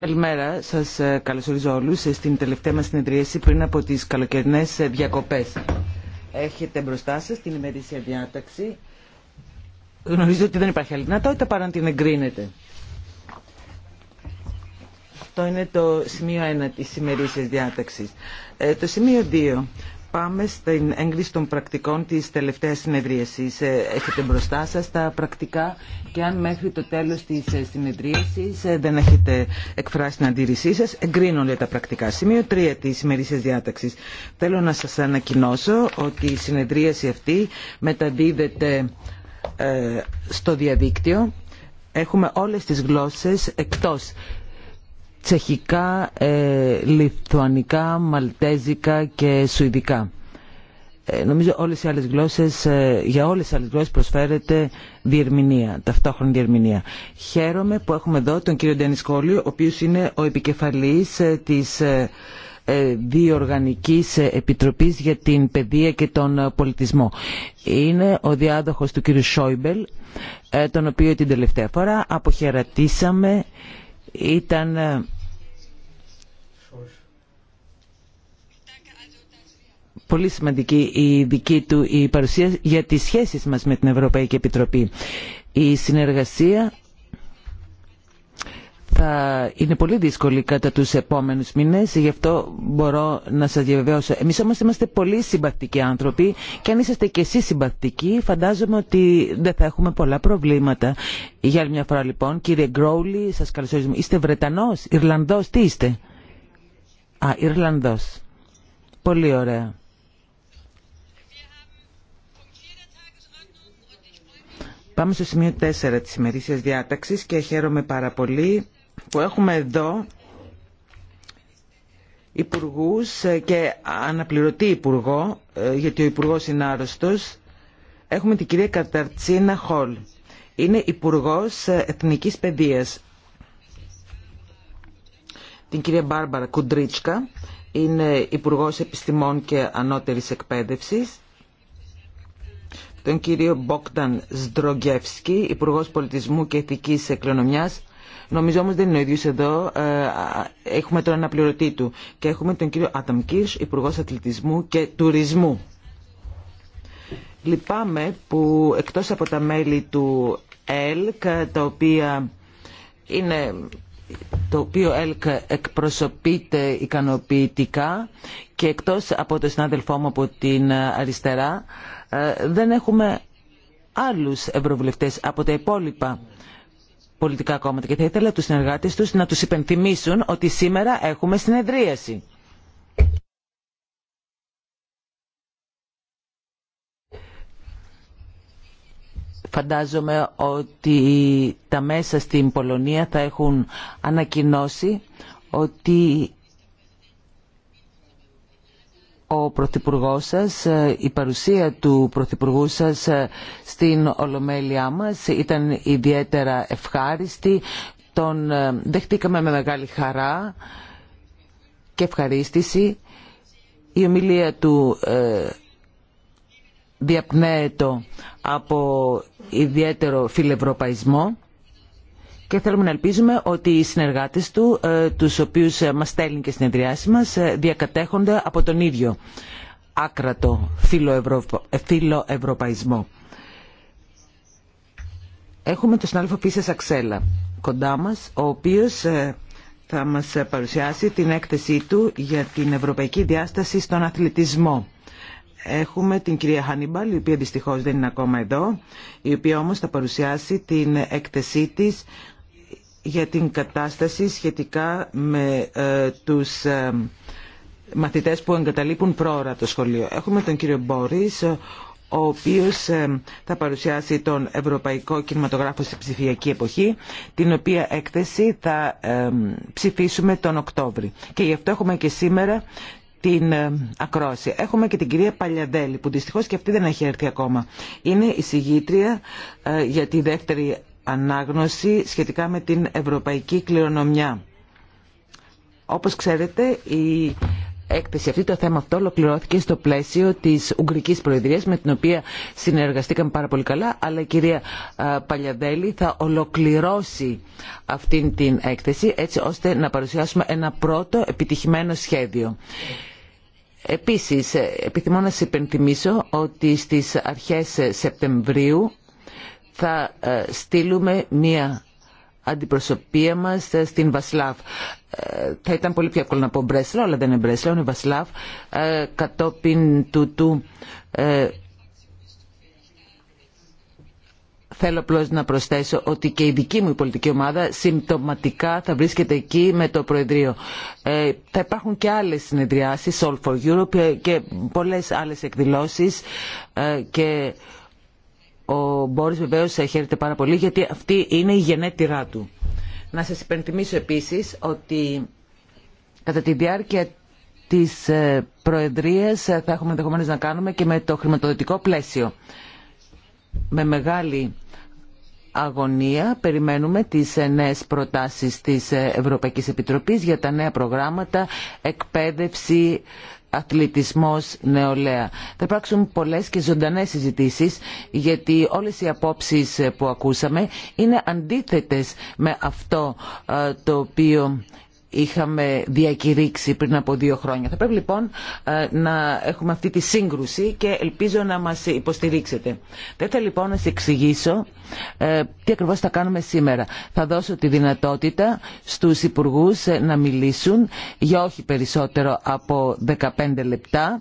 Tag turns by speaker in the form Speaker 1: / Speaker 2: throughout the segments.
Speaker 1: Καλημέρα, σας ε, καλωσορίζω όλους ε, στην τελευταία μας συνεδρίαση πριν από τις καλοκαιρινές ε, διακοπές. Έχετε μπροστά σας την ημερήσια διάταξη. Γνωρίζω ότι δεν υπάρχει άλλη δυνατότητα παρά να την εγκρίνετε. Αυτό είναι το σημείο 1 της ημερήσιας διάταξης. το σημείο 2 Πάμε στην έγκριση των πρακτικών της τελευταίας συνεδρίασης. Ε, έχετε μπροστά σας τα πρακτικά και αν μέχρι το τέλος της ε, συνεδρίασης ε, δεν έχετε εκφράσει την αντίρρησή σας, εγκρίνονται τα πρακτικά. Σημείο 3 της ημερήσιας διάταξης. Θέλω να σας ανακοινώσω ότι η συνεδρίαση αυτή μεταδίδεται στο διαδίκτυο. Έχουμε όλες τις γλώσσες εκτός τσεχικά, ε, λιθουανικά, μαλτέζικα και σουηδικά. Ε, νομίζω όλες οι άλλες γλώσσες, ε, για όλες τις άλλες γλώσσες προσφέρεται διερμηνία, ταυτόχρονη διερμηνία. Χαίρομαι που έχουμε εδώ τον κύριο Ντένις Κόλλη, ο οποίος είναι ο επικεφαλής ε, της διοργανικής επιτροπής για την παιδεία και τον πολιτισμό. Είναι ο διάδοχος του κύριου Σόιμπελ, τον οποίο την τελευταία φορά αποχαιρετήσαμε ήταν ε, πολύ σημαντική η δική του η παρουσία για τις σχέσεις μας με την Ευρωπαϊκή Επιτροπή. Η συνεργασία θα είναι πολύ δύσκολη κατά τους επόμενους μήνες, γι' αυτό μπορώ να σας διαβεβαιώσω. Εμείς όμως είμαστε πολύ συμπαθητικοί άνθρωποι και αν είσαστε και εσείς συμπαθητικοί φαντάζομαι ότι δεν θα έχουμε πολλά προβλήματα. Για άλλη μια φορά λοιπόν, κύριε Γκρόουλη, σας καλωσορίζουμε. Είστε Βρετανός, Ιρλανδός, τι είστε. Α, Ιρλανδός. Πολύ ωραία. Πάμε στο σημείο 4 της ημερήσιας διάταξης και χαίρομαι πάρα πολύ που έχουμε εδώ υπουργού και αναπληρωτή υπουργό, ε, γιατί ο υπουργό είναι άρρωστο, έχουμε την κυρία Καταρτσίνα Χολ. Είναι υπουργό ε, Εθνικής Παιδεία. Την κυρία Μπάρμπαρα Κουντρίτσκα είναι υπουργό Επιστημών και Ανώτερη Εκπαίδευση. Τον κύριο Μπόκταν Σντρογκεύσκη, Υπουργό Πολιτισμού και Εθνική Εκκληνομιάς Νομίζω όμω δεν είναι ο ίδιο εδώ. Ε, έχουμε τον αναπληρωτή του και έχουμε τον κύριο Άταμ Κίρς, Υπουργός Αθλητισμού και Τουρισμού. Λυπάμαι που εκτός από τα μέλη του ΕΛΚ, τα οποία είναι το οποίο ΕΛΚ εκπροσωπείται ικανοποιητικά και εκτός από τον συνάδελφό μου από την αριστερά ε, δεν έχουμε άλλους ευρωβουλευτές από τα υπόλοιπα πολιτικά κόμματα και θα ήθελα τους συνεργάτες τους να τους υπενθυμίσουν ότι σήμερα έχουμε συνεδρίαση. Φαντάζομαι ότι τα μέσα στην Πολωνία θα έχουν ανακοινώσει ότι ο Πρωθυπουργό σας, ε, η παρουσία του Πρωθυπουργού σας ε, στην Ολομέλειά μας ήταν ιδιαίτερα ευχάριστη. Τον ε, δεχτήκαμε με μεγάλη χαρά και ευχαρίστηση. Η ομιλία του διαπνέεται από ιδιαίτερο φιλευρωπαϊσμό και θέλουμε να ελπίζουμε ότι οι συνεργάτες του, ε, τους οποίους ε, μας στέλνει και συνεδριάσει μας, ε, διακατέχονται από τον ίδιο άκρατο φιλοευρωπαϊσμό. Έχουμε τον συνάδελφο Πίσες Αξέλα κοντά μας, ο οποίος θα μας παρουσιάσει την έκθεσή του για την ευρωπαϊκή διάσταση στον αθλητισμό. Έχουμε την κυρία Χάνιμπαλ, η οποία δυστυχώς δεν είναι ακόμα εδώ, η οποία όμως θα παρουσιάσει την έκθεσή της για την κατάσταση σχετικά με ε, τους ε, μαθητές που εγκαταλείπουν πρόωρα το σχολείο. Έχουμε τον κύριο Μπόρις, ο οποίος ε, θα παρουσιάσει τον Ευρωπαϊκό Κινηματογράφο στη ψηφιακή εποχή, την οποία έκθεση θα ψηφίσουμε τον Οκτώβρη. Και γι' αυτό έχουμε και σήμερα την ακρόαση. Έχουμε και την κυρία Παλιαδέλη, που δυστυχώς και αυτή δεν έχει έρθει ακόμα. Είναι η συγγήτρια για τη δεύτερη ανάγνωση σχετικά με την ευρωπαϊκή κληρονομιά. Όπως ξέρετε, η έκθεση αυτή, το θέμα αυτό ολοκληρώθηκε στο πλαίσιο της Ουγγρικής Προεδρίας με την οποία συνεργαστήκαμε πάρα πολύ καλά αλλά η κυρία Παλιαδέλη θα ολοκληρώσει αυτήν την έκθεση έτσι ώστε να παρουσιάσουμε ένα πρώτο επιτυχημένο σχέδιο. Επίσης, επιθυμώ να σας υπενθυμίσω ότι στις αρχές Σεπτεμβρίου θα ε, στείλουμε μία αντιπροσωπεία μας ε, στην Βασλάβ. Ε, θα ήταν πολύ πιο εύκολο να πω Μπρέσλα, αλλά δεν είναι Μπρέσλα, είναι Βασλάβ. Κατόπιν τούτου θέλω απλώ να προσθέσω ότι και η δική μου πολιτική ομάδα συμπτωματικά θα βρίσκεται εκεί με το Προεδρείο. θα υπάρχουν και άλλες συνεδριάσεις, All for Europe και πολλές άλλες εκδηλώσεις και ο Μπόρις βεβαίως χαίρεται πάρα πολύ γιατί αυτή είναι η γενέτειρά του. Να σας υπενθυμίσω επίσης ότι κατά τη διάρκεια της ε, Προεδρίας ε, θα έχουμε ενδεχομένω να κάνουμε και με το χρηματοδοτικό πλαίσιο. Με μεγάλη αγωνία περιμένουμε τις ε, νέες προτάσεις της Ευρωπαϊκής Επιτροπής για τα νέα προγράμματα, εκπαίδευση, αθλητισμός νεολαία. Θα υπάρξουν πολλές και ζωντανές συζητήσεις γιατί όλες οι απόψεις που ακούσαμε είναι αντίθετες με αυτό ε, το οποίο είχαμε διακηρύξει πριν από δύο χρόνια. Θα πρέπει λοιπόν ε, να έχουμε αυτή τη σύγκρουση και ελπίζω να μας υποστηρίξετε. Θα ήθελα λοιπόν να σας εξηγήσω ε, τι ακριβώς θα κάνουμε σήμερα. Θα δώσω τη δυνατότητα στους υπουργούς ε, να μιλήσουν για όχι περισσότερο από 15 λεπτά.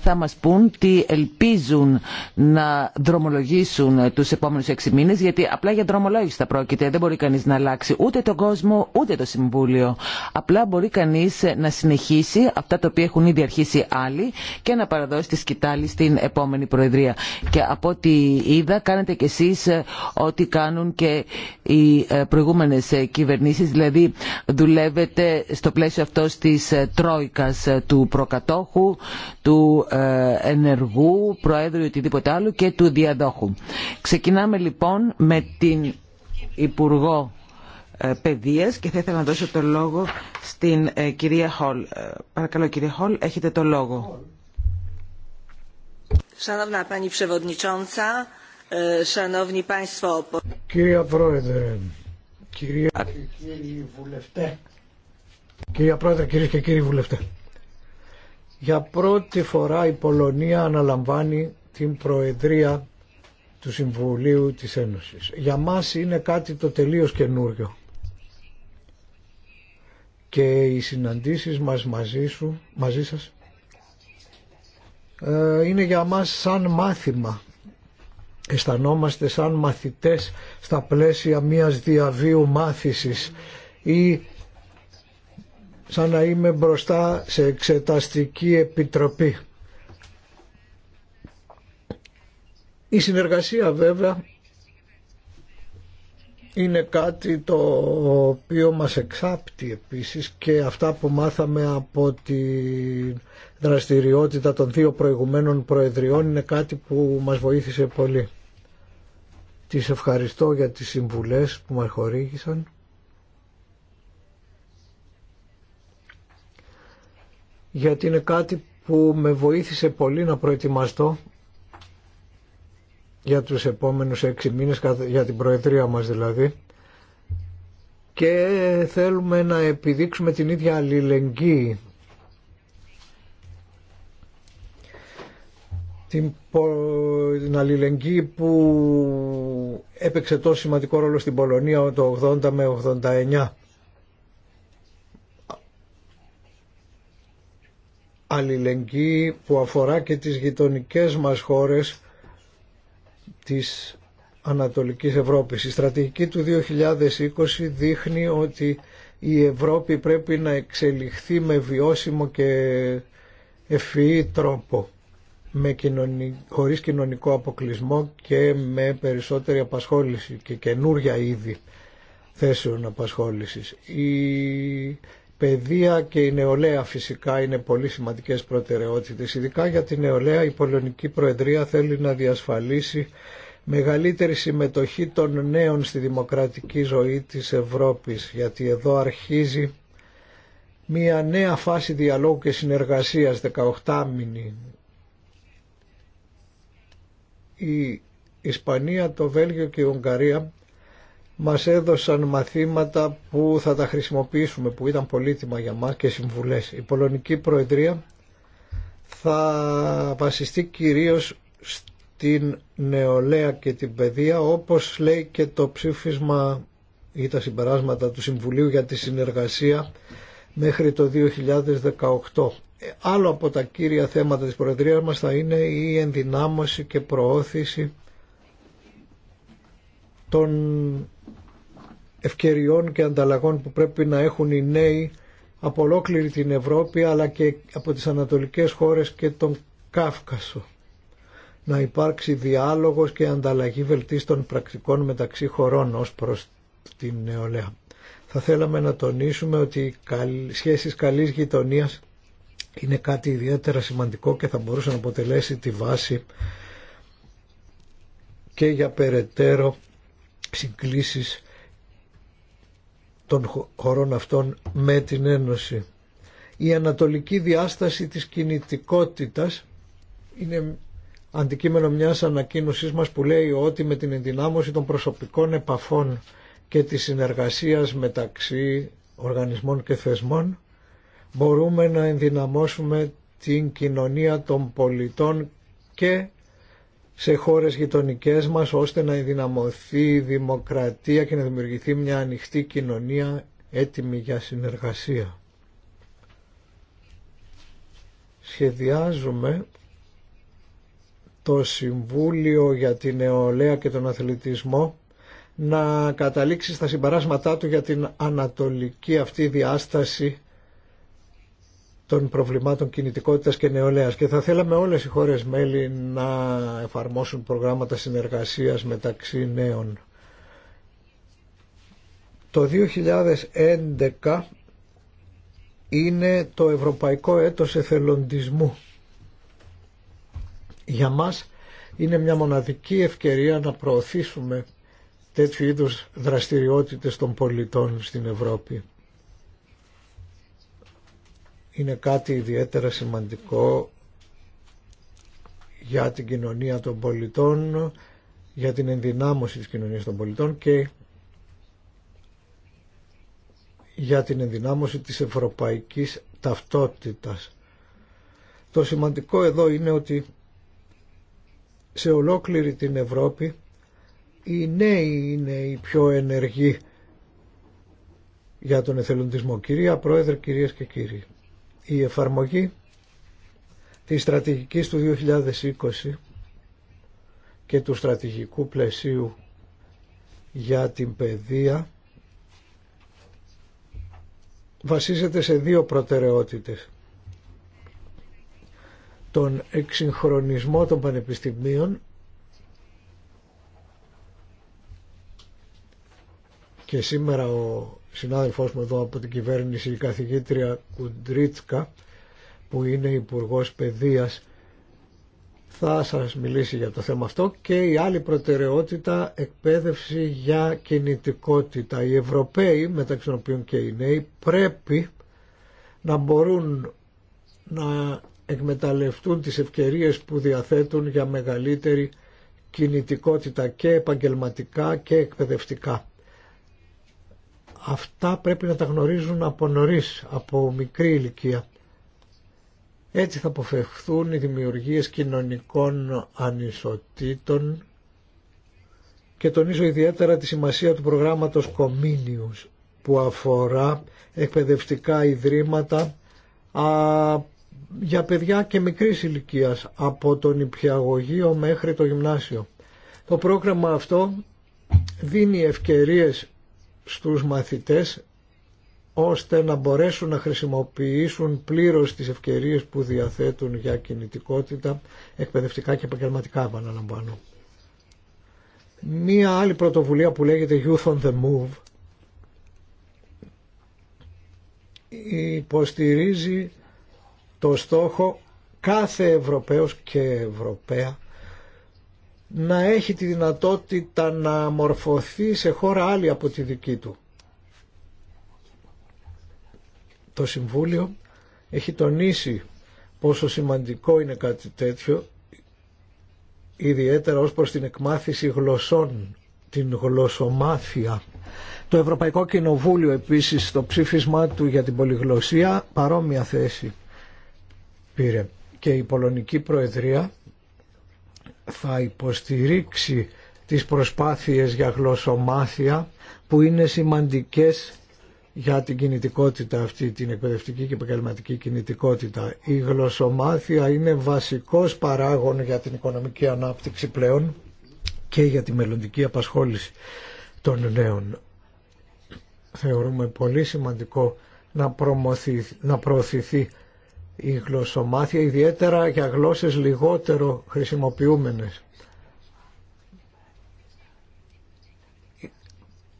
Speaker 1: Θα μας πούν τι ελπίζουν να δρομολογήσουν τους επόμενους 6 μήνες γιατί απλά για δρομολόγηση θα πρόκειται. Δεν μπορεί κανείς να αλλάξει ούτε τον κόσμο ούτε το Συμβούλιο. Απλά μπορεί κανείς να συνεχίσει αυτά τα οποία έχουν ήδη αρχίσει άλλοι και να παραδώσει τη σκητάλη στην επόμενη Προεδρία. Και από ό,τι είδα κάνετε κι εσείς ε, ό,τι κάνουν και οι ε, προηγούμενες ε, κυβερνήσεις, δηλαδή δουλεύετε στο πλαίσιο αυτό της Τρόικας του Προκατόχου, του Ενεργού, Προέδρου ή οτιδήποτε άλλο και του Διαδόχου. Ξεκινάμε λοιπόν με την Υπουργό ε, παιδείας και θα ήθελα να δώσω το λόγο στην ε, κυρία Χολ. Ε, παρακαλώ κύριε Χολ, έχετε το λόγο. E,
Speaker 2: κυρία Πρόεδρε, κύριε και
Speaker 1: κύριοι βουλευτέ,
Speaker 2: κυρία Πρόεδρε, κυρίες και κύριοι βουλευτέ, για πρώτη φορά η Πολωνία αναλαμβάνει την Προεδρία του Συμβουλίου της Ένωσης. Για μας είναι κάτι το τελείως καινούριο και οι συναντήσεις μας μαζί, σου, μαζί σας ε, είναι για μας σαν μάθημα. Αισθανόμαστε σαν μαθητές στα πλαίσια μιας διαβίου μάθησης ή σαν να είμαι μπροστά σε εξεταστική επιτροπή. Η συνεργασία βέβαια είναι κάτι το οποίο μας εξάπτει επίσης και αυτά που μάθαμε από τη δραστηριότητα των δύο προηγουμένων προεδριών είναι κάτι που μας βοήθησε πολύ. Τις ευχαριστώ για τις συμβουλές που μας χορήγησαν. Γιατί είναι κάτι που με βοήθησε πολύ να προετοιμαστώ για τους επόμενους έξι μήνες, για την Προεδρία μας δηλαδή, και θέλουμε να επιδείξουμε την ίδια αλληλεγγύη. Την, αλληλεγγύη που έπαιξε τόσο σημαντικό ρόλο στην Πολωνία το 80 με 89. Αλληλεγγύη που αφορά και τις γειτονικές μας χώρες της Ανατολικής Ευρώπης. Η στρατηγική του 2020 δείχνει ότι η Ευρώπη πρέπει να εξελιχθεί με βιώσιμο και ευφυή τρόπο με χωρίς κοινωνικό αποκλεισμό και με περισσότερη απασχόληση και καινούρια είδη θέσεων απασχόλησης. Η Παιδεία και η νεολαία φυσικά είναι πολύ σημαντικές προτεραιότητες. Ειδικά για τη νεολαία η Πολωνική Προεδρία θέλει να διασφαλίσει μεγαλύτερη συμμετοχή των νέων στη δημοκρατική ζωή της Ευρώπης γιατί εδώ αρχίζει μια νέα φάση διαλόγου και συνεργασίας 18 μήνυ Η Ισπανία, το Βέλγιο και η Ουγγαρία μας έδωσαν μαθήματα που θα τα χρησιμοποιήσουμε, που ήταν πολύτιμα για μας και συμβουλές. Η Πολωνική Προεδρία θα βασιστεί κυρίως στην νεολαία και την παιδεία, όπως λέει και το ψήφισμα ή τα συμπεράσματα του Συμβουλίου για τη συνεργασία μέχρι το 2018. Ε, άλλο από τα κύρια θέματα της Προεδρίας μας θα είναι η ενδυνάμωση και προώθηση των ευκαιριών και ανταλλαγών που πρέπει να έχουν οι νέοι από ολόκληρη την Ευρώπη αλλά και από τις ανατολικές χώρες και τον Κάφκασο. Να υπάρξει διάλογος και ανταλλαγή βελτίστων πρακτικών μεταξύ χωρών ως προς την νεολαία. Θα θέλαμε να τονίσουμε ότι οι σχέσεις καλής γειτονίας είναι κάτι ιδιαίτερα σημαντικό και θα μπορούσε να αποτελέσει τη βάση και για περαιτέρω συγκλήσεις των χωρών αυτών με την Ένωση. Η ανατολική διάσταση της κινητικότητας είναι αντικείμενο μιας ανακοίνωσής μας που λέει ότι με την ενδυνάμωση των προσωπικών επαφών και της συνεργασίας μεταξύ οργανισμών και θεσμών μπορούμε να ενδυναμώσουμε την κοινωνία των πολιτών και σε χώρες γειτονικέ μας ώστε να ενδυναμωθεί η δημοκρατία και να δημιουργηθεί μια ανοιχτή κοινωνία έτοιμη για συνεργασία. Σχεδιάζουμε το Συμβούλιο για την Νεολαία και τον Αθλητισμό να καταλήξει στα συμπαράσματά του για την ανατολική αυτή διάσταση των προβλημάτων κινητικότητας και νεολαίας και θα θέλαμε όλες οι χώρες μέλη να εφαρμόσουν προγράμματα συνεργασίας μεταξύ νέων. Το 2011 είναι το Ευρωπαϊκό Έτος Εθελοντισμού. Για μας είναι μια μοναδική ευκαιρία να προωθήσουμε τέτοιου είδους δραστηριότητες των πολιτών στην Ευρώπη είναι κάτι ιδιαίτερα σημαντικό για την κοινωνία των πολιτών, για την ενδυνάμωση της κοινωνίας των πολιτών και για την ενδυνάμωση της ευρωπαϊκής ταυτότητας. Το σημαντικό εδώ είναι ότι σε ολόκληρη την Ευρώπη οι νέοι είναι οι πιο ενεργοί για τον εθελοντισμό. Κυρία Πρόεδρε, κυρίες και κύριοι η εφαρμογή της στρατηγικής του 2020 και του στρατηγικού πλαισίου για την παιδεία βασίζεται σε δύο προτεραιότητες. Τον εξυγχρονισμό των πανεπιστημίων και σήμερα ο συνάδελφός μου εδώ από την κυβέρνηση, η καθηγήτρια Κουντρίτσκα, που είναι υπουργό Παιδείας, θα σας μιλήσει για το θέμα αυτό και η άλλη προτεραιότητα εκπαίδευση για κινητικότητα. Οι Ευρωπαίοι, μεταξύ των οποίων και οι νέοι, πρέπει να μπορούν να εκμεταλλευτούν τις ευκαιρίες που διαθέτουν για μεγαλύτερη κινητικότητα και επαγγελματικά και εκπαιδευτικά αυτά πρέπει να τα γνωρίζουν από από μικρή ηλικία. Έτσι θα αποφευχθούν οι δημιουργίες κοινωνικών ανισοτήτων και τονίζω ιδιαίτερα τη σημασία του προγράμματος Κομίνιους... που αφορά εκπαιδευτικά ιδρύματα α, για παιδιά και μικρής ηλικίας από τον υπηαγωγείο μέχρι το γυμνάσιο. Το πρόγραμμα αυτό δίνει ευκαιρίες στους μαθητές ώστε να μπορέσουν να χρησιμοποιήσουν πλήρως τις ευκαιρίες που διαθέτουν για κινητικότητα εκπαιδευτικά και επαγγελματικά επαναλαμβάνω. Μία άλλη πρωτοβουλία που λέγεται Youth on the Move υποστηρίζει το στόχο κάθε Ευρωπαίος και Ευρωπαία να έχει τη δυνατότητα να μορφωθεί σε χώρα άλλη από τη δική του. Το Συμβούλιο έχει τονίσει πόσο σημαντικό είναι κάτι τέτοιο, ιδιαίτερα ως προς την εκμάθηση γλωσσών, την γλωσσομάθεια. Το Ευρωπαϊκό Κοινοβούλιο επίσης στο ψήφισμά του για την πολυγλωσσία παρόμοια θέση πήρε και η Πολωνική Προεδρία θα υποστηρίξει τις προσπάθειες για γλωσσομάθεια που είναι σημαντικές για την κινητικότητα αυτή, την εκπαιδευτική και επαγγελματική κινητικότητα. Η γλωσσομάθεια είναι βασικός παράγων για την οικονομική ανάπτυξη πλέον και για τη μελλοντική απασχόληση των νέων. Θεωρούμε πολύ σημαντικό να, να προωθηθεί η γλωσσομάθεια ιδιαίτερα για γλώσσες λιγότερο χρησιμοποιούμενες.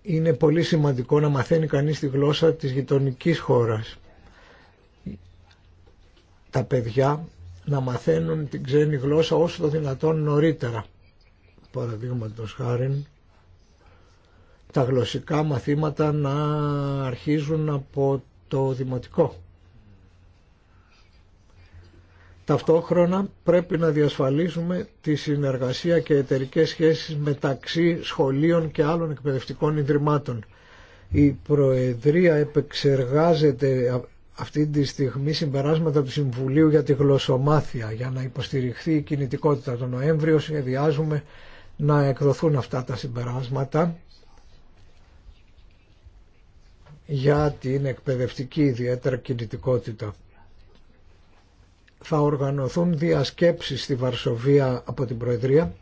Speaker 2: Είναι πολύ σημαντικό να μαθαίνει κανείς τη γλώσσα της γειτονικής χώρας. Τα παιδιά να μαθαίνουν την ξένη γλώσσα όσο το δυνατόν νωρίτερα. Παραδείγματο χάρη τα γλωσσικά μαθήματα να αρχίζουν από το δημοτικό. Ταυτόχρονα πρέπει να διασφαλίσουμε τη συνεργασία και εταιρικές σχέσεις μεταξύ σχολείων και άλλων εκπαιδευτικών ιδρυμάτων. Η Προεδρία επεξεργάζεται αυτή τη στιγμή συμπεράσματα του Συμβουλίου για τη γλωσσομάθεια για να υποστηριχθεί η κινητικότητα. Το Νοέμβριο σχεδιάζουμε να εκδοθούν αυτά τα συμπεράσματα για την εκπαιδευτική ιδιαίτερα κινητικότητα θα οργανωθούν διασκέψεις στη Βαρσοβία από την Προεδρία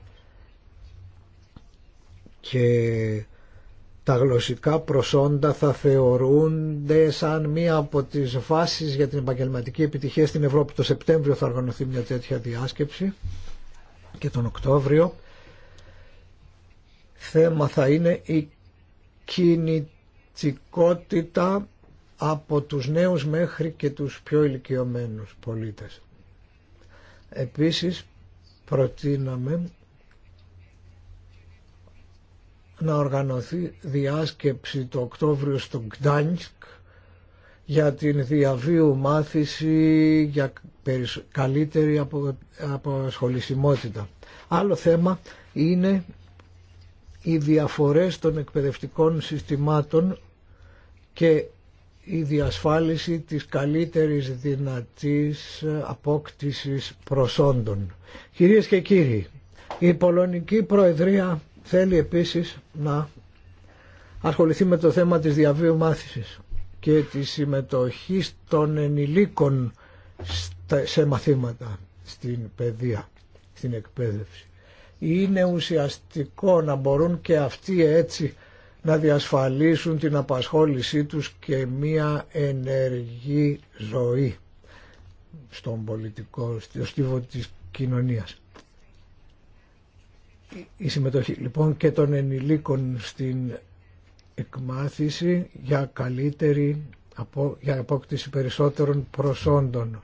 Speaker 2: και τα γλωσσικά προσόντα θα θεωρούνται σαν μία από τις βάσεις για την επαγγελματική επιτυχία στην Ευρώπη. Το Σεπτέμβριο θα οργανωθεί μια τέτοια διάσκεψη και τον Οκτώβριο. Θέμα θα είναι η κινητικότητα από τους νέους μέχρι και τους πιο ηλικιωμένους πολίτες. Επίσης προτείναμε να οργανωθεί διάσκεψη το Οκτώβριο στο Γκτάνσκ για την διαβίου μάθηση για καλύτερη αποσχολησιμότητα. Άλλο θέμα είναι οι διαφορές των εκπαιδευτικών συστημάτων και η διασφάλιση της καλύτερης δυνατής απόκτησης προσόντων. Κυρίες και κύριοι, η Πολωνική Προεδρία θέλει επίσης να ασχοληθεί με το θέμα της διαβίου μάθησης και της συμμετοχής των ενηλίκων σε μαθήματα στην παιδεία, στην εκπαίδευση. Είναι ουσιαστικό να μπορούν και αυτοί έτσι να διασφαλίσουν την απασχόλησή τους και μία ενεργή ζωή στον πολιτικό, στο στίβο της κοινωνίας. Η συμμετοχή λοιπόν και των ενηλίκων στην εκμάθηση για καλύτερη για απόκτηση περισσότερων προσόντων.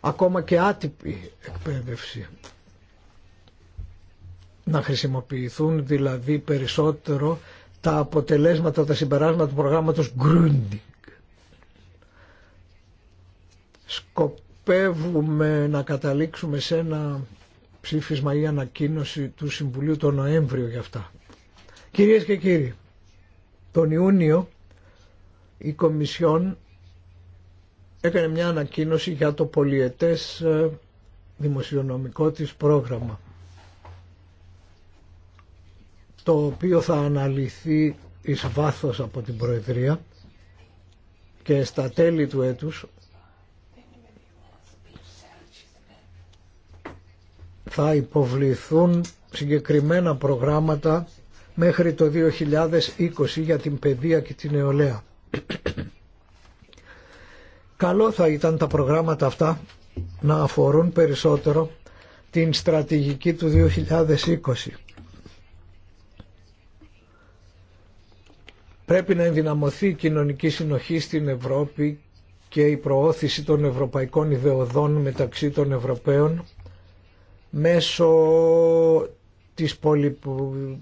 Speaker 2: Ακόμα και άτυπη εκπαίδευση να χρησιμοποιηθούν δηλαδή περισσότερο τα αποτελέσματα, τα συμπεράσματα του προγράμματος Grunding. Σκοπεύουμε να καταλήξουμε σε ένα ψήφισμα ή ανακοίνωση του Συμβουλίου τον Νοέμβριο για αυτά. Κυρίες και κύριοι, τον Ιούνιο η Κομισιόν έκανε μια ανακοίνωση για το πολιετές ε, δημοσιονομικό της πρόγραμμα το οποίο θα αναλυθεί εις βάθος από την Προεδρία και στα τέλη του έτους θα υποβληθούν συγκεκριμένα προγράμματα μέχρι το 2020 για την παιδεία και την νεολαία. Καλό θα ήταν τα προγράμματα αυτά να αφορούν περισσότερο την στρατηγική του 2020 Πρέπει να ενδυναμωθεί η κοινωνική συνοχή στην Ευρώπη και η προώθηση των ευρωπαϊκών ιδεοδών μεταξύ των Ευρωπαίων μέσω της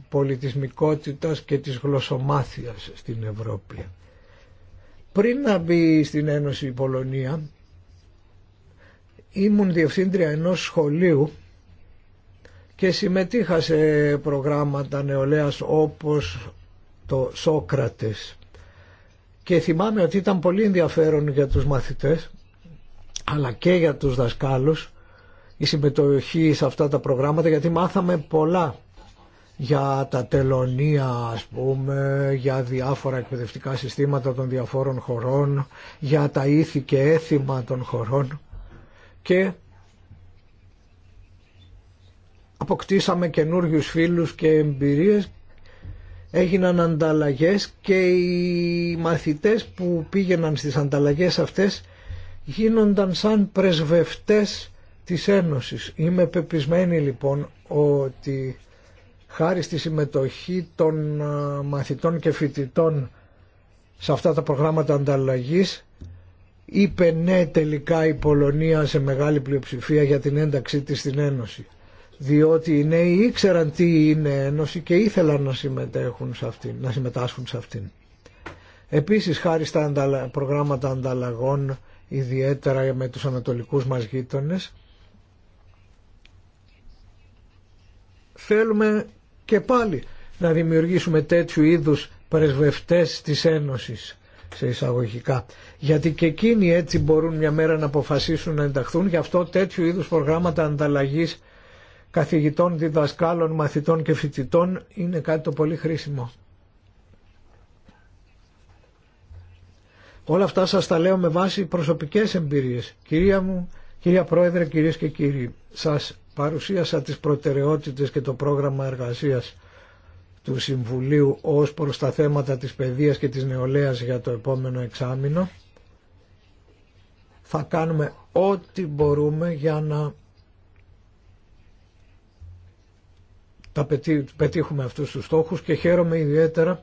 Speaker 2: πολιτισμικότητας και της γλωσσομάθειας στην Ευρώπη. Πριν να μπει στην Ένωση η Πολωνία ήμουν διευθύντρια ενός σχολείου και συμμετείχα σε προγράμματα νεολαίας όπως το Σόκρατες και θυμάμαι ότι ήταν πολύ ενδιαφέρον για τους μαθητές αλλά και για τους δασκάλους η συμμετοχή σε αυτά τα προγράμματα γιατί μάθαμε πολλά για τα τελωνία ας πούμε, για διάφορα εκπαιδευτικά συστήματα των διαφόρων χωρών, για τα ήθη και έθιμα των χωρών και αποκτήσαμε καινούριου φίλους και εμπειρίες έγιναν ανταλλαγές και οι μαθητές που πήγαιναν στις ανταλλαγές αυτές γίνονταν σαν πρεσβευτές της Ένωσης. Είμαι πεπισμένη λοιπόν ότι χάρη στη συμμετοχή των μαθητών και φοιτητών σε αυτά τα προγράμματα ανταλλαγής είπε ναι τελικά η Πολωνία σε μεγάλη πλειοψηφία για την ένταξή της στην Ένωση διότι οι νέοι ήξεραν τι είναι ένωση και ήθελαν να, συμμετέχουν αυτήν, να συμμετάσχουν σε αυτήν. Επίσης χάρη στα προγράμματα ανταλλαγών ιδιαίτερα με τους ανατολικούς μας γείτονες θέλουμε και πάλι να δημιουργήσουμε τέτοιου είδους πρεσβευτές της Ένωσης σε εισαγωγικά. Γιατί και εκείνοι έτσι μπορούν μια μέρα να αποφασίσουν να ενταχθούν, γι' αυτό τέτοιου είδους προγράμματα ανταλλαγής καθηγητών, διδασκάλων, μαθητών και φοιτητών είναι κάτι το πολύ χρήσιμο. Όλα αυτά σας τα λέω με βάση προσωπικές εμπειρίες. Κυρία μου, κυρία Πρόεδρε, κυρίες και κύριοι, σας παρουσίασα τις προτεραιότητες και το πρόγραμμα εργασίας του Συμβουλίου ως προς τα θέματα της παιδείας και της νεολαίας για το επόμενο εξάμεινο. Θα κάνουμε ό,τι μπορούμε για να τα πετύχουμε αυτούς τους στόχους και χαίρομαι ιδιαίτερα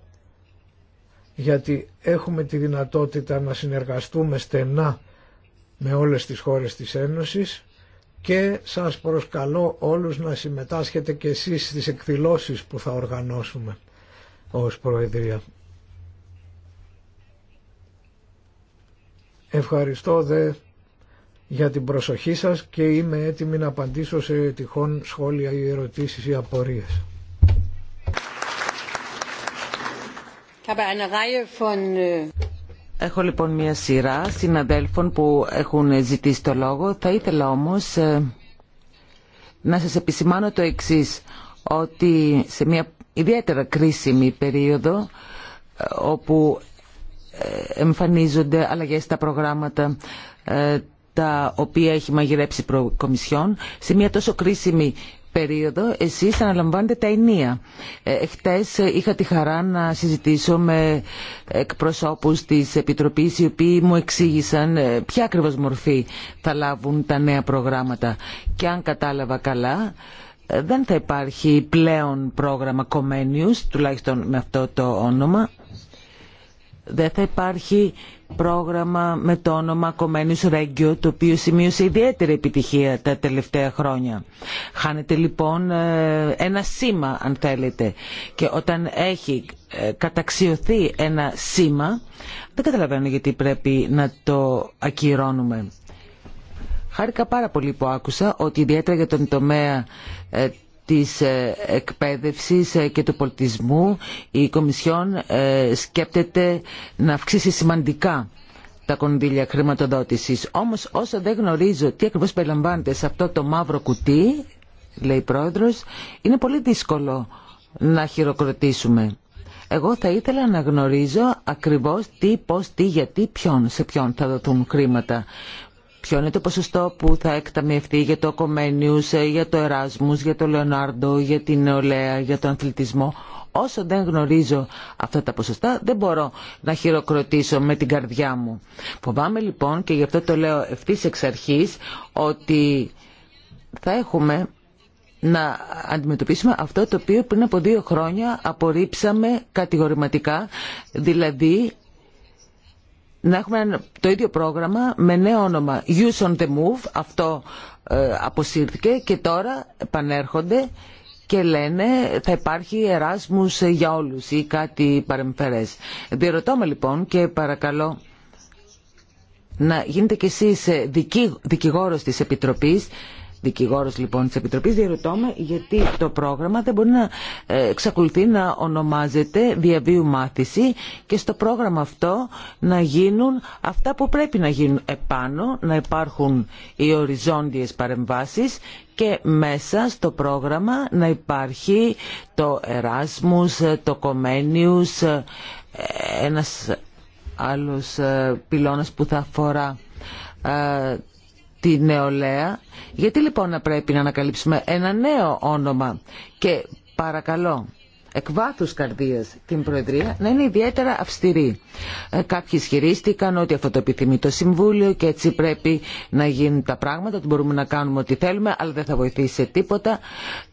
Speaker 2: γιατί έχουμε τη δυνατότητα να συνεργαστούμε στενά με όλες τις χώρες της Ένωσης και σας προσκαλώ όλους να συμμετάσχετε και εσείς στις εκδηλώσεις που θα οργανώσουμε ως Προεδρία. Ευχαριστώ δε για την προσοχή σας και είμαι έτοιμη να απαντήσω σε τυχόν σχόλια ή ερωτήσεις ή απορίες.
Speaker 3: Äh,
Speaker 1: Έχω λοιπόν μια σειρά συναδέλφων που έχουν ζητήσει το λόγο. Θα ήθελα όμως ε, να σας επισημάνω το εξής, ότι σε μια ιδιαίτερα κρίσιμη περίοδο ε, όπου ε, εμφανίζονται αλλαγές στα προγράμματα τα οποία έχει μαγειρέψει η Κομισιόν σε μια τόσο κρίσιμη περίοδο εσείς αναλαμβάνετε τα ενία. Ε, χτες είχα τη χαρά να συζητήσω με εκπροσώπους της Επιτροπής οι οποίοι μου εξήγησαν ε, ποια ακριβώς μορφή θα λάβουν τα νέα προγράμματα. Και αν κατάλαβα καλά ε, δεν θα υπάρχει πλέον πρόγραμμα Κομένιους, τουλάχιστον με αυτό το όνομα. Δεν θα υπάρχει πρόγραμμα με το όνομα Κομμένους Ρέγγιο, το οποίο σημείωσε ιδιαίτερη επιτυχία τα τελευταία χρόνια. Χάνεται λοιπόν ε, ένα σήμα, αν θέλετε. Και όταν έχει ε, καταξιωθεί ένα σήμα, δεν καταλαβαίνω γιατί πρέπει να το ακυρώνουμε. Χάρηκα πάρα πολύ που άκουσα ότι ιδιαίτερα για τον τομέα ε, της ε, εκπαίδευσης ε, και του πολιτισμού η Κομισιόν ε, σκέπτεται να αυξήσει σημαντικά τα κονδύλια χρηματοδότησης. Όμως όσο δεν γνωρίζω τι ακριβώς περιλαμβάνεται σε αυτό το μαύρο κουτί, λέει η Πρόεδρος, είναι πολύ δύσκολο να χειροκροτήσουμε. Εγώ θα ήθελα να γνωρίζω ακριβώς τι, πώς, τι, γιατί, ποιον, σε ποιον θα δοθούν χρήματα ποιο είναι το ποσοστό που θα εκταμιευτεί για το Κομένιους, ε, για το Εράσμους, για το Λεωνάρντο, για την νεολαία, για τον αθλητισμό. Όσο δεν γνωρίζω αυτά τα ποσοστά δεν μπορώ να χειροκροτήσω με την καρδιά μου. Φοβάμαι λοιπόν και γι' αυτό το λέω ευθύ εξ αρχή ότι θα έχουμε να αντιμετωπίσουμε αυτό το οποίο πριν από δύο χρόνια απορρίψαμε κατηγορηματικά, δηλαδή να έχουμε το ίδιο πρόγραμμα με νέο όνομα Use on the Move, αυτό ε, αποσύρθηκε και τώρα επανέρχονται και λένε θα υπάρχει εράσμους για όλους ή κάτι παρεμφερές. Διερωτώ λοιπόν και παρακαλώ να γίνετε κι εσείς δικηγόρος της Επιτροπής δικηγόρος λοιπόν της Επιτροπής, με γιατί το πρόγραμμα δεν μπορεί να ε, εξακολουθεί να ονομάζεται διαβίου μάθηση και στο πρόγραμμα αυτό να γίνουν αυτά που πρέπει να γίνουν επάνω, να υπάρχουν οι οριζόντιες παρεμβάσεις και μέσα στο πρόγραμμα να υπάρχει το Εράσμους, το Κομένιους, ε, ένας άλλος ε, πυλώνας που θα αφορά τη νεολαία. Γιατί λοιπόν να πρέπει να ανακαλύψουμε ένα νέο όνομα και παρακαλώ εκ βάθους καρδίας την Προεδρία να είναι ιδιαίτερα αυστηρή. Ε, κάποιοι ισχυρίστηκαν ότι αυτό το επιθυμεί το Συμβούλιο και έτσι πρέπει να γίνουν τα πράγματα, ότι μπορούμε να κάνουμε ό,τι θέλουμε, αλλά δεν θα βοηθήσει σε τίποτα.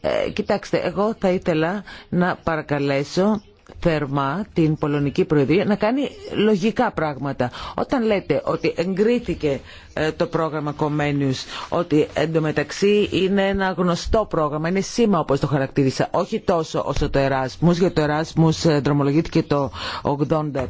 Speaker 1: Ε, κοιτάξτε, εγώ θα ήθελα να παρακαλέσω θερμά την Πολωνική Προεδρία να κάνει λογικά πράγματα. Όταν λέτε ότι εγκρίθηκε ε, το πρόγραμμα Κομένιους ότι εντωμεταξύ είναι ένα γνωστό πρόγραμμα, είναι σήμα όπως το χαρακτήρισα, όχι τόσο όσο το Εράσμους, γιατί το Εράσμους δρομολογήθηκε το 87.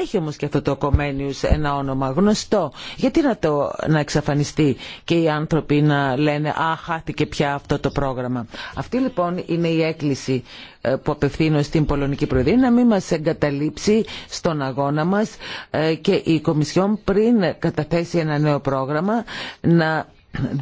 Speaker 1: Έχει όμως και αυτό το Κομένιους ένα όνομα γνωστό. Γιατί να, το, να εξαφανιστεί και οι άνθρωποι να λένε «Α, χάθηκε πια αυτό το πρόγραμμα». Αυτή λοιπόν είναι η έκκληση ε, που απευθύνω στην Πολωνική Προεδρία να μην μας εγκαταλείψει στον αγώνα μας ε, και η Κομισιόν πριν καταθέσει ένα νέο πρόγραμμα, να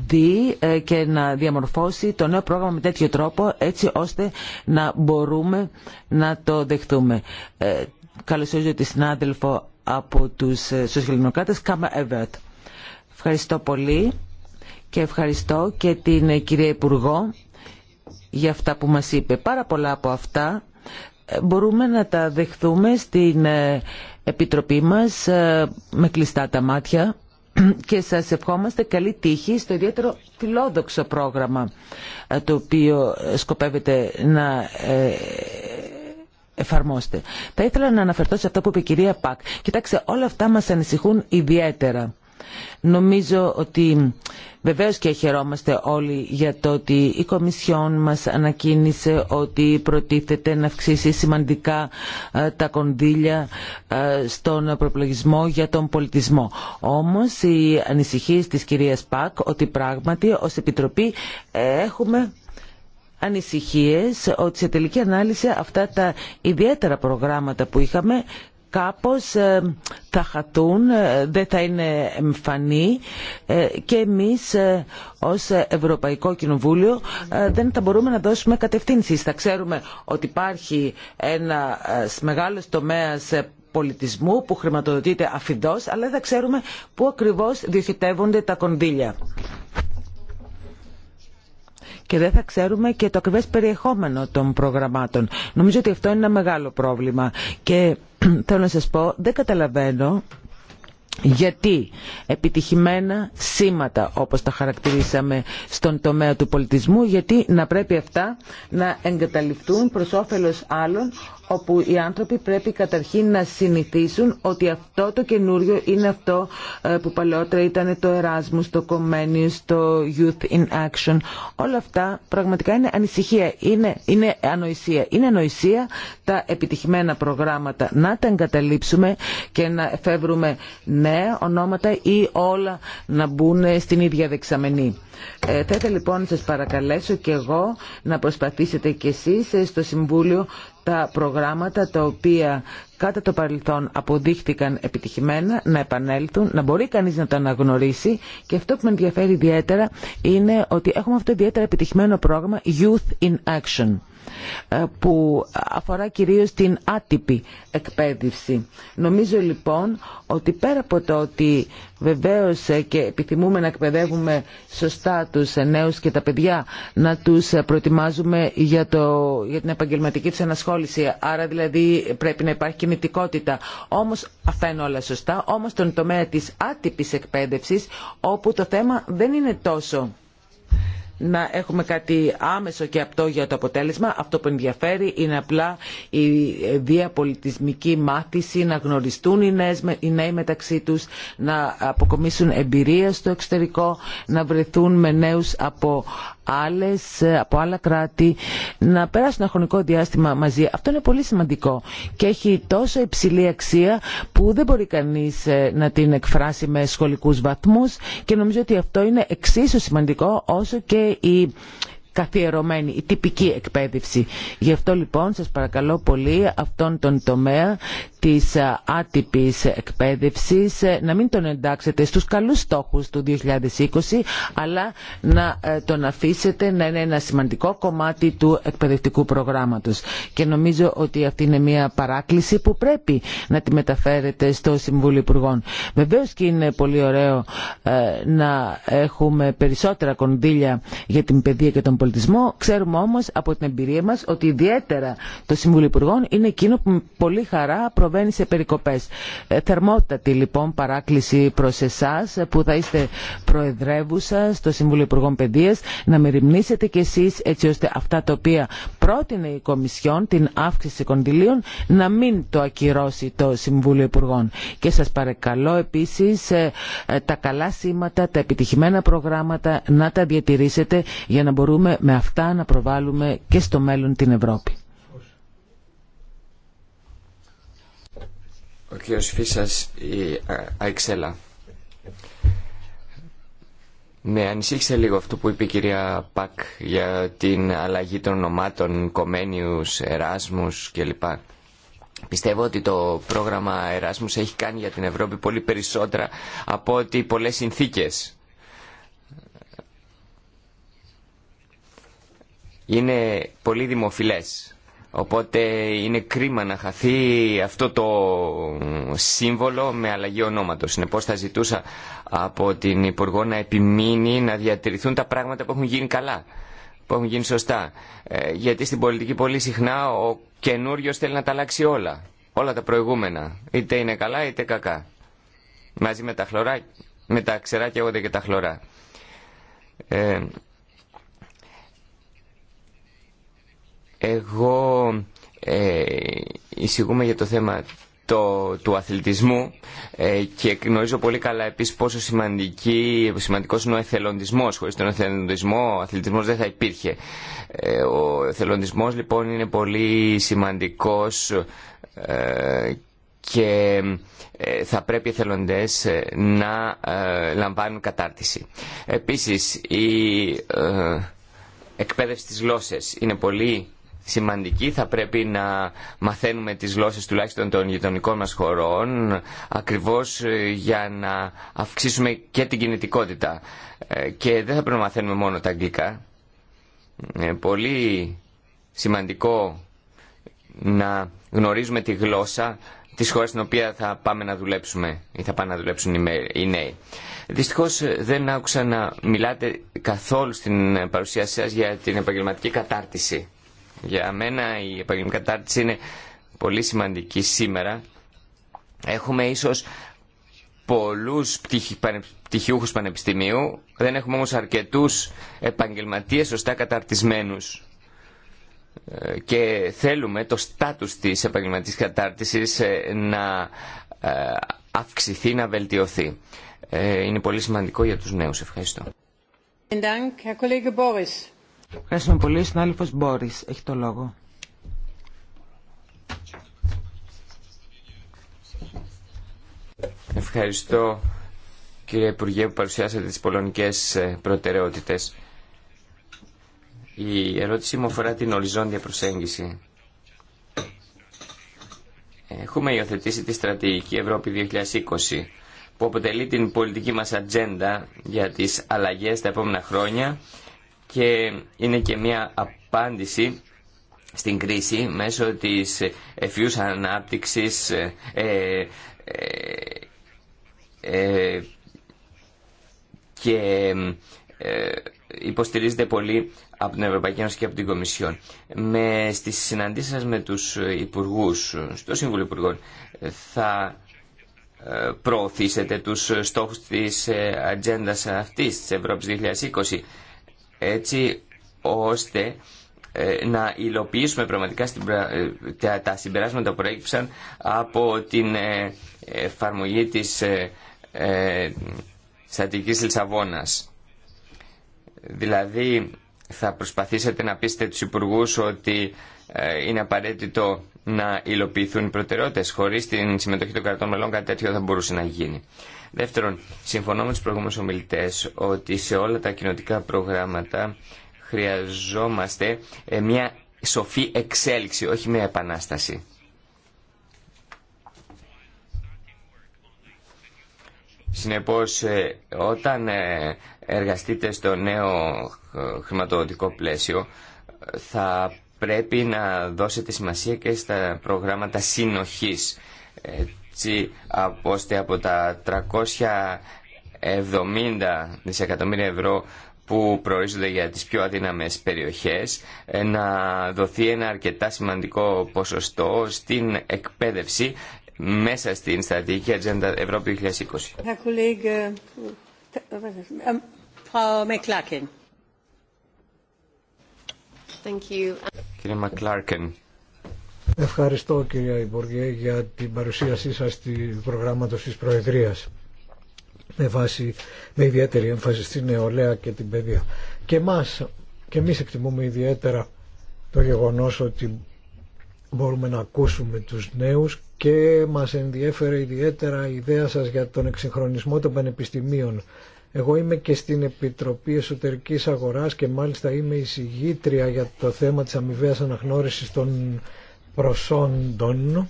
Speaker 1: δει ε, και να διαμορφώσει το νέο πρόγραμμα με τέτοιο τρόπο έτσι ώστε να μπορούμε να το δεχτούμε. Ε, καλωσορίζω τη συνάδελφο από τους ε, σοσιαλδημοκράτες Κάμα Εβέρτ. Ευχαριστώ πολύ και ευχαριστώ και την κυρία Υπουργό για αυτά που μας είπε. Πάρα πολλά από αυτά μπορούμε να τα δεχθούμε στην Επιτροπή μας με κλειστά τα μάτια και σας ευχόμαστε καλή τύχη στο ιδιαίτερο φιλόδοξο πρόγραμμα ε, το οποίο ε, σκοπεύετε να ε, εφαρμόσετε. Θα ήθελα να αναφερθώ σε αυτό που είπε η κυρία Πακ. Κοιτάξτε, όλα αυτά μας ανησυχούν ιδιαίτερα. Νομίζω ότι βεβαίως και χαιρόμαστε όλοι για το ότι η Κομισιόν μας ανακοίνησε ότι προτίθεται να αυξήσει σημαντικά ε, τα κονδύλια ε, στον προπλογισμό για τον πολιτισμό. Όμως οι ανησυχίες της κυρίας Πακ ότι πράγματι ως Επιτροπή ε, έχουμε ανησυχίες ότι σε τελική ανάλυση αυτά τα ιδιαίτερα προγράμματα που είχαμε κάπως θα ε, χατούν, ε, δεν θα είναι εμφανή ε, και εμείς ως Ευρωπαϊκό Κοινοβούλιο δεν θα μπορούμε να δώσουμε κατευθύνσεις. Θα ξέρουμε ότι υπάρχει ένα μεγάλος τομέας πολιτισμού που χρηματοδοτείται αφιδός, αλλά δεν θα ξέρουμε πού ακριβώς διοχετεύονται τα κονδύλια και δεν θα ξέρουμε και το ακριβές περιεχόμενο των προγραμμάτων. Νομίζω ότι αυτό είναι ένα μεγάλο πρόβλημα και θέλω να σας πω δεν καταλαβαίνω γιατί επιτυχημένα σήματα όπως τα χαρακτηρίσαμε στον τομέα του πολιτισμού γιατί να πρέπει αυτά να εγκαταλειφθούν προς όφελος άλλων όπου οι άνθρωποι πρέπει καταρχήν να συνηθίσουν ότι αυτό το καινούριο είναι αυτό ε, που παλαιότερα ήταν το Erasmus, το Comenius, το Youth in Action. Όλα αυτά πραγματικά είναι ανησυχία, είναι, είναι ανοησία. Είναι ανοησία τα επιτυχημένα προγράμματα να τα εγκαταλείψουμε και να εφεύρουμε νέα ονόματα ή όλα να μπουν στην ίδια δεξαμενή. Ε, θα ήθελα λοιπόν να σας παρακαλέσω και εγώ να προσπαθήσετε και εσείς ε, στο Συμβούλιο τα προγράμματα τα οποία κατά το παρελθόν αποδείχτηκαν επιτυχημένα να επανέλθουν, να μπορεί κανείς να τα αναγνωρίσει και αυτό που με ενδιαφέρει ιδιαίτερα είναι ότι έχουμε αυτό ιδιαίτερα επιτυχημένο πρόγραμμα Youth in Action ε, που αφορά κυρίως την άτυπη εκπαίδευση. Νομίζω λοιπόν ότι πέρα από το ότι βεβαίως ε, και επιθυμούμε να εκπαιδεύουμε σωστά τους ε, νέους και τα παιδιά να τους προετοιμάζουμε για, το, για την επαγγελματική τους ανασχόληση άρα δηλαδή πρέπει να υπάρχει κινητικότητα όμως αυτά όλα σωστά όμως τον τομέα της άτυπης εκπαίδευσης όπου το θέμα δεν είναι τόσο να έχουμε κάτι άμεσο και απτό για το αποτέλεσμα. Αυτό που ενδιαφέρει είναι απλά η διαπολιτισμική μάθηση, να γνωριστούν οι, νέες, οι νέοι μεταξύ τους, να αποκομίσουν εμπειρία στο εξωτερικό, να βρεθούν με νέους από άλλες, ε, από άλλα κράτη να περάσουν ένα χρονικό διάστημα μαζί. Αυτό είναι πολύ σημαντικό και έχει τόσο υψηλή αξία που δεν μπορεί κανείς ε, να την εκφράσει με σχολικούς βαθμούς και νομίζω ότι αυτό είναι εξίσου σημαντικό όσο και η καθιερωμένη, η τυπική εκπαίδευση. Γι' αυτό λοιπόν σας παρακαλώ πολύ αυτόν τον τομέα της ε, άτυπης εκπαίδευσης ε, να μην τον εντάξετε στους καλούς στόχους του 2020 αλλά να ε, τον αφήσετε να είναι ένα σημαντικό κομμάτι του εκπαιδευτικού προγράμματος. Και νομίζω ότι αυτή είναι μια παράκληση που πρέπει να τη μεταφέρετε στο Συμβούλιο Υπουργών. Βεβαίω και είναι πολύ ωραίο να έχουμε περισσότερα κονδύλια για την παιδεία και τον πολιτισμό. Ξέρουμε όμως από την εμπειρία μας ότι ιδιαίτερα το Συμβούλιο Υπουργών είναι εκείνο που πολύ χαρά βαίνει σε περικοπές. Ε, θερμότατη λοιπόν παράκληση προς εσάς ε, που θα είστε προεδρεύουσα στο Συμβούλιο Υπουργών Παιδείας να μεριμνήσετε κι εσείς έτσι ώστε αυτά τα οποία πρότεινε η Κομισιόν την αύξηση κοντιλίων να μην το ακυρώσει το Συμβούλιο Υπουργών. Και σας παρακαλώ επίσης ε, τα καλά σήματα, τα επιτυχημένα προγράμματα να τα διατηρήσετε για να μπορούμε με αυτά να προβάλλουμε και στο μέλλον την Ευρώπη.
Speaker 4: ο κ. Φίσας η ε, Αεξέλα. Με ανησύχησε λίγο αυτό που είπε η κυρία Πακ για την αλλαγή των ονομάτων Κομένιους, Εράσμους κλπ. Πιστεύω ότι το πρόγραμμα Εράσμους έχει κάνει για την Ευρώπη πολύ περισσότερα από ότι πολλές συνθήκες. Είναι πολύ δημοφιλές Οπότε είναι κρίμα να χαθεί αυτό το σύμβολο με αλλαγή ονόματος. Συνεπώ θα ζητούσα από την Υπουργό να επιμείνει να διατηρηθούν τα πράγματα που έχουν γίνει καλά, που έχουν γίνει σωστά. Ε, γιατί στην πολιτική πολύ συχνά ο καινούριο θέλει να τα αλλάξει όλα, όλα τα προηγούμενα, είτε είναι καλά είτε κακά. Μαζί με τα, χλωρά, με τα ξερά και εγώ και τα χλωρά. Ε, Εγώ ε, για το θέμα το, του αθλητισμού ε, και γνωρίζω πολύ καλά επίσης πόσο σημαντική, σημαντικός είναι ο εθελοντισμός. Χωρίς τον εθελοντισμό ο αθλητισμός δεν θα υπήρχε. Ε, ο εθελοντισμός λοιπόν είναι πολύ σημαντικός ε, και θα πρέπει οι εθελοντές να λαμβάνουν κατάρτιση. Επίσης η εκπαίδευση της γλώσσας είναι πολύ σημαντική. Θα πρέπει να μαθαίνουμε τις γλώσσες τουλάχιστον των γειτονικών μας χωρών ακριβώς ε, για να αυξήσουμε και την κινητικότητα. Ε, και δεν θα πρέπει να μαθαίνουμε μόνο τα αγγλικά. Ε, πολύ σημαντικό να γνωρίζουμε τη γλώσσα της χώρας στην οποία θα πάμε να δουλέψουμε ή θα πάνε να δουλέψουν οι νέοι. Δυστυχώς δεν άκουσα να μιλάτε καθόλου στην παρουσία σας για την επαγγελματική κατάρτιση. Για μένα η επαγγελματική κατάρτιση είναι πολύ σημαντική σήμερα. Έχουμε ίσως πολλούς πτυχιούχους πανεπιστημίου, δεν έχουμε όμως αρκετούς επαγγελματίες σωστά καταρτισμένους ε, και θέλουμε το στάτους της επαγγελματικής κατάρτισης ε, να ε, αυξηθεί, να βελτιωθεί. Είναι πολύ σημαντικό για τους νέους. Ευχαριστώ.
Speaker 3: Ευχαριστώ,
Speaker 1: Ευχαριστούμε πολύ. Συνάδελφος Μπόρις έχει το λόγο.
Speaker 4: Ευχαριστώ κύριε Υπουργέ που παρουσιάσατε τις πολωνικές ε, προτεραιότητες. Η ερώτησή μου αφορά την οριζόντια προσέγγιση. Έχουμε υιοθετήσει τη στρατηγική Ευρώπη 2020 που αποτελεί την πολιτική μας ατζέντα για τις αλλαγές τα επόμενα χρόνια και είναι και μια απάντηση στην κρίση μέσω της εφιούς ανάπτυξης ε, ε, ε, και ε, υποστηρίζεται πολύ από την Ευρωπαϊκή Ένωση και από την Κομισιόν. Με, στις συναντήσεις σας με τους υπουργούς στο Σύμβουλο Υπουργών θα ε, προωθήσετε τους στόχους της ε, ατζέντα αυτής της Ευρώπης 2020 έτσι ώστε ε, να υλοποιήσουμε πραγματικά ε, τα συμπεράσματα που προέκυψαν από την ε, εφαρμογή της στατικής Λισαβόνας. Δηλαδή θα προσπαθήσετε να πείσετε τους υπουργούς ότι είναι απαραίτητο να υλοποιηθούν οι προτεραιότητες. Χωρίς την συμμετοχή των κρατών μελών κάτι τέτοιο δεν μπορούσε να γίνει. Δεύτερον, συμφωνώ με τους προηγούμενους ομιλητές ότι σε όλα τα κοινοτικά προγράμματα χρειαζόμαστε ε, μια σοφή εξέλιξη, όχι μια επανάσταση. Συνεπώς, ε, όταν ε, εργαστείτε στο νέο χρηματοδοτικό πλαίσιο, θα πρέπει να δώσετε σημασία και στα προγράμματα συνοχής έτσι ώστε από τα 370 δισεκατομμύρια ευρώ που προορίζονται για τις πιο αδύναμες περιοχές ε, να δοθεί ένα αρκετά σημαντικό ποσοστό στην εκπαίδευση μέσα στην στρατηγική ατζέντα Ευρώπη 2020. Ähm, Κύριε Μακλάρκεν,
Speaker 2: Ευχαριστώ κυρία Υπουργέ για την παρουσίασή σας του προγράμματος της Προεδρίας με, βάση, με ιδιαίτερη έμφαση στην νεολαία και την παιδεία. Και, μας, και εμείς εκτιμούμε ιδιαίτερα το γεγονός ότι μπορούμε να ακούσουμε τους νέους και μας ενδιέφερε ιδιαίτερα η ιδέα σας για τον εξυγχρονισμό των πανεπιστημίων. Εγώ είμαι και στην Επιτροπή Εσωτερικής Αγοράς και μάλιστα είμαι εισηγήτρια για το θέμα της αμοιβαίας αναγνώρισης των προσόντων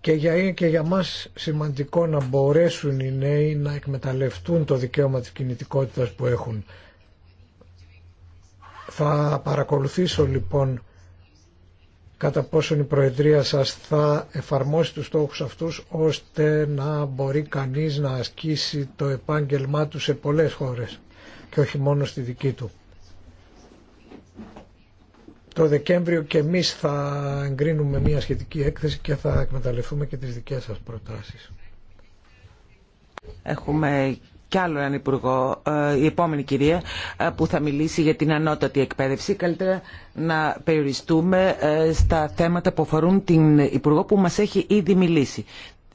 Speaker 2: και για, και για μας σημαντικό να μπορέσουν οι νέοι να εκμεταλλευτούν το δικαίωμα της κινητικότητας που έχουν. Θα παρακολουθήσω λοιπόν κατά πόσον η Προεδρία σας θα εφαρμόσει τους στόχους αυτούς ώστε να μπορεί κανείς να ασκήσει το επάγγελμά του σε πολλές χώρες και όχι μόνο στη δική του το Δεκέμβριο και εμείς θα εγκρίνουμε μια σχετική έκθεση και θα εκμεταλλευτούμε και τις δικές σας προτάσεις.
Speaker 1: Έχουμε κι άλλο έναν υπουργό, ε, η επόμενη κυρία, ε, που θα μιλήσει για την ανώτατη εκπαίδευση. Καλύτερα να περιοριστούμε ε, στα θέματα που αφορούν την υπουργό που μας έχει ήδη μιλήσει.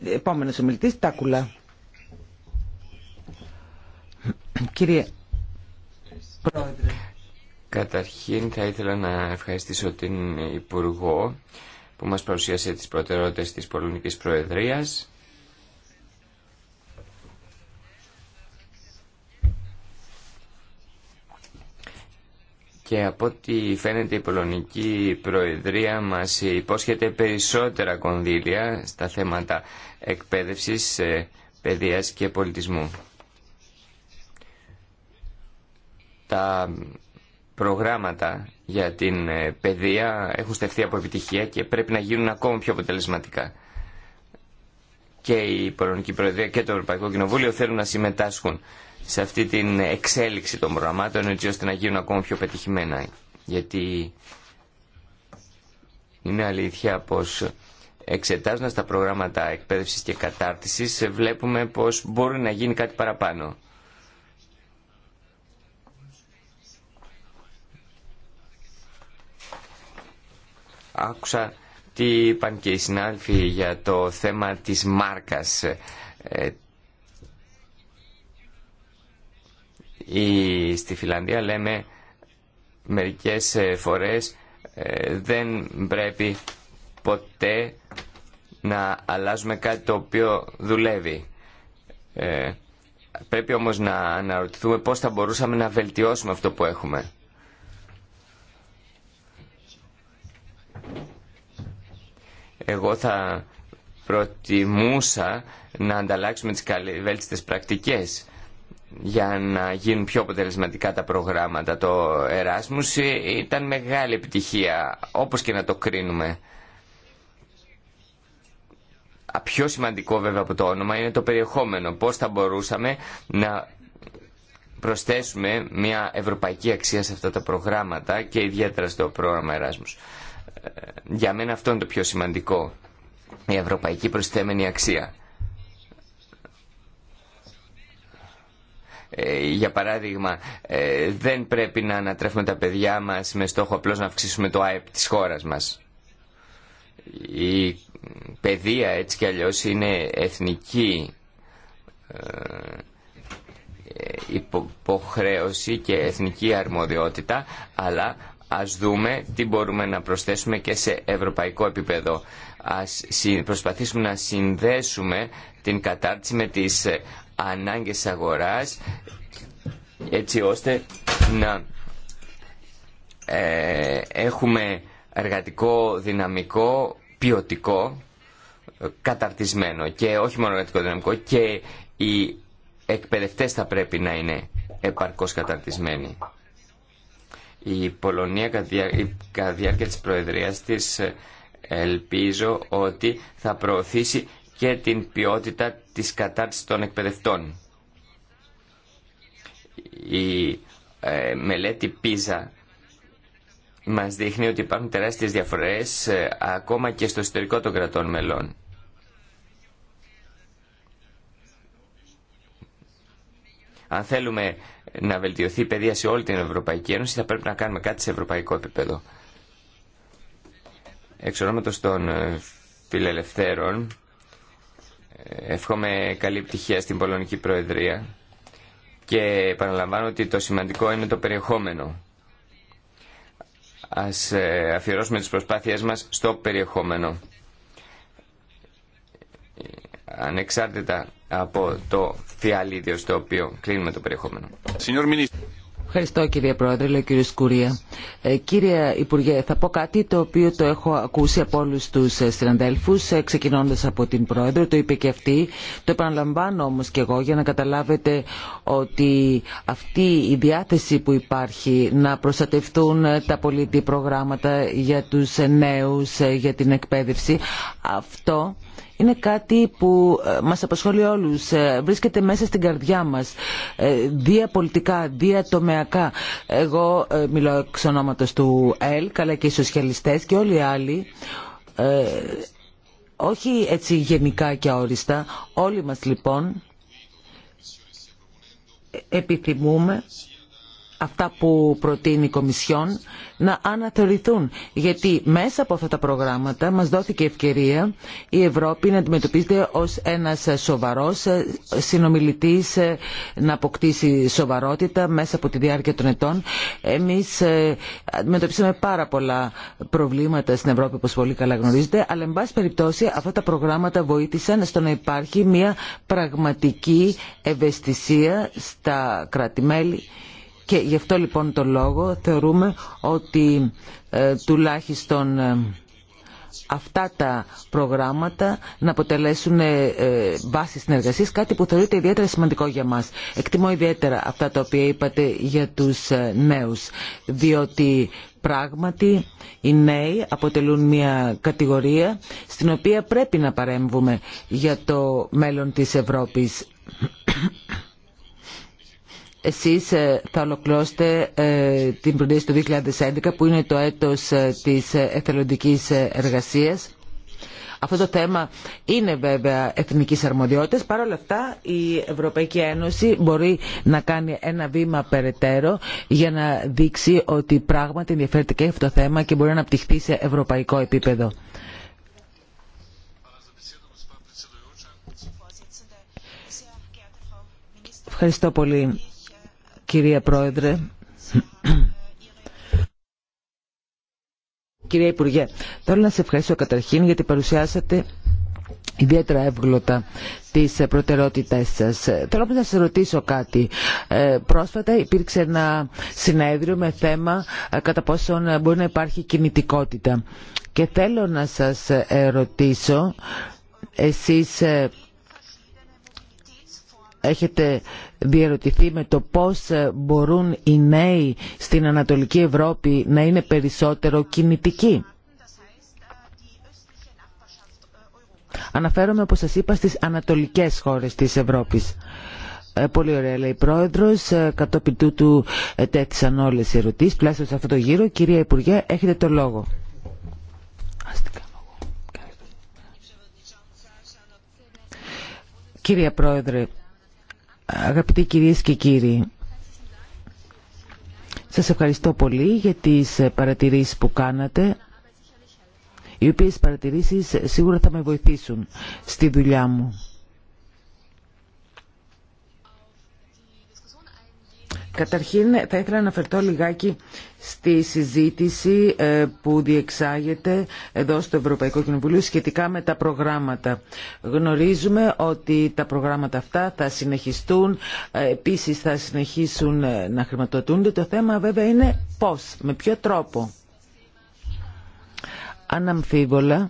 Speaker 1: Επόμενος ομιλητής, Τάκουλα. Κυρία...
Speaker 4: Καταρχήν θα ήθελα να ευχαριστήσω την Υπουργό που μας παρουσίασε τις προτεραιότητες της Πολωνικής Προεδρίας. Και από ό,τι φαίνεται η Πολωνική Προεδρία μας υπόσχεται περισσότερα κονδύλια στα θέματα εκπαίδευσης, ε, παιδείας και πολιτισμού. Τα προγράμματα για την ε, παιδεία έχουν στεφθεί από επιτυχία και πρέπει να γίνουν ακόμα πιο αποτελεσματικά. Και η Πολωνική Προεδρία και το Ευρωπαϊκό Κοινοβούλιο θέλουν να συμμετάσχουν σε αυτή την εξέλιξη των προγραμμάτων έτσι ώστε να γίνουν ακόμα πιο πετυχημένα. Γιατί είναι αλήθεια πως εξετάζοντας τα προγράμματα εκπαίδευσης και κατάρτισης βλέπουμε πως μπορεί να γίνει κάτι παραπάνω. Άκουσα τι είπαν και οι συνάδελφοι για το θέμα της μάρκας. Ε, η, στη Φιλανδία λέμε μερικές ε, φορές ε, δεν πρέπει ποτέ να αλλάζουμε κάτι το οποίο δουλεύει. Πρέπει όμως να αναρωτηθούμε πώς θα μπορούσαμε να βελτιώσουμε αυτό που έχουμε. Εγώ θα προτιμούσα να ανταλλάξουμε τις βέλτιστες πρακτικές για να γίνουν πιο αποτελεσματικά τα προγράμματα. Το Εράσμους ήταν μεγάλη επιτυχία, όπως και να το κρίνουμε. Πιο σημαντικό βέβαια από το όνομα είναι το περιεχόμενο. Πώς θα μπορούσαμε να προσθέσουμε μια ευρωπαϊκή αξία σε αυτά τα προγράμματα και ιδιαίτερα στο πρόγραμμα Εράσμους για μένα αυτό είναι το πιο σημαντικό. Η ευρωπαϊκή προσθέμενη αξία. Ε, για παράδειγμα, ε, δεν πρέπει να ανατρέφουμε τα παιδιά μας με στόχο απλώς να αυξήσουμε το ΑΕΠ της χώρας μας. Η παιδεία έτσι κι αλλιώς είναι εθνική ε, υποχρέωση και εθνική αρμοδιότητα, αλλά ας δούμε τι μπορούμε να προσθέσουμε και σε ευρωπαϊκό επίπεδο. Ας προσπαθήσουμε να συνδέσουμε την κατάρτιση με τις ε, ανάγκες αγοράς έτσι ώστε να ε, έχουμε εργατικό δυναμικό ποιοτικό καταρτισμένο και όχι μόνο εργατικό δυναμικό και οι εκπαιδευτές θα πρέπει να είναι επαρκώς καταρτισμένοι. Η Πολωνία κατά διάρκεια της Προεδρίας της ε, ελπίζω ότι θα προωθήσει και την ποιότητα της κατάρτισης των εκπαιδευτών. Η ε, μελέτη PISA μας δείχνει ότι υπάρχουν τεράστιες διαφορές ε, ακόμα και στο εσωτερικό των κρατών μελών. Αν θέλουμε να βελτιωθεί η παιδεία σε όλη την Ευρωπαϊκή Ένωση, θα πρέπει να κάνουμε κάτι σε ευρωπαϊκό επίπεδο. Εξ ονόματος των ε, φιλελευθέρων, ε, εύχομαι καλή πτυχία στην Πολωνική Προεδρία και παραλαμβάνω ότι το σημαντικό είναι το περιεχόμενο. Ας ε, αφιερώσουμε τις προσπάθειές μας στο περιεχόμενο. Ανεξάρτητα από το φιαλίδιο στο οποίο κλείνουμε το περιεχόμενο.
Speaker 1: Ευχαριστώ κύριε Πρόεδρε, λέει ο κύριος Κουρία. Ε, κύριε Υπουργέ, θα πω κάτι το οποίο το έχω ακούσει από όλους τους ε, συναντέλφους, ε, ξεκινώντας από την Πρόεδρο, το είπε και αυτή. Το επαναλαμβάνω όμως και εγώ για να καταλάβετε ότι αυτή η διάθεση που υπάρχει να προστατευτούν τα πολιτικά προγράμματα για τους νέους, για την εκπαίδευση, αυτό είναι κάτι που ε, μας απασχολεί όλους, ε, βρίσκεται μέσα στην καρδιά μας, ε, διαπολιτικά, διατομεακά. Εγώ μιλώ εξ ονόματος του ΕΛ, αλλά και οι σοσιαλιστές και όλοι οι άλλοι, όχι έτσι γενικά και ορίστα, όλοι μας λοιπόν επιθυμούμε αυτά που προτείνει η Κομισιόν να αναθεωρηθούν. Γιατί μέσα από αυτά τα προγράμματα μας δόθηκε ευκαιρία η Ευρώπη να αντιμετωπίζεται ως ένας σοβαρός συνομιλητής, να αποκτήσει σοβαρότητα μέσα από τη διάρκεια των ετών. Εμείς ε, αντιμετωπίσαμε πάρα πολλά προβλήματα στην Ευρώπη όπως πολύ καλά γνωρίζετε, αλλά εν πάση περιπτώσει αυτά τα προγράμματα βοήθησαν στο να υπάρχει μια πραγματική ευαισθησία στα κράτη-μέλη και γι' αυτό λοιπόν το λόγο θεωρούμε ότι ε, τουλάχιστον ε, αυτά τα προγράμματα να αποτελέσουν ε, ε, βάση συνεργασίας, κάτι που θεωρείται ιδιαίτερα σημαντικό για μας. Εκτιμώ ιδιαίτερα αυτά τα οποία είπατε για τους νέους, διότι πράγματι οι νέοι αποτελούν μια κατηγορία στην οποία πρέπει να παρέμβουμε για το μέλλον της Ευρώπης εσείς ε, θα ολοκληρώσετε ε, την πρωτεύουσα του 2011 που είναι το έτος ε, της εθελοντικής εργασίας. Αυτό το θέμα είναι βέβαια εθνικής αρμοδιότητας. Παρ' όλα αυτά η Ευρωπαϊκή Ένωση μπορεί να κάνει ένα βήμα περαιτέρω για να δείξει ότι πράγματι ενδιαφέρεται και αυτό το θέμα και μπορεί να αναπτυχθεί σε ευρωπαϊκό επίπεδο. Ευχαριστώ πολύ κυρία Πρόεδρε. Κυρία Υπουργέ, θέλω να σε ευχαριστώ καταρχήν γιατί παρουσιάσατε ιδιαίτερα εύγλωτα τις προτεραιότητές σας. Θέλω να σας ρωτήσω κάτι. Ε, πρόσφατα υπήρξε ένα συνέδριο με θέμα ε, κατά πόσον ε, μπορεί να υπάρχει κινητικότητα. Και θέλω να σας ρωτήσω, εσείς έχετε διερωτηθεί με το πώς ε, μπορούν οι νέοι στην Ανατολική Ευρώπη να είναι περισσότερο κινητικοί. Αναφέρομαι, όπως σας είπα, στις ανατολικές χώρες της Ευρώπης. Ε, πολύ ωραία λέει η Πρόεδρος. Ε, κατόπιν τούτου τέτησαν όλες οι ερωτήσεις. Πλάστα σε αυτό το γύρο. Κυρία Υπουργέ, έχετε το λόγο. Κυρία Πρόεδρε, Αγαπητοί κυρίες και κύριοι, σας ευχαριστώ πολύ για τις παρατηρήσεις που κάνατε, οι οποίες παρατηρήσεις σίγουρα θα με βοηθήσουν στη δουλειά μου. Καταρχήν θα ήθελα να αναφερθώ λιγάκι στη συζήτηση ε, που διεξάγεται εδώ στο Ευρωπαϊκό Κοινοβουλίο σχετικά με τα προγράμματα. Γνωρίζουμε ότι τα προγράμματα αυτά θα συνεχιστούν, ε, επίσης θα συνεχίσουν ε, να χρηματοδοτούνται. Το θέμα βέβαια είναι πώς, με ποιο τρόπο. Αναμφίβολα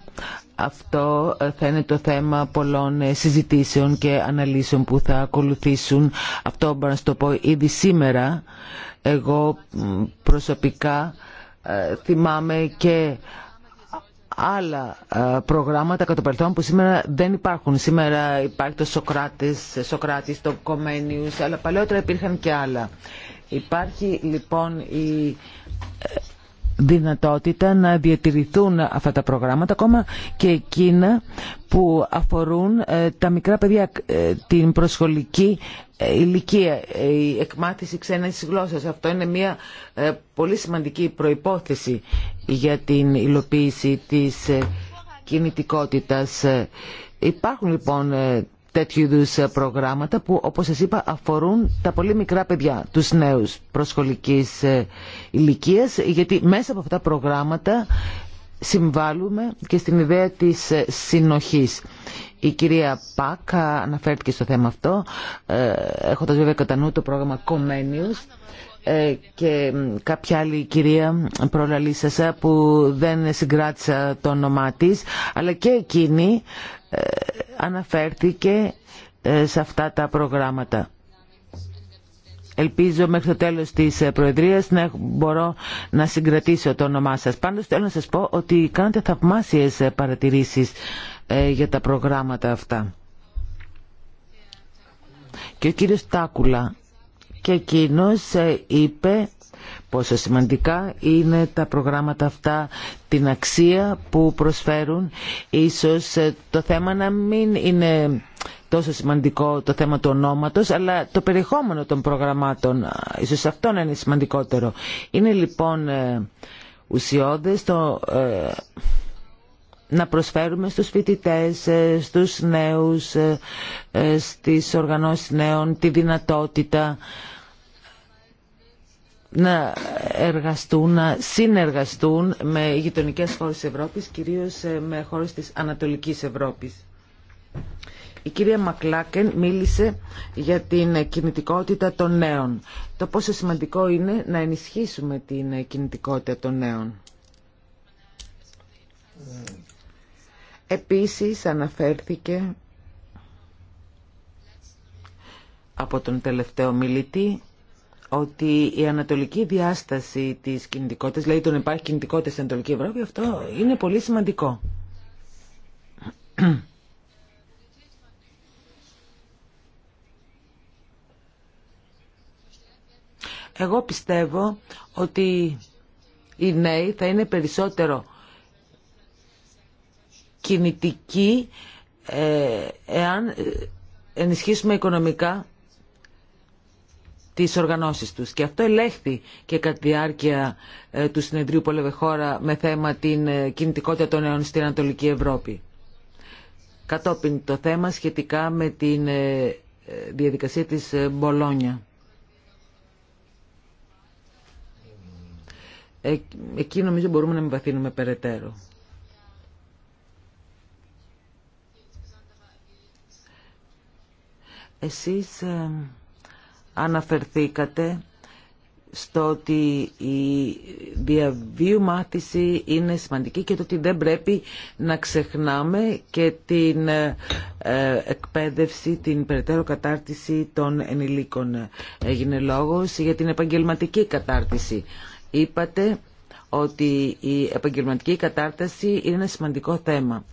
Speaker 1: αυτό θα είναι το θέμα πολλών ε, συζητήσεων και αναλύσεων που θα ακολουθήσουν. Αυτό μπορώ να το πω ήδη σήμερα. Εγώ προσωπικά ε, θυμάμαι και άλλα ε, προγράμματα κατά παρελθόν που σήμερα δεν υπάρχουν. Σήμερα υπάρχει το Σοκράτης, Σοκράτης το Κομένιους, αλλά παλαιότερα υπήρχαν και άλλα. Υπάρχει λοιπόν η δυνατότητα να διατηρηθούν αυτά τα προγράμματα ακόμα και εκείνα που αφορούν ε, τα μικρά παιδιά, ε, την προσχολική ε, ηλικία, η εκμάθηση ξένας γλώσσας. Αυτό είναι μια πολύ σημαντική προϋπόθεση για την υλοποίηση της κινητικότητας. Υπάρχουν λοιπόν τέτοιου είδου ε, προγράμματα που όπως σας είπα αφορούν τα πολύ μικρά παιδιά, τους νέους προσχολικής ε, ηλικίας γιατί μέσα από αυτά τα προγράμματα συμβάλλουμε και στην ιδέα της ε, συνοχής. Η κυρία Πάκα αναφέρθηκε στο θέμα αυτό, έχοντας βέβαια κατά νου το πρόγραμμα Comenius και κάποια άλλη κυρία προλαλήσασα που δεν συγκράτησα το όνομά της αλλά και εκείνη ε, αναφέρθηκε ε, σε αυτά τα προγράμματα. Ελπίζω μέχρι το τέλος της ε, Προεδρίας να μπορώ να συγκρατήσω το όνομά σας. Πάντως θέλω να σας πω ότι κάνετε θαυμάσιες παρατηρήσεις για τα προγράμματα αυτά. Και ο κύριος Τάκουλα και εκείνος είπε πόσο σημαντικά είναι τα προγράμματα αυτά, την αξία που προσφέρουν. Ίσως ε, το θέμα να μην είναι τόσο σημαντικό το θέμα του ονόματος, αλλά το περιεχόμενο των προγραμμάτων, ίσως αυτό να είναι σημαντικότερο. Είναι λοιπόν ε, ουσιώδες το ε, να προσφέρουμε στους φοιτητές, στους νέους, στις οργανώσεις νέων τη δυνατότητα να εργαστούν, να συνεργαστούν με γειτονικέ χώρες της Ευρώπης, κυρίως ε, με χώρες της Ανατολικής Ευρώπης. Η κυρία Μακλάκεν μίλησε για την κινητικότητα των νέων. Το πόσο σημαντικό είναι να ενισχύσουμε την κινητικότητα των νέων. Επίσης αναφέρθηκε από τον τελευταίο μιλητή ότι η ανατολική διάσταση της κινητικότητας, δηλαδή το να υπάρχει κινητικότητα στην Ανατολική Ευρώπη, αυτό είναι πολύ σημαντικό. Εγώ πιστεύω ότι οι νέοι θα είναι περισσότερο κινητικοί ε, εάν ε, ενισχύσουμε οικονομικά τις οργανώσεις τους. Και αυτό ελέγχθη και κατά τη διάρκεια ε, του συνεδρίου που χώρα με θέμα την ε, κινητικότητα των νέων στην Ανατολική Ευρώπη. Κατόπιν το θέμα σχετικά με την ε, διαδικασία της Μπολόνια. Εκεί νομίζω μπορούμε να μην βαθύνουμε περαιτέρω. Εσείς αναφερθήκατε στο ότι η διαβίου μάθηση είναι σημαντική και το ότι δεν πρέπει να ξεχνάμε και την ε, εκπαίδευση, την περαιτέρω κατάρτιση των ενηλίκων. Έγινε λόγος για την επαγγελματική κατάρτιση. Είπατε ότι η επαγγελματική κατάρτιση είναι ένα σημαντικό θέμα.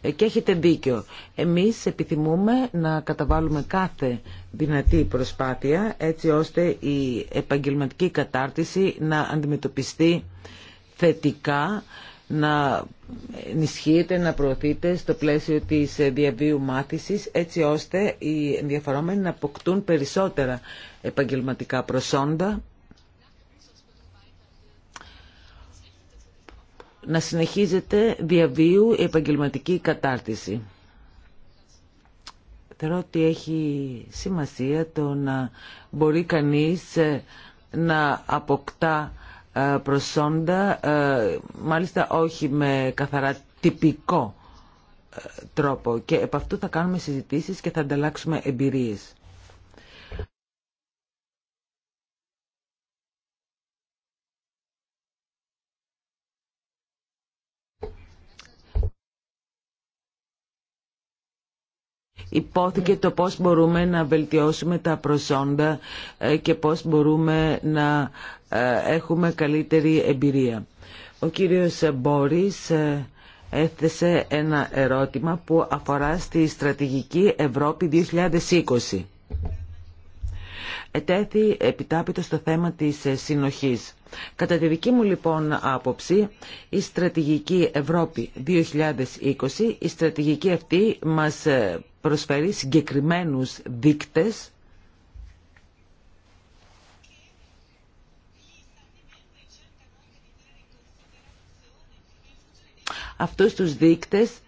Speaker 1: Ε, και έχετε δίκιο. Εμείς επιθυμούμε να καταβάλουμε κάθε δυνατή προσπάθεια έτσι ώστε η επαγγελματική κατάρτιση να αντιμετωπιστεί θετικά, να ενισχύεται, να προωθείται στο πλαίσιο της διαβίου μάθησης έτσι ώστε οι ενδιαφερόμενοι να αποκτούν περισσότερα επαγγελματικά προσόντα να συνεχίζεται διαβίου η επαγγελματική κατάρτιση. Θεωρώ ότι έχει σημασία το να μπορεί κανείς ε, να αποκτά ε, προσόντα, ε, μάλιστα όχι με καθαρά τυπικό τρόπο. Και επ' αυτού θα κάνουμε συζητήσεις και θα ανταλλάξουμε εμπειρίες. υπόθηκε το πώς μπορούμε να βελτιώσουμε τα προσόντα ε, και πώς μπορούμε να ε, έχουμε καλύτερη εμπειρία. Ο κύριος Μπόρις ε, έθεσε ένα ερώτημα που αφορά στη στρατηγική Ευρώπη 2020. Ετέθη επιτάπητο στο θέμα της συνοχής. Κατά τη δική μου λοιπόν άποψη, η στρατηγική Ευρώπη 2020, η στρατηγική αυτή μας προσφέρει συγκεκριμένους δείκτες Αυτούς τους δείκτες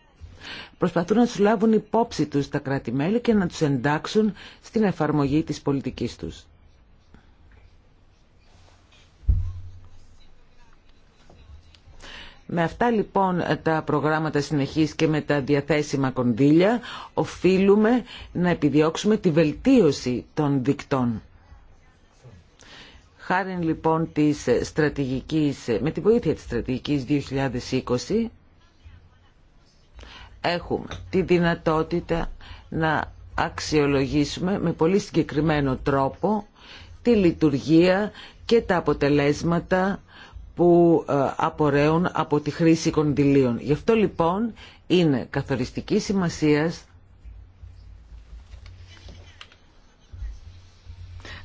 Speaker 1: προσπαθούν να τους λάβουν υπόψη τους τα κράτη-μέλη και να τους εντάξουν στην εφαρμογή της πολιτικής τους. Με αυτά λοιπόν τα προγράμματα συνεχής και με τα διαθέσιμα κονδύλια οφείλουμε να επιδιώξουμε τη βελτίωση των δικτών. Χάρη λοιπόν της στρατηγικής, με τη βοήθεια της στρατηγικής 2020 έχουμε τη δυνατότητα να αξιολογήσουμε με πολύ συγκεκριμένο τρόπο τη λειτουργία και τα αποτελέσματα που ε, απορρέουν από τη χρήση κοντιλίων. Γι' αυτό λοιπόν είναι καθοριστική σημασία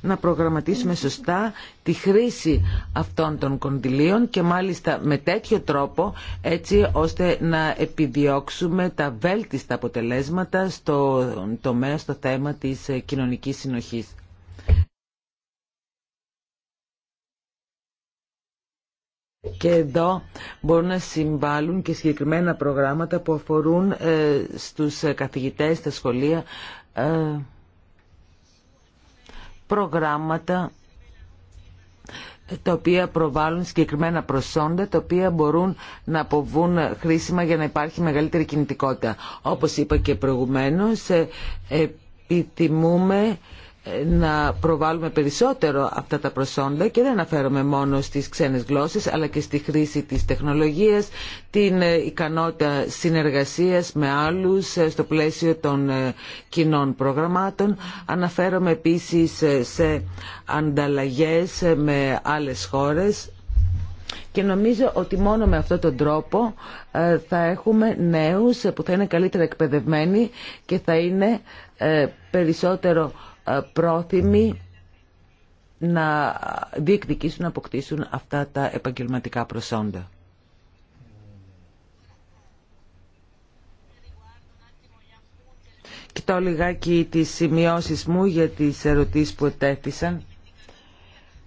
Speaker 1: να προγραμματίσουμε σωστά τη χρήση αυτών των κοντιλίων και μάλιστα με τέτοιο τρόπο έτσι ώστε να επιδιώξουμε τα βέλτιστα αποτελέσματα στο τομέα, στο θέμα της ε, κοινωνικής συνοχής. Και εδώ μπορούν να συμβάλλουν και συγκεκριμένα προγράμματα που αφορούν ε, στους ε, καθηγητές, στα σχολεία, ε, προγράμματα τα οποία προβάλλουν συγκεκριμένα προσόντα, τα οποία μπορούν να αποβούν χρήσιμα για να υπάρχει μεγαλύτερη κινητικότητα. Όπως είπα και προηγουμένως, επιθυμούμε να προβάλλουμε περισσότερο αυτά τα προσόντα και δεν αναφέρομαι μόνο στις ξένες γλώσσες αλλά και στη χρήση της τεχνολογίας, την ε, ικανότητα συνεργασίας με άλλους ε, στο πλαίσιο των ε, κοινών προγραμμάτων. Αναφέρομαι επίσης σε ανταλλαγές με άλλες χώρες και νομίζω ότι μόνο με αυτόν τον τρόπο θα έχουμε νέους που θα είναι καλύτερα εκπαιδευμένοι και θα είναι περισσότερο ε, πρόθυμοι να διεκδικήσουν, να αποκτήσουν αυτά τα επαγγελματικά προσόντα. Κοιτάω λιγάκι τις σημειώσεις μου για τις ερωτήσεις που ετέθησαν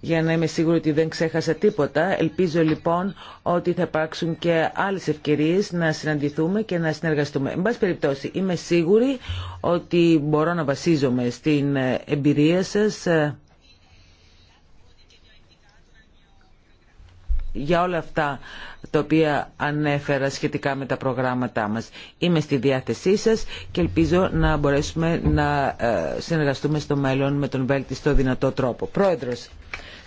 Speaker 1: για να είμαι σίγουρη ότι δεν ξέχασα τίποτα. Ελπίζω λοιπόν ότι θα υπάρξουν και άλλε ευκαιρίε να συναντηθούμε και να συνεργαστούμε. Εν πάση περιπτώσει, είμαι σίγουρη ότι μπορώ να βασίζομαι στην εμπειρία σας ε, για όλα αυτά τα οποία ανέφερα σχετικά με τα προγράμματά μας. Είμαι στη διάθεσή σας και ελπίζω να μπορέσουμε να ε, συνεργαστούμε στο μέλλον με τον βέλτιστο δυνατό τρόπο. Πρόεδρος,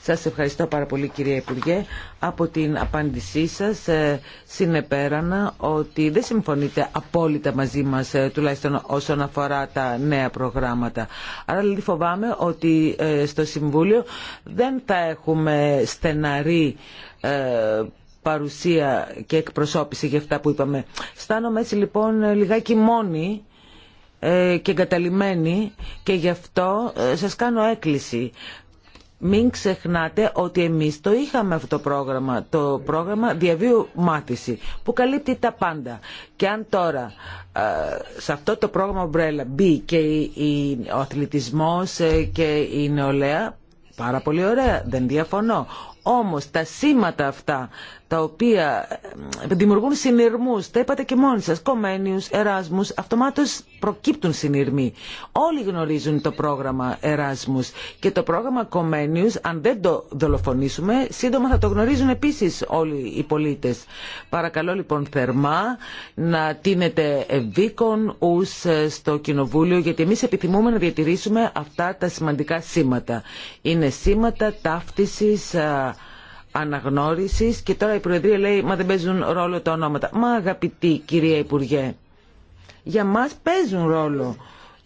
Speaker 1: σας ευχαριστώ πάρα πολύ κυρία Υπουργέ. Από την απάντησή σας ε, συνεπέρανα ότι δεν συμφωνείτε απόλυτα μαζί μας ε, τουλάχιστον όσον αφορά τα νέα προγράμματα. Άρα δηλαδή φοβάμαι ότι ε, στο Συμβούλιο δεν θα έχουμε στεναρή παρουσία και εκπροσώπηση για αυτά που είπαμε. Στάνομαι έτσι λοιπόν λιγάκι μόνη και εγκαταλειμμένη και γι' αυτό σας κάνω έκκληση μην ξεχνάτε ότι εμείς το είχαμε αυτό το πρόγραμμα, το πρόγραμμα διαβίου μάθηση που καλύπτει τα πάντα. Και αν τώρα ε, σε αυτό το πρόγραμμα μπρέλα μπει και ο αθλητισμός ε, και η νεολαία, πάρα πολύ ωραία, δεν διαφωνώ. Όμως τα σήματα αυτά τα οποία δημιουργούν συνειρμούς, τα είπατε και μόνοι σας, κομμένιους, εράσμους, αυτομάτως προκύπτουν συνειρμοί. Όλοι γνωρίζουν το πρόγραμμα εράσμους και το πρόγραμμα κομμένιους, αν δεν το δολοφονήσουμε, σύντομα θα το γνωρίζουν επίσης όλοι οι πολίτες. Παρακαλώ λοιπόν θερμά να τίνετε ευήκον ους ε, στο Κοινοβούλιο, γιατί εμείς επιθυμούμε να διατηρήσουμε αυτά τα σημαντικά σήματα. Είναι σήματα ταύτισης, ε, και τώρα η Προεδρία λέει μα δεν παίζουν ρόλο τα ονόματα. Μα αγαπητή κυρία Υπουργέ, για μα παίζουν ρόλο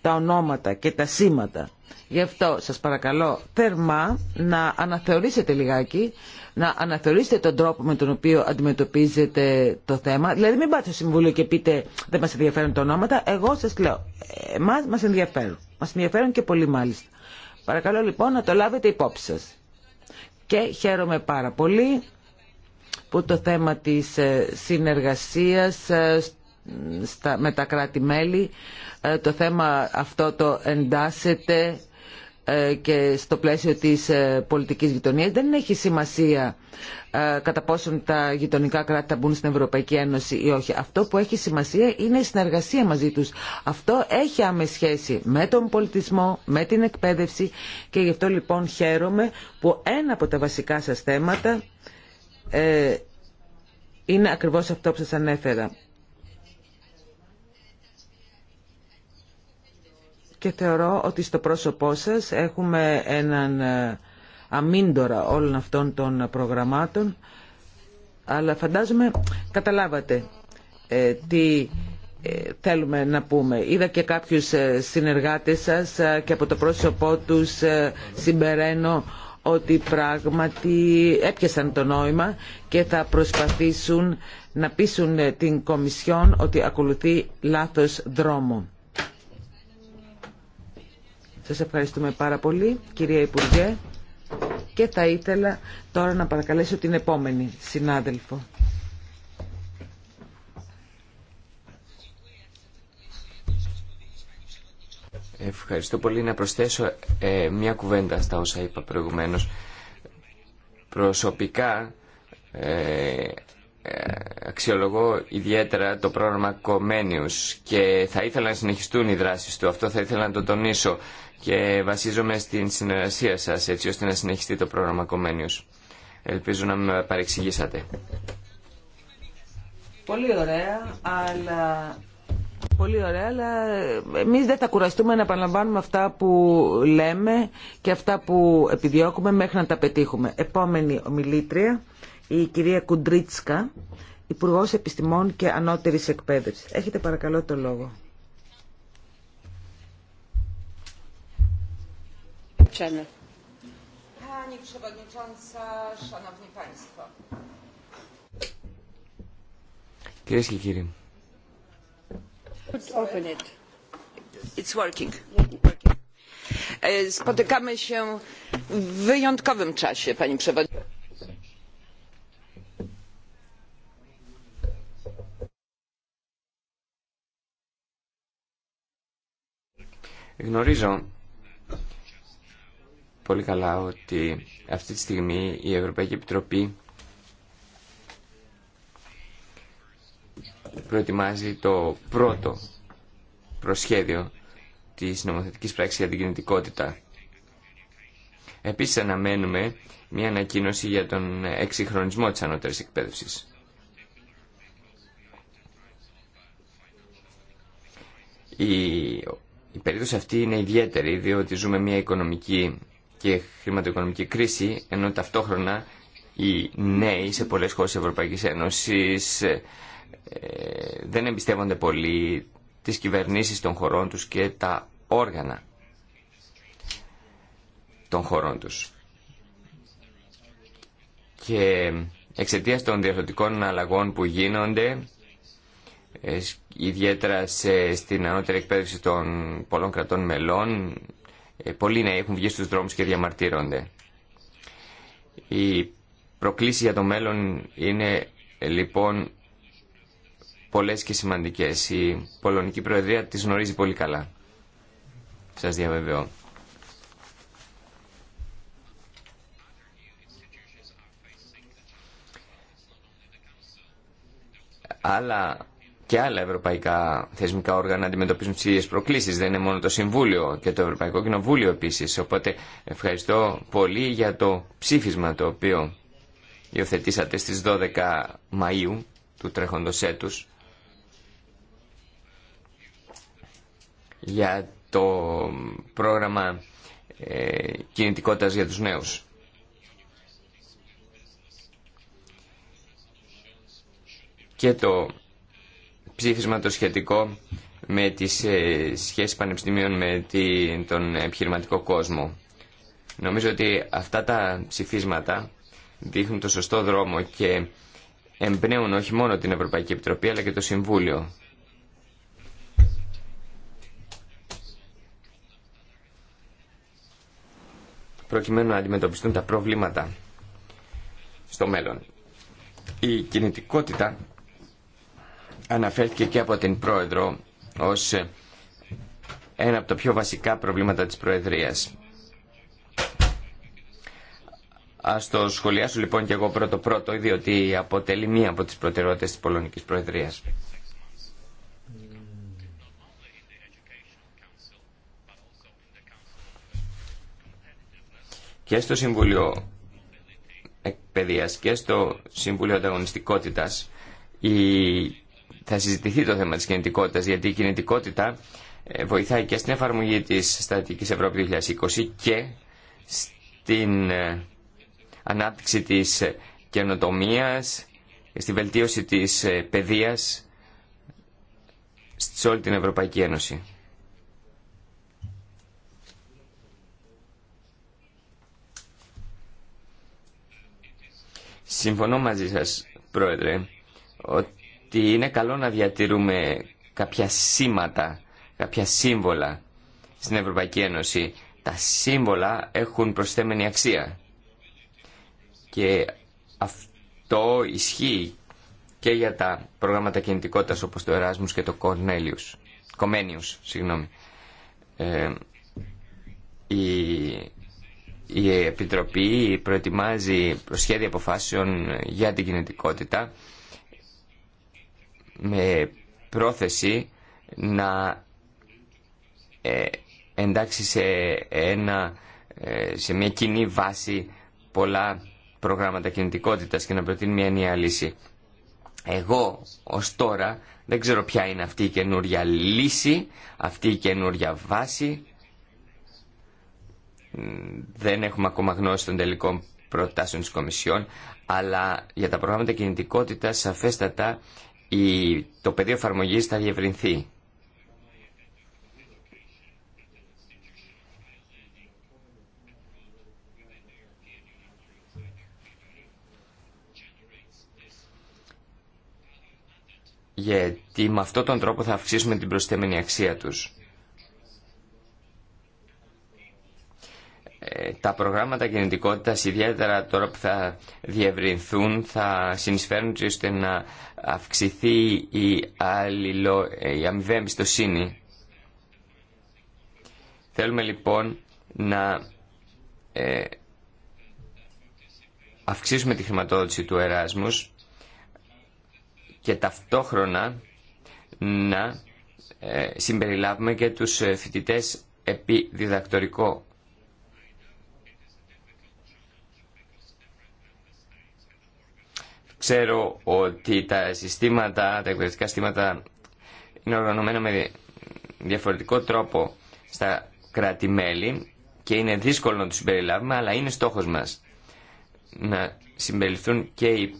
Speaker 1: τα ονόματα και τα σήματα. Γι' αυτό σας παρακαλώ θερμά να αναθεωρήσετε λιγάκι, να αναθεωρήσετε τον τρόπο με τον οποίο αντιμετωπίζετε το θέμα. Δηλαδή μην πάτε στο Συμβούλιο και πείτε δεν μας ενδιαφέρουν τα ονόματα. Εγώ σας λέω, εμάς μας ενδιαφέρουν. Μας ενδιαφέρουν και πολύ μάλιστα. Παρακαλώ λοιπόν να το λάβετε υπόψη σας. Και χαίρομαι πάρα πολύ που το θέμα της ε, συνεργασίας ε, με τα κράτη-μέλη, ε, το θέμα αυτό το εντάσσεται ε, και στο πλαίσιο της ε, πολιτικής γειτονίας δεν έχει σημασία ε, κατά πόσον τα γειτονικά κράτη θα μπουν στην Ευρωπαϊκή Ένωση ή όχι. Αυτό που έχει σημασία είναι η συνεργασία μαζί τους. Αυτό έχει άμεση σχέση με τον πολιτισμό, με την εκπαίδευση και γι' αυτό λοιπόν χαίρομαι που ένα από τα βασικά σας θέματα είναι ακριβώς αυτό που σας ανέφερα. και θεωρώ ότι στο πρόσωπό σας έχουμε έναν ε, αμύντορα όλων αυτών των προγραμμάτων αλλά φαντάζομαι καταλάβατε ε, τι ε, θέλουμε να πούμε. Είδα και κάποιους συνεργάτες σας και από το πρόσωπό τους συμπεραίνω ότι πράγματι έπιασαν το νόημα και θα προσπαθήσουν να πείσουν την Κομισιόν ότι ακολουθεί λάθος δρόμο. Σας ευχαριστούμε πάρα πολύ, κυρία Υπουργέ. Και θα ήθελα τώρα να παρακαλέσω την επόμενη συνάδελφο.
Speaker 4: Ευχαριστώ πολύ. Να προσθέσω ε, μια κουβέντα στα όσα είπα προηγουμένως. Προσωπικά ε, ε αξιολογώ ιδιαίτερα το πρόγραμμα Κομένιους και θα ήθελα να συνεχιστούν οι δράσεις του. Αυτό θα ήθελα να το τονίσω και βασίζομαι στην συνεργασία σας έτσι ώστε να συνεχιστεί το πρόγραμμα Κομμένιους. Ελπίζω να με παρεξηγήσατε.
Speaker 1: Πολύ ωραία, αλλά... Πολύ ωραία, αλλά εμείς δεν θα κουραστούμε να επαναλαμβάνουμε αυτά που λέμε και αυτά που επιδιώκουμε μέχρι να τα πετύχουμε. Επόμενη ομιλήτρια, η κυρία Κουντρίτσκα, Υπουργός Επιστημών και Ανώτερης Εκπαίδευσης. Έχετε παρακαλώ το λόγο. Channel. Pani Przewodnicząca, Szanowni Państwo.
Speaker 4: Κυρίε και κύριοι. Open it. It's working.
Speaker 1: Spotykamy się w wyjątkowym czasie, Pani Przewodnicząca.
Speaker 4: Γνωρίζω πολύ καλά ότι αυτή τη στιγμή η Ευρωπαϊκή Επιτροπή προετοιμάζει το πρώτο προσχέδιο της νομοθετικής πράξης για την κινητικότητα. Επίσης αναμένουμε μια ανακοίνωση για τον εξυγχρονισμό της ανώτερης εκπαίδευσης. Η, η περίπτωση αυτή είναι ιδιαίτερη διότι ζούμε μια οικονομική και χρηματοοικονομική κρίση, ενώ ταυτόχρονα οι νέοι σε πολλές χώρες της Ευρωπαϊκής Ένωσης ε, δεν εμπιστεύονται πολύ τις κυβερνήσεις των χωρών τους και τα όργανα των χωρών τους. Και εξαιτία των διαφορετικών αλλαγών που γίνονται, ε, ιδιαίτερα στην ανώτερη εκπαίδευση των πολλών κρατών μελών, ε, πολλοί νέοι έχουν βγει στους δρόμους και διαμαρτύρονται. Οι προκλήση για το μέλλον είναι λοιπόν πολλές και σημαντικές. Η Πολωνική Προεδρία τις γνωρίζει πολύ καλά. Σας διαβεβαιώ. Άλλα και άλλα ευρωπαϊκά θεσμικά όργανα αντιμετωπίζουν τις ίδιες προκλήσεις. Δεν είναι μόνο το Συμβούλιο και το Ευρωπαϊκό Κοινοβούλιο επίσης. Οπότε ευχαριστώ πολύ για το ψήφισμα το οποίο υιοθετήσατε στις 12 Μαΐου του τρέχοντος έτους για το πρόγραμμα ε, κινητικότητας για τους νέους. Και το ψήφισμα το σχετικό με τις ε, σχέσεις πανεπιστημίων με τον επιχειρηματικό κόσμο. Νομίζω ότι αυτά τα ψηφίσματα δείχνουν το σωστό δρόμο και εμπνέουν όχι μόνο την Ευρωπαϊκή Επιτροπή αλλά και το Συμβούλιο. προκειμένου να αντιμετωπιστούν τα προβλήματα στο μέλλον. Η κινητικότητα αναφέρθηκε και από την Πρόεδρο ως ένα από τα πιο βασικά προβλήματα της Προεδρίας. Ας το σχολιάσω λοιπόν και εγώ πρώτο πρώτο, διότι αποτελεί μία από τις προτεραιότητες της Πολωνικής Προεδρίας. Και στο Συμβουλίο Εκπαιδείας και στο Συμβουλίο Ανταγωνιστικότητας η θα συζητηθεί το θέμα της κινητικότητας, γιατί η κινητικότητα ε, βοηθάει και στην εφαρμογή της Στατικής Ευρώπη 2020 και στην ε, ανάπτυξη της ε, καινοτομίας, στη βελτίωση της παιδείας σε όλη την Ευρωπαϊκή Ένωση. Συμφωνώ μαζί σας, Πρόεδρε, ότι ότι είναι καλό να διατηρούμε κάποια σήματα, κάποια σύμβολα στην Ευρωπαϊκή Ένωση. Τα σύμβολα έχουν προσθέμενη αξία. Και αυτό ισχύει και για τα προγράμματα κινητικότητας όπως το Εράσμους και το Κορνέλιους. Κομένιους, συγγνώμη. Ε, η, η Επιτροπή προετοιμάζει προσχέδια αποφάσεων για την κινητικότητα με πρόθεση να ε, εντάξει σε, ένα, ε, σε μια κοινή βάση πολλά προγράμματα κινητικότητας και να προτείνει μια νέα λύση. Εγώ ως τώρα δεν ξέρω ποια είναι αυτή η καινούρια λύση, αυτή η καινούρια βάση. Δεν έχουμε ακόμα γνώση των τελικών προτάσεων της Κομισιόν, αλλά για τα προγράμματα κινητικότητας σαφέστατα το πεδίο εφαρμογή θα διευρυνθεί. Γιατί με αυτόν τον τρόπο θα αυξήσουμε την προσθέμενη αξία τους. Ε, τα προγράμματα κινητικότητα, ιδιαίτερα τώρα που θα διευρυνθούν, θα συνεισφέρουν ώστε να αυξηθεί η, αλληλο, ε, η εμπιστοσύνη. Θέλουμε λοιπόν να ε, αυξήσουμε τη χρηματοδότηση του Εράσμους και ταυτόχρονα να συμπεριλάβουμε και τους φοιτητές επί Ξέρω ότι τα συστήματα, τα εκπαιδευτικά συστήματα είναι οργανωμένα με διαφορετικό τρόπο στα κράτη-μέλη και είναι δύσκολο να τους συμπεριλάβουμε, αλλά είναι στόχος μας να συμπεριληφθούν και οι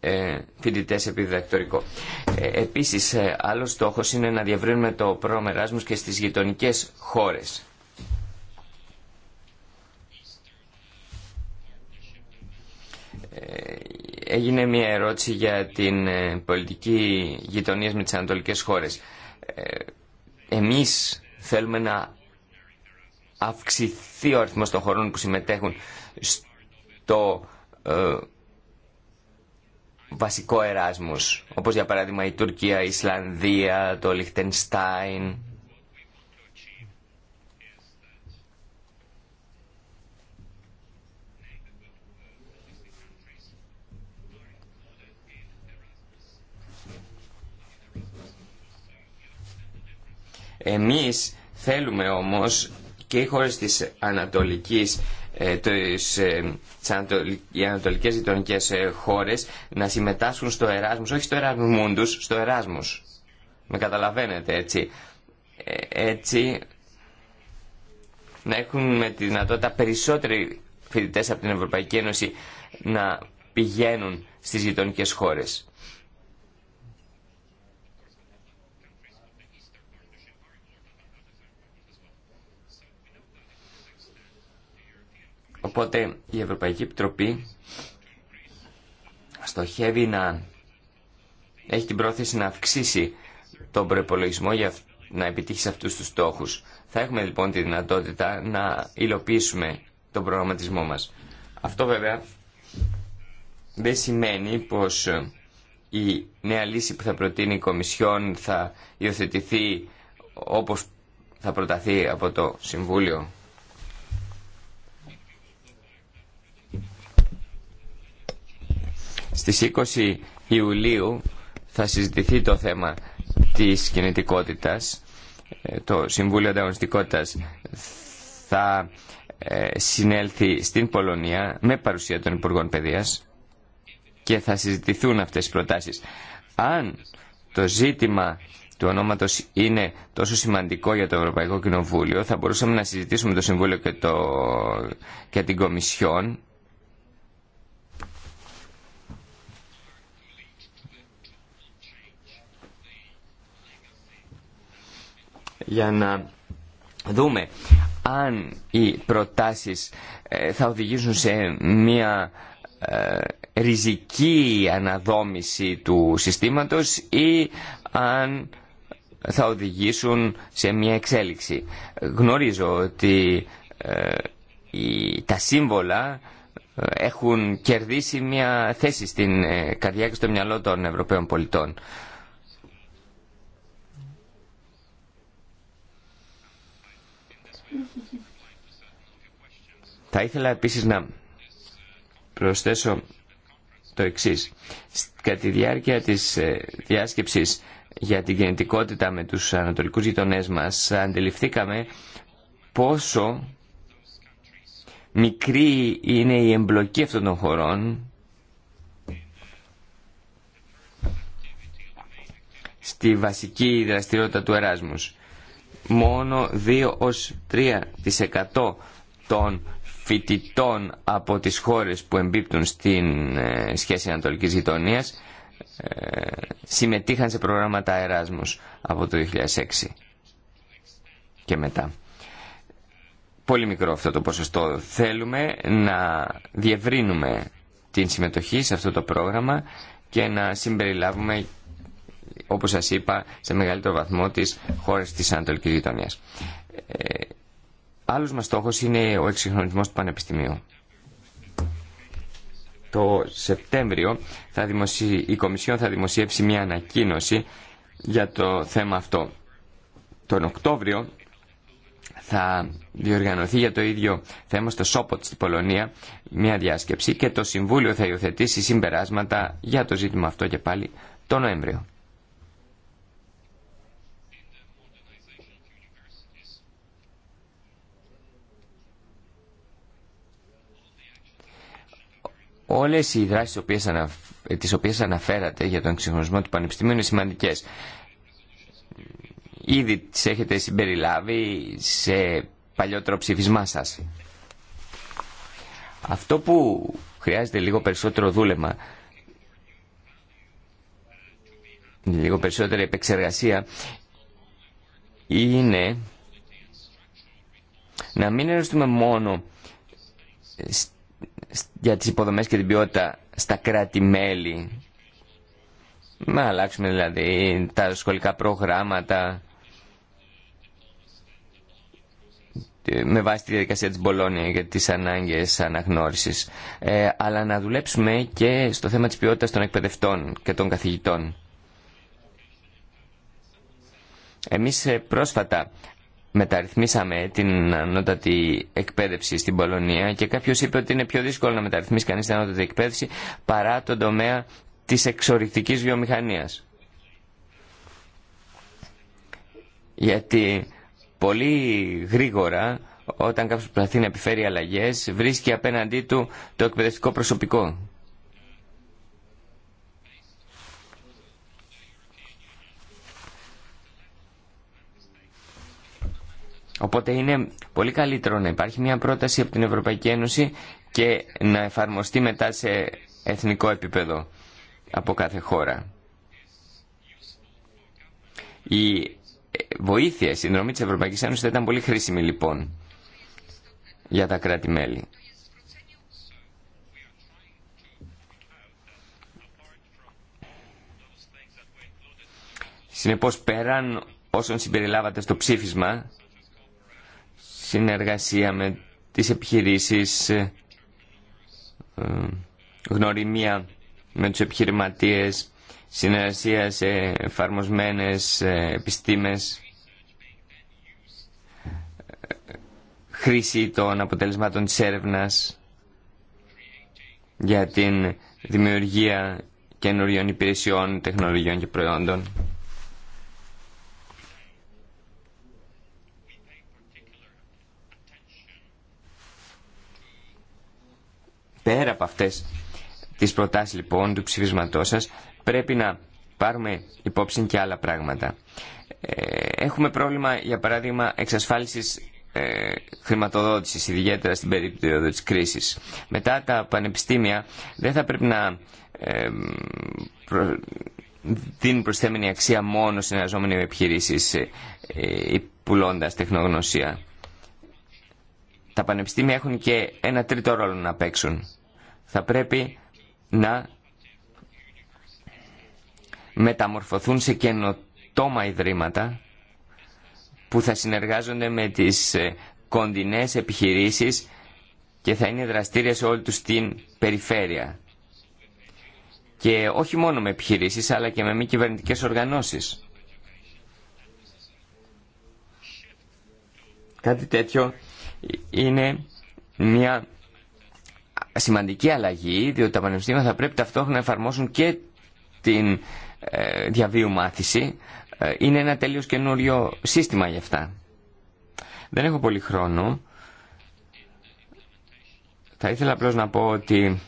Speaker 4: ε, φοιτητές επιδιδακτορικό. Ε, επίσης, ε, άλλος στόχος είναι να διαβρύνουμε το πρόγραμμα Εράσμους και στις γειτονικές χώρες. Ε, έγινε μια ερώτηση για την ε, πολιτική γειτονία με τις ανατολικές χώρες. Ε, εμείς θέλουμε να αυξηθεί ο αριθμός των χωρών που συμμετέχουν στο ε, βασικό εράσμος, όπως για παράδειγμα η Τουρκία, η Ισλανδία, το Λιχτενστάιν, Εμείς θέλουμε όμως και οι χώρες της Ανατολικής ε, ε, οι ανατολικές γειτονικές ε, χώρες να συμμετάσχουν στο Εράσμους, όχι στο Εράσμους μόντους, στο Εράσμους. Με καταλαβαίνετε έτσι. Έτσι να έχουν με τη δυνατότητα περισσότεροι φοιτητές από την Ευρωπαϊκή Ένωση να πηγαίνουν στις γειτονικές χώρες. Οπότε η Ευρωπαϊκή Επιτροπή στοχεύει να έχει την πρόθεση να αυξήσει τον προπολογισμό για να επιτύχει σε αυτούς τους στόχους. Θα έχουμε λοιπόν τη δυνατότητα να υλοποιήσουμε τον προγραμματισμό μας. Αυτό βέβαια δεν σημαίνει πως ε, η νέα λύση που θα προτείνει η Κομισιόν θα υιοθετηθεί όπως θα προταθεί από το Συμβούλιο. Στις 20 Ιουλίου θα συζητηθεί το θέμα της κινητικότητας. Ε, το Συμβούλιο Ανταγωνιστικότητας θα ε, συνέλθει στην Πολωνία με παρουσία των Υπουργών Παιδείας και θα συζητηθούν αυτές οι προτάσεις. Αν το ζήτημα του ονόματος είναι τόσο σημαντικό για το Ευρωπαϊκό Κοινοβούλιο, θα μπορούσαμε να συζητήσουμε το Συμβούλιο και, το, και την Κομισιόν για να δούμε αν οι προτάσεις ε, θα οδηγήσουν σε μια ε, ριζική αναδόμηση του συστήματος ή αν θα οδηγήσουν σε μια εξέλιξη. Γνωρίζω ότι ε, τα σύμβολα έχουν κερδίσει μια θέση στην καρδιά και στο μυαλό των Ευρωπαίων πολιτών. Θα ήθελα επίσης να προσθέσω το εξής. Κατά τη διάρκεια της ε, διάσκεψης για την κινητικότητα με τους ανατολικούς γειτονές μας αντιληφθήκαμε πόσο μικρή είναι η εμπλοκή αυτών των χωρών στη βασική δραστηριότητα του Εράσμους μόνο 2 3% των φοιτητών από τις χώρες που εμπίπτουν στην ε, σχέση ανατολικής γειτονίας ε, συμμετείχαν σε προγράμματα Εράσμους από το 2006 και μετά. Πολύ μικρό αυτό το ποσοστό. Θέλουμε να διευρύνουμε την συμμετοχή σε αυτό το πρόγραμμα και να συμπεριλάβουμε όπως σας είπα, σε μεγαλύτερο βαθμό τις χώρες της Ανατολικής Γειτονίας. Ε, άλλος μας στόχος είναι ο εξυγχρονισμός του Πανεπιστημίου. Το Σεπτέμβριο θα η Κομισιόν θα δημοσιεύσει μια ανακοίνωση για το θέμα αυτό. Τον Οκτώβριο θα διοργανωθεί για το ίδιο θέμα στο Σόποτ στην Πολωνία μια διάσκεψη και το Συμβούλιο θα υιοθετήσει συμπεράσματα για το ζήτημα αυτό και πάλι το Νοέμβριο. Όλες οι δράσεις τις οποίες, αναφέρατε για τον ξεχωρισμό του Πανεπιστημίου είναι σημαντικές. Ήδη τις έχετε συμπεριλάβει σε παλιότερο ψηφισμά σας. Αυτό που χρειάζεται λίγο περισσότερο δούλεμα, λίγο περισσότερη επεξεργασία, είναι να μην ερωτούμε μόνο για τις υποδομές και την ποιότητα στα κράτη-μέλη. Να αλλάξουμε δηλαδή τα σχολικά προγράμματα με βάση τη διαδικασία της Μπολόνια για τις ανάγκες αναγνώρισης. Ε, αλλά να δουλέψουμε και στο θέμα της ποιότητας των εκπαιδευτών και των καθηγητών. Εμείς ε, πρόσφατα μεταρρυθμίσαμε την ανώτατη εκπαίδευση στην Πολωνία και κάποιο είπε ότι είναι πιο δύσκολο να μεταρρυθμίσει κανεί την ανώτατη εκπαίδευση παρά τον τομέα τη εξορρυκτική βιομηχανία. Γιατί πολύ γρήγορα όταν κάποιος προσπαθεί να επιφέρει αλλαγές βρίσκει απέναντί του το εκπαιδευτικό προσωπικό Οπότε είναι πολύ καλύτερο να υπάρχει μια πρόταση από την Ευρωπαϊκή Ένωση και να εφαρμοστεί μετά σε εθνικό επίπεδο από κάθε χώρα. Η βοήθεια, η συνδρομή της Ευρωπαϊκής Ένωσης θα ήταν πολύ χρήσιμη λοιπόν για τα κράτη-μέλη. Συνεπώς πέραν όσων συμπεριλάβατε στο ψήφισμα συνεργασία με τις επιχειρήσεις, ε, ε, γνωριμία με τους επιχειρηματίες, συνεργασία σε εφαρμοσμένες ε, επιστήμες, χρήση των αποτελεσμάτων της έρευνας για την δημιουργία καινούριων υπηρεσιών, τεχνολογιών και προϊόντων. Πέρα από αυτές τις προτάσεις λοιπόν του ψηφίσματός σας πρέπει να πάρουμε υπόψη και άλλα πράγματα. Ε, έχουμε πρόβλημα για παράδειγμα εξασφάλισης ε, χρηματοδότησης, ιδιαίτερα στην περίπτωση της κρίσης. Μετά τα πανεπιστήμια δεν θα πρέπει να ε, δίνουν προσθέμενη αξία μόνο συνεργαζόμενοι με επιχειρήσεις ή πουλώντας τεχνογνωσία τα πανεπιστήμια έχουν και ένα τρίτο ρόλο να παίξουν. Θα πρέπει να μεταμορφωθούν σε καινοτόμα ιδρύματα που θα συνεργάζονται με τις ε, κοντινές επιχειρήσεις και θα είναι δραστήρια σε όλη τους την περιφέρεια. Και όχι μόνο με επιχειρήσεις αλλά και με μη κυβερνητικές οργανώσεις. Κάτι τέτοιο είναι μια σημαντική αλλαγή, διότι τα πανεπιστήμια θα πρέπει ταυτόχρονα να εφαρμόσουν και την ε, διαβίου μάθηση. Ε, είναι ένα τέλειος καινούριο σύστημα για αυτά. Δεν έχω πολύ χρόνο. Θα ήθελα απλώς να πω ότι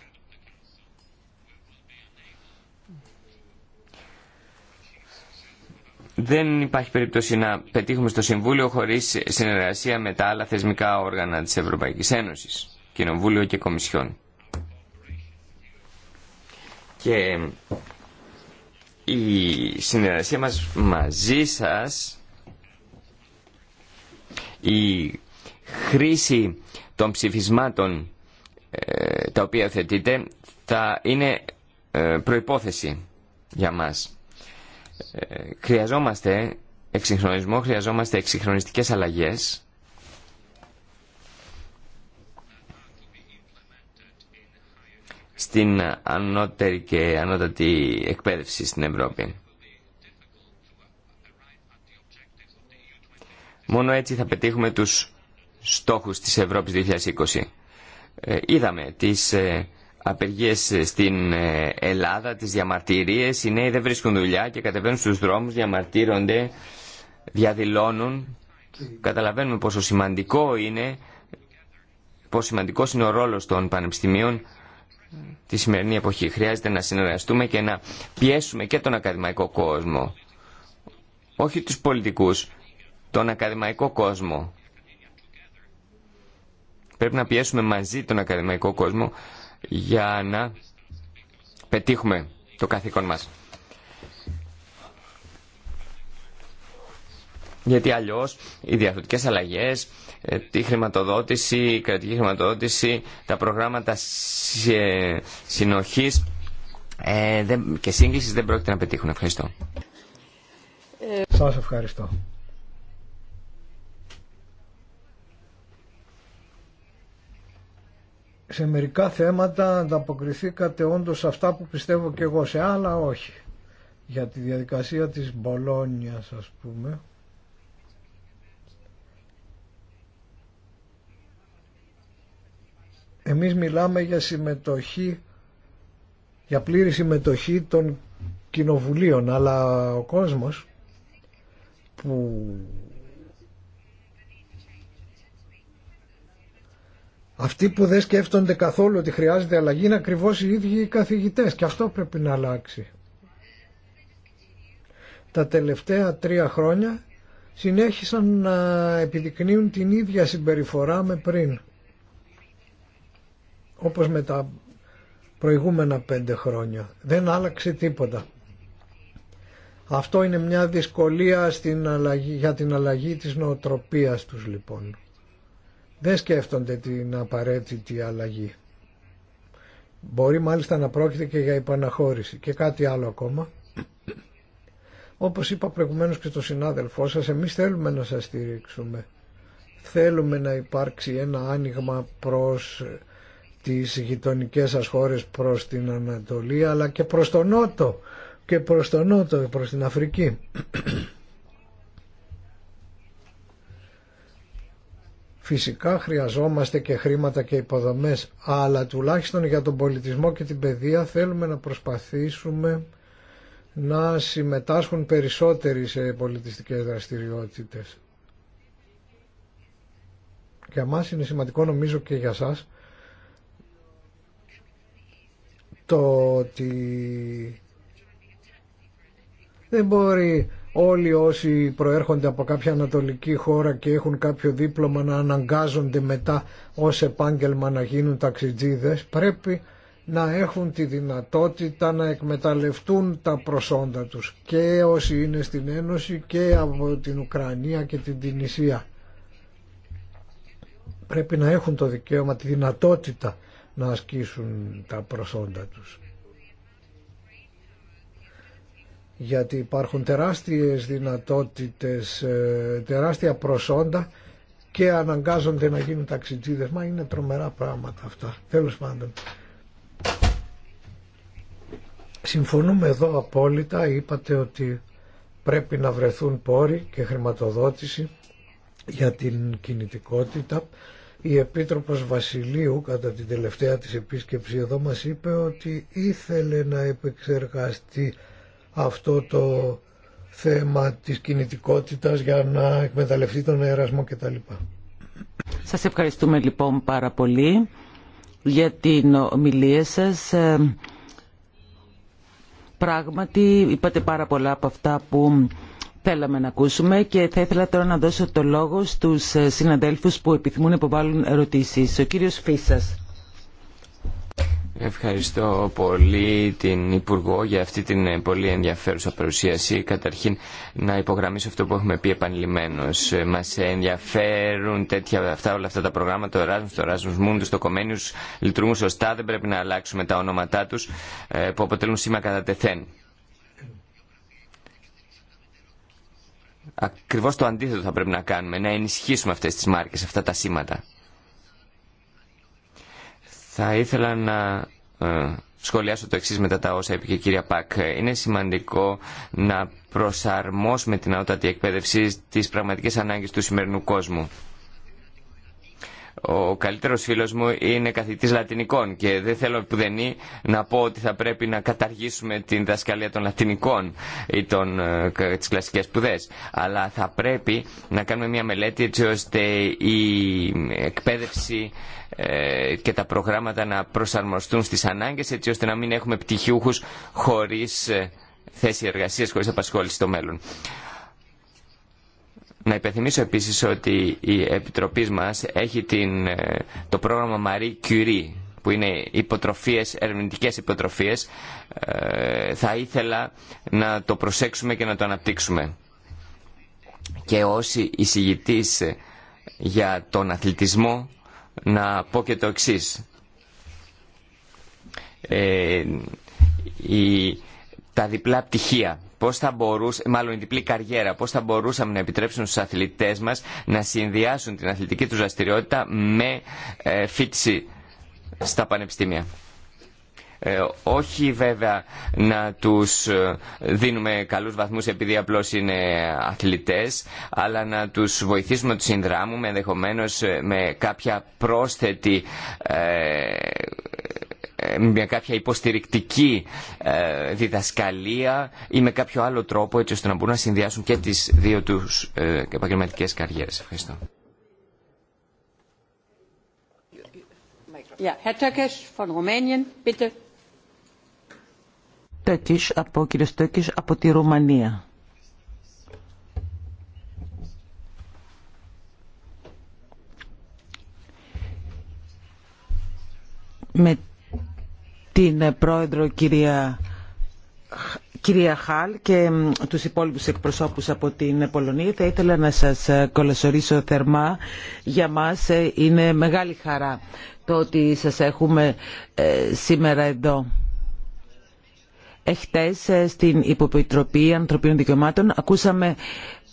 Speaker 4: Δεν υπάρχει περίπτωση να πετύχουμε στο Συμβούλιο χωρίς συνεργασία με τα άλλα θεσμικά όργανα της Ευρωπαϊκής Ένωσης, Κοινοβούλιο και Κομισιόν. Και η συνεργασία μας μαζί σας, η χρήση των ψηφισμάτων ε, τα οποία θετείτε, θα είναι ε, προϋπόθεση για μας χρειαζόμαστε εξυγχρονισμό, χρειαζόμαστε εξυγχρονιστικές αλλαγές στην ανώτερη και ανώτατη εκπαίδευση στην Ευρώπη. Μόνο έτσι θα πετύχουμε τους στόχους της Ευρώπης 2020. Ε, είδαμε τις ε, απεργίες στην ε, Ελλάδα, τις διαμαρτυρίες. Οι νέοι δεν βρίσκουν δουλειά και κατεβαίνουν στους δρόμους, διαμαρτύρονται, διαδηλώνουν. Καταλαβαίνουμε πόσο σημαντικό είναι, πόσο σημαντικό είναι ο ρόλος των πανεπιστημίων τη σημερινή εποχή. Χρειάζεται να συνεργαστούμε και να πιέσουμε και τον ακαδημαϊκό κόσμο. Όχι τους πολιτικούς, τον ακαδημαϊκό κόσμο. Πρέπει να πιέσουμε μαζί τον ακαδημαϊκό κόσμο για να πετύχουμε το καθήκον μας. Γιατί αλλιώς οι διαφορετικέ αλλαγές, ε, τη χρηματοδότηση, η κρατική χρηματοδότηση, τα προγράμματα ε, συνοχής ε, και σύγκλησης δεν πρόκειται να πετύχουν. Ευχαριστώ.
Speaker 2: Σας ευχαριστώ. σε μερικά θέματα ανταποκριθήκατε όντως αυτά που πιστεύω και εγώ, σε άλλα όχι. Για τη διαδικασία της Μπολόνιας ας πούμε. Εμείς μιλάμε για συμμετοχή, για πλήρη συμμετοχή των κοινοβουλίων, αλλά ο κόσμος που Αυτοί που δεν σκέφτονται καθόλου ότι χρειάζεται αλλαγή είναι ακριβώ οι ίδιοι οι καθηγητές και αυτό πρέπει να αλλάξει. Τα τελευταία τρία χρόνια συνέχισαν να επιδεικνύουν την ίδια συμπεριφορά με πριν. Όπως με τα προηγούμενα πέντε χρόνια. Δεν άλλαξε τίποτα. Αυτό είναι μια δυσκολία στην αλλαγή, για την αλλαγή της νοοτροπίας τους λοιπόν δεν σκέφτονται την απαραίτητη αλλαγή. Μπορεί μάλιστα να πρόκειται και για υπαναχώρηση και κάτι άλλο ακόμα. Όπως είπα προηγουμένως και το συνάδελφό σας, εμείς θέλουμε να σας στηρίξουμε. Θέλουμε να υπάρξει ένα άνοιγμα προς τις γειτονικέ σας χώρες προς την Ανατολή αλλά και προς τον Νότο και προς τον Νότο, προς την Αφρική. Φυσικά χρειαζόμαστε και χρήματα και υποδομές, αλλά τουλάχιστον για τον πολιτισμό και την παιδεία θέλουμε να προσπαθήσουμε να συμμετάσχουν περισσότεροι σε πολιτιστικές δραστηριότητες. Για μας είναι σημαντικό νομίζω και για σας το ότι δεν μπορεί όλοι όσοι προέρχονται από κάποια ανατολική χώρα και έχουν κάποιο δίπλωμα να αναγκάζονται μετά ως επάγγελμα να γίνουν ταξιτζίδες πρέπει να έχουν τη δυνατότητα να εκμεταλλευτούν τα προσόντα τους και όσοι είναι στην Ένωση και από την Ουκρανία και την Τινησία. Πρέπει να έχουν το δικαίωμα, τη δυνατότητα να ασκήσουν τα προσόντα τους. γιατί υπάρχουν τεράστιες δυνατότητες, ε, τεράστια προσόντα και αναγκάζονται να γίνουν ταξιτζίδες. Μα είναι τρομερά πράγματα αυτά. Τέλος πάντων. Συμφωνούμε εδώ απόλυτα. Είπατε ότι πρέπει να βρεθούν πόροι και χρηματοδότηση για την κινητικότητα. Η Επίτροπος Βασιλείου κατά την τελευταία της επίσκεψη εδώ μας είπε ότι ήθελε να επεξεργαστεί αυτό το θέμα της κινητικότητας για να εκμεταλλευτεί τον αερασμό κτλ.
Speaker 1: Σας ευχαριστούμε λοιπόν πάρα πολύ για την ομιλία σας. Ε, πράγματι είπατε πάρα πολλά από αυτά που θέλαμε να ακούσουμε και θα ήθελα τώρα να δώσω το λόγο στους συναδέλφους που επιθυμούν να υποβάλουν ερωτήσεις. Ο κύριος Φίσας.
Speaker 4: Ευχαριστώ πολύ την Υπουργό για αυτή την ε, πολύ ενδιαφέρουσα παρουσίαση. Καταρχήν να υπογραμμίσω αυτό που έχουμε πει επανειλημμένως. Ε, μας ενδιαφέρουν τέτοια, αυτά, όλα αυτά τα προγράμματα, το Erasmus, το Erasmus Mundus, το Comenius, λειτουργούν σωστά, δεν πρέπει να αλλάξουμε τα ονόματά τους ε, που αποτελούν σήμα κατά τεθέν. Ακριβώς το αντίθετο θα πρέπει να κάνουμε, να ενισχύσουμε αυτές τις μάρκες, αυτά τα σήματα. Θα ήθελα να ε, σχολιάσω το εξή μετά τα όσα είπε και η κυρία Πακ. Είναι σημαντικό να προσαρμόσουμε την αότατη εκπαίδευση στις πραγματικές ανάγκες του σημερινού κόσμου. Ο καλύτερος φίλος μου είναι καθηγητής Λατινικών και δεν θέλω είναι να πω ότι θα πρέπει να καταργήσουμε την δασκαλία των Λατινικών ή των, κλασικε τις Αλλά θα πρέπει να κάνουμε μια μελέτη έτσι ώστε η εκπαίδευση ε, και τα προγράμματα να προσαρμοστούν στις ανάγκες έτσι ώστε να μην έχουμε πτυχιούχους χωρίς ε, θέση εργασίας, χωρίς απασχόληση στο μέλλον. Να υπενθυμίσω επίσης ότι η Επιτροπή μας έχει την, ε, το πρόγραμμα Marie Curie που είναι υποτροφίες, ερευνητικές υποτροφίες, ε, θα ήθελα να το προσέξουμε και να το αναπτύξουμε. Και όσοι εισηγητής για τον αθλητισμό να πω και το εξής. Ε, η, τα διπλά πτυχία πώς θα μπορούσε, μάλλον η διπλή καριέρα, πώς θα μπορούσαμε να επιτρέψουν στους αθλητές μας να συνδυάσουν την αθλητική τους δραστηριότητα με ε, φίτηση στα πανεπιστήμια. Ε, όχι βέβαια να τους ε, δίνουμε καλούς βαθμούς επειδή απλώς είναι αθλητές αλλά να τους βοηθήσουμε, να τους συνδράμουμε ενδεχομένως ε, με κάποια πρόσθετη ε, με κάποια υποστηρικτική ε, διδασκαλία ή με κάποιο άλλο τρόπο έτσι ώστε να μπορούν να συνδυάσουν και τις δύο τους ε, επαγγελματικές καριέρες. Ευχαριστώ.
Speaker 3: Yeah,
Speaker 1: από, από τη Ρουμανία. με την πρόεδρο κυρία Κυρία Χάλ και τους υπόλοιπους εκπροσώπους από την Πολωνία θα ήθελα να σας ε, κολασορίσω θερμά. Για μας ε, είναι μεγάλη χαρά το ότι σας έχουμε ε, σήμερα εδώ. Εχθές στην Υποπιτροπή Ανθρωπίνων Δικαιωμάτων ακούσαμε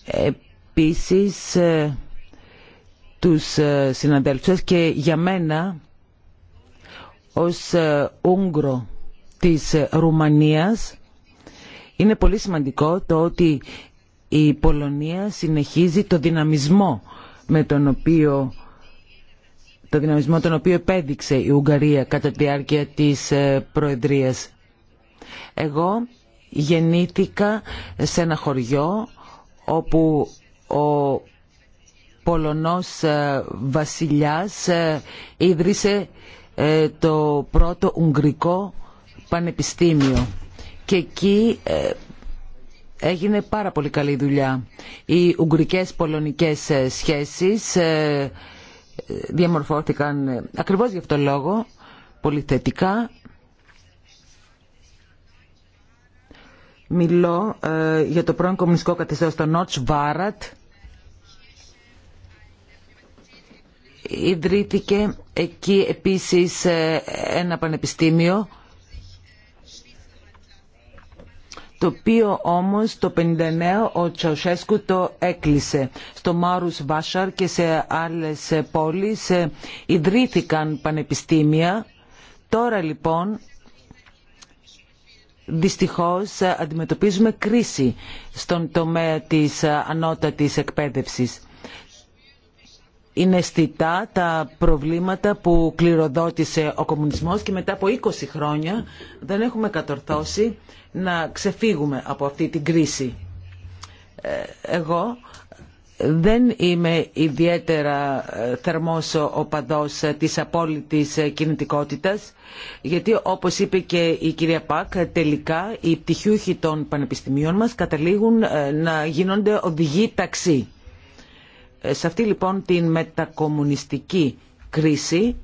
Speaker 1: επίσης τους συναντέλφους και για μένα ως ε, Ούγγρο της ε, Ρουμανίας είναι πολύ σημαντικό το ότι η Πολωνία συνεχίζει το δυναμισμό με τον οποίο το δυναμισμό τον οποίο επέδειξε η Ουγγαρία κατά τη διάρκεια της ε, Προεδρίας. Εγώ γεννήθηκα σε ένα χωριό όπου ο Πολωνός βασιλιάς ίδρυσε ε, το πρώτο Ουγγρικό Πανεπιστήμιο και εκεί ε, έγινε πάρα πολύ καλή δουλειά. Οι Ουγγρικές-Πολωνικές ε, σχέσεις διαμορφώθηκαν ακριβώς γι' αυτό λόγο πολυθετικά. Μιλώ για το πρώην κομμουνιστικό καθεστώς το Νότς Βάρατ Ιδρύθηκε εκεί επίσης ε, ένα πανεπιστήμιο το οποίο όμως το 59 ο Τσαουσέσκου το έκλεισε. Στο Μάρους Βάσαρ και σε άλλες πόλεις ε, ιδρύθηκαν πανεπιστήμια. Τώρα λοιπόν δυστυχώς ε, αντιμετωπίζουμε κρίση στον τομέα της ανώτατης εκπαίδευσης είναι αισθητά τα προβλήματα που κληροδότησε ο κομμουνισμός και μετά από 20 χρόνια δεν έχουμε κατορθώσει να ξεφύγουμε από αυτή την κρίση. Ε, εγώ δεν είμαι ιδιαίτερα ε, θερμός οπαδός ε, της απόλυτης κινητικότητας γιατί όπως είπε και η κυρία Πακ τελικά οι πτυχιούχοι των πανεπιστημίων μας καταλήγουν να γίνονται οδηγοί ταξί ε, σε αυτή λοιπόν την μετακομμουνιστική κρίση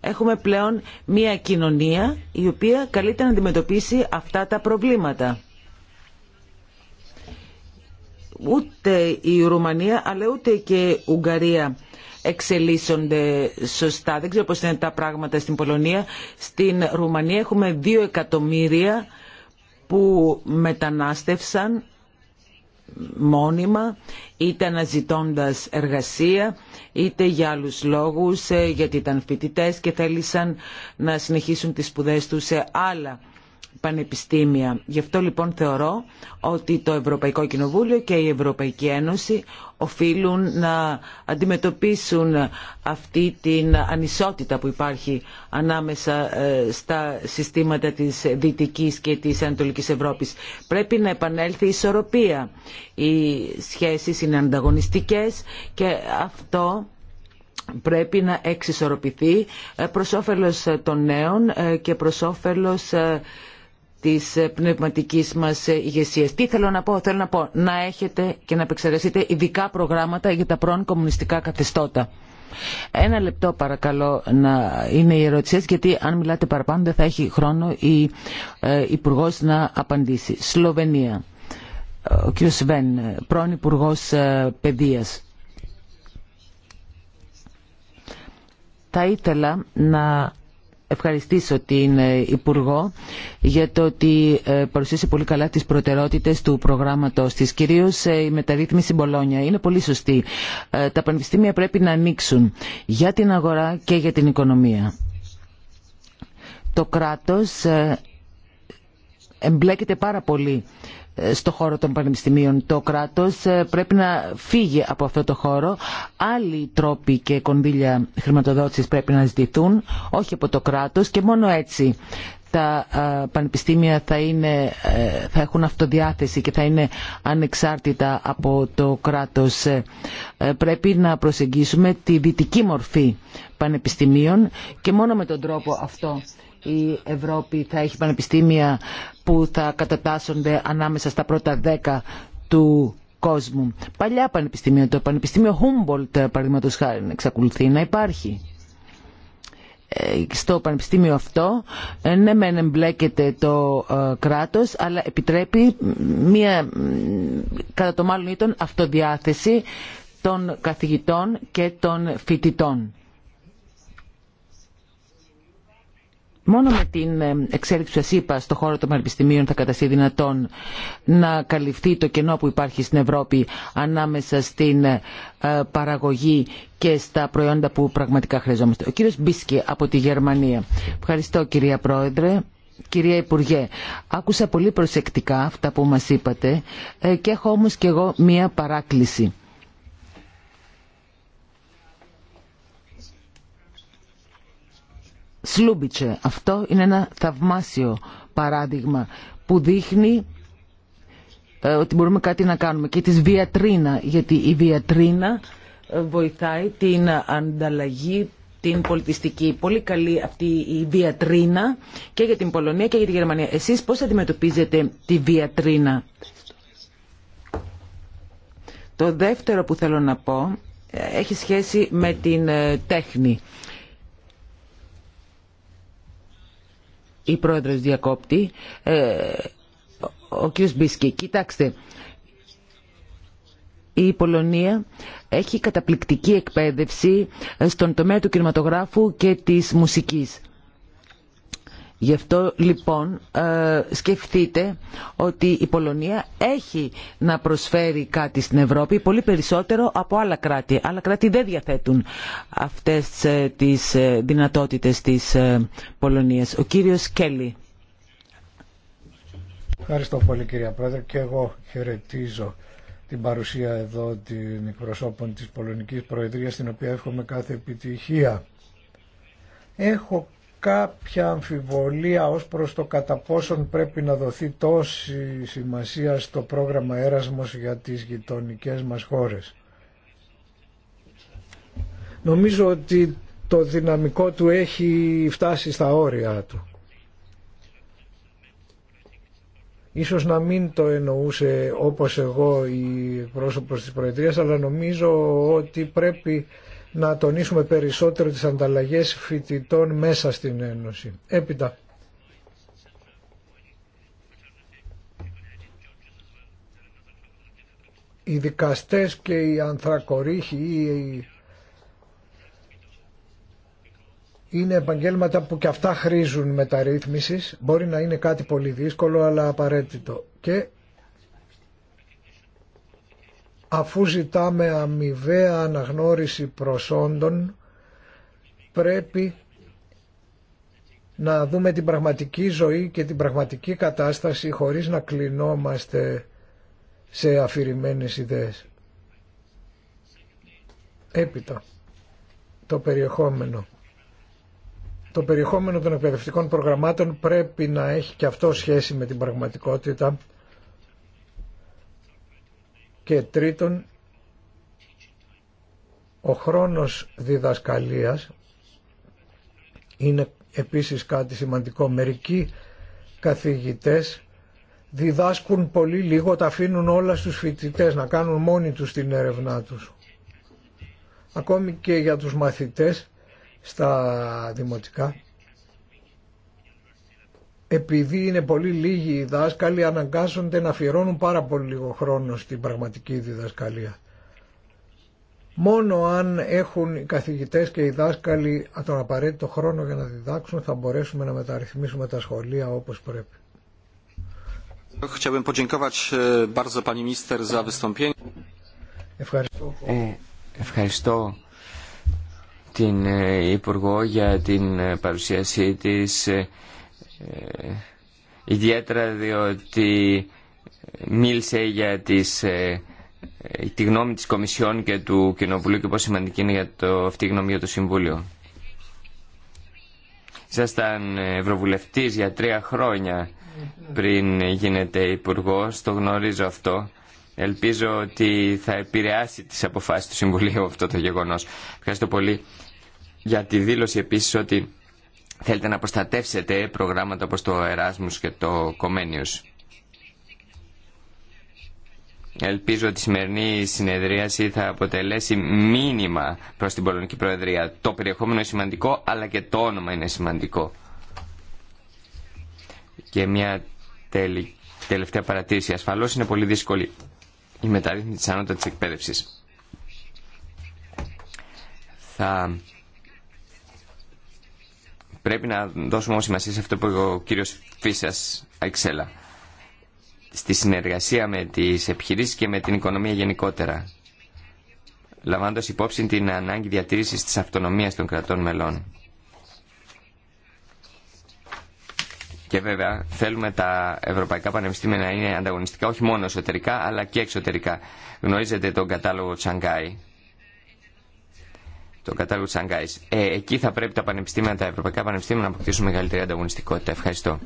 Speaker 1: έχουμε πλέον μια κοινωνία η οποία καλείται να αντιμετωπίσει αυτά τα προβλήματα. Ούτε η Ρουμανία αλλά ούτε και η Ουγγαρία εξελίσσονται σωστά. Δεν ξέρω πώς είναι τα πράγματα στην Πολωνία. Στην Ρουμανία έχουμε δύο εκατομμύρια που μετανάστευσαν μόνιμα, είτε αναζητώντας εργασία, είτε για άλλους λόγους, ε, γιατί ήταν φοιτητέ και θέλησαν να συνεχίσουν τις σπουδές τους σε άλλα πανεπιστήμια. Γι' αυτό λοιπόν θεωρώ ότι το Ευρωπαϊκό Κοινοβούλιο και η Ευρωπαϊκή Ένωση οφείλουν να αντιμετωπίσουν αυτή την ανισότητα που υπάρχει ανάμεσα ε, στα συστήματα της Δυτικής και της Ανατολικής Ευρώπης. Πρέπει να επανέλθει η ισορροπία. Οι σχέσεις είναι ανταγωνιστικές και αυτό πρέπει να εξισορροπηθεί ε, προς όφελος των νέων ε, και προς όφελος της ε, πνευματικής μας ε, ηγεσίας. Τι θέλω να πω, θέλω να πω να έχετε και να επεξεργαστείτε ειδικά προγράμματα για τα πρώην κομμουνιστικά καθεστώτα. Ένα λεπτό παρακαλώ να είναι οι ερωτήσεις γιατί αν μιλάτε παραπάνω δεν θα έχει χρόνο η ε, υπουργό να απαντήσει. Σλοβενία. Ο κ. Σβέν, πρώην υπουργό Παιδείας. Θα ήθελα να ευχαριστήσω την ε, Υπουργό για το ότι ε, παρουσίασε πολύ καλά τις προτεραιότητες του προγράμματος της, κυρίως ε, η μεταρρύθμιση Μπολόνια. Είναι πολύ σωστή. Τα πανεπιστήμια πρέπει να ανοίξουν για την αγορά και για την οικονομία. Το κράτος εμπλέκεται πάρα πολύ στο χώρο των πανεπιστημίων. Το κράτος ε, πρέπει να φύγει από αυτό το χώρο. Άλλοι τρόποι και κονδύλια χρηματοδότησης πρέπει να ζητηθούν, όχι από το κράτος και μόνο έτσι τα ε, πανεπιστήμια θα, είναι, ε, θα έχουν αυτοδιάθεση και θα είναι ανεξάρτητα από το κράτος. Πρέπει να προσεγγίσουμε τη δυτική μορφή πανεπιστημίων και μόνο με τον τρόπο αυτό η Ευρώπη θα έχει πανεπιστήμια που θα κατατάσσονται ανάμεσα στα πρώτα δέκα του κόσμου. Παλιά πανεπιστήμια, το Πανεπιστήμιο Humboldt, παραδείγματος χάρη, εξακολουθεί να υπάρχει ε, στο πανεπιστήμιο αυτό ε, ναι μεν εμπλέκεται το ε, κράτος αλλά επιτρέπει μία κατά το μάλλον ήτον αυτοδιάθεση των καθηγητών και των φοιτητών. Μόνο με την ε, εξέλιξη που σας είπα στον χώρο των πανεπιστημίων θα καταστεί δυνατόν να καλυφθεί το κενό που υπάρχει στην Ευρώπη ανάμεσα στην ε, παραγωγή και στα προϊόντα που πραγματικά χρειαζόμαστε. Ο κύριος Μπίσκι από τη Γερμανία. Ευχαριστώ κυρία Πρόεδρε. Κυρία Υπουργέ, άκουσα πολύ προσεκτικά αυτά που μας είπατε ε, και έχω όμως κι εγώ μία παράκληση. Σλούμπιτσε. Αυτό είναι ένα θαυμάσιο παράδειγμα που δείχνει ε, ότι μπορούμε κάτι να κάνουμε και της βιατρίνα, γιατί η βιατρίνα ε, βοηθάει την ανταλλαγή την πολιτιστική. Πολύ καλή αυτή η βιατρίνα και για την Πολωνία και για τη Γερμανία. Εσείς πώς αντιμετωπίζετε τη βιατρίνα. Το δεύτερο που θέλω να πω ε, έχει σχέση με την τέχνη. η πρόεδρος διακόπτη, ε, ο κ. Μπίσκι. Κοιτάξτε, η Πολωνία έχει καταπληκτική εκπαίδευση στον τομέα του κινηματογράφου και της μουσικής. Γι' αυτό λοιπόν ε, σκεφτείτε ότι η Πολωνία έχει να προσφέρει κάτι στην Ευρώπη πολύ περισσότερο από άλλα κράτη. Άλλα κράτη δεν διαθέτουν αυτές ε, τις ε, δυνατότητες της Πολωνίας. Ο κύριος Κέλλη.
Speaker 2: Ευχαριστώ πολύ κυρία Πρόεδρε και εγώ χαιρετίζω την παρουσία εδώ των εκπροσώπων της Πολωνικής Προεδρίας στην οποία εύχομαι κάθε επιτυχία. Έχω κάποια αμφιβολία ως προς το κατά πόσον πρέπει να δοθεί τόση σημασία στο πρόγραμμα Έρασμος για τις γειτονικές μας χώρες. Νομίζω ότι το δυναμικό του έχει φτάσει στα όρια του. Ίσως να μην το εννοούσε όπως εγώ η πρόσωπος της Προεδρίας, αλλά νομίζω ότι πρέπει να τονίσουμε περισσότερο τις ανταλλαγές φοιτητών μέσα στην Ένωση. Έπειτα, οι δικαστές και οι ανθρακορίχοι είναι επαγγέλματα που και αυτά χρήζουν μεταρρύθμισης. Μπορεί να είναι κάτι πολύ δύσκολο αλλά απαραίτητο. Και αφού ζητάμε αμοιβαία αναγνώριση προσόντων πρέπει να δούμε την πραγματική ζωή και την πραγματική κατάσταση χωρίς να κλεινόμαστε σε αφηρημένες ιδέες. Έπειτα, το περιεχόμενο. Το περιεχόμενο των εκπαιδευτικών προγραμμάτων πρέπει να έχει και αυτό σχέση με την πραγματικότητα και τρίτον, ο χρόνος διδασκαλίας είναι επίσης κάτι σημαντικό. Μερικοί καθηγητές διδάσκουν πολύ λίγο, τα αφήνουν όλα στους φοιτητές να κάνουν μόνοι τους την έρευνά τους. Ακόμη και για τους μαθητές στα δημοτικά επειδή είναι πολύ λίγοι οι δάσκαλοι αναγκάζονται να αφιερώνουν πάρα πολύ λίγο χρόνο στην πραγματική διδασκαλία. Μόνο αν έχουν οι καθηγητές και οι δάσκαλοι τον απαραίτητο χρόνο για να διδάξουν θα μπορέσουμε να μεταρρυθμίσουμε τα σχολεία όπως πρέπει. E, ευχαριστώ.
Speaker 4: Ε, ευχαριστώ την ε, Υπουργό για την ε, παρουσίασή της ε, ιδιαίτερα διότι μίλησε για τις, ε, ε, τη γνώμη της Κομισιόν και του Κοινοβουλίου και πόσο σημαντική είναι για το, αυτή η γνώμη για το Συμβούλιο. Ήσασταν Ευρωβουλευτής για τρία χρόνια πριν γίνεται υπουργό, το γνωρίζω αυτό. Ελπίζω ότι θα επηρεάσει τις αποφάσεις του Συμβουλίου αυτό το γεγονός. Ευχαριστώ πολύ για τη δήλωση επίσης ότι θέλετε να προστατεύσετε προγράμματα όπως το Erasmus και το Comenius. Ελπίζω ότι η σημερινή συνεδρίαση θα αποτελέσει μήνυμα προς την Πολωνική Προεδρία. Το περιεχόμενο είναι σημαντικό, αλλά και το όνομα είναι σημαντικό. Και μια τελευταία παρατήρηση. Ασφαλώς είναι πολύ δύσκολη η μεταρρύθμιση τη ανώτατης εκπαίδευση. Θα Πρέπει να δώσουμε όμως σημασία σε αυτό που ο κύριος Φίσας εξέλα, Στη συνεργασία με τις επιχειρήσεις και με την οικονομία γενικότερα. Λαμβάνοντας υπόψη την ανάγκη διατήρησης της αυτονομίας των κρατών μελών. Και βέβαια θέλουμε τα ευρωπαϊκά πανεπιστήμια να είναι ανταγωνιστικά όχι μόνο εσωτερικά αλλά και εξωτερικά. Γνωρίζετε τον κατάλογο «Τσανγκάι» το κατάλογο τη ε, εκεί θα πρέπει τα πανεπιστήμια, τα ευρωπαϊκά πανεπιστήμια να αποκτήσουν μεγαλύτερη ανταγωνιστικότητα. Ευχαριστώ.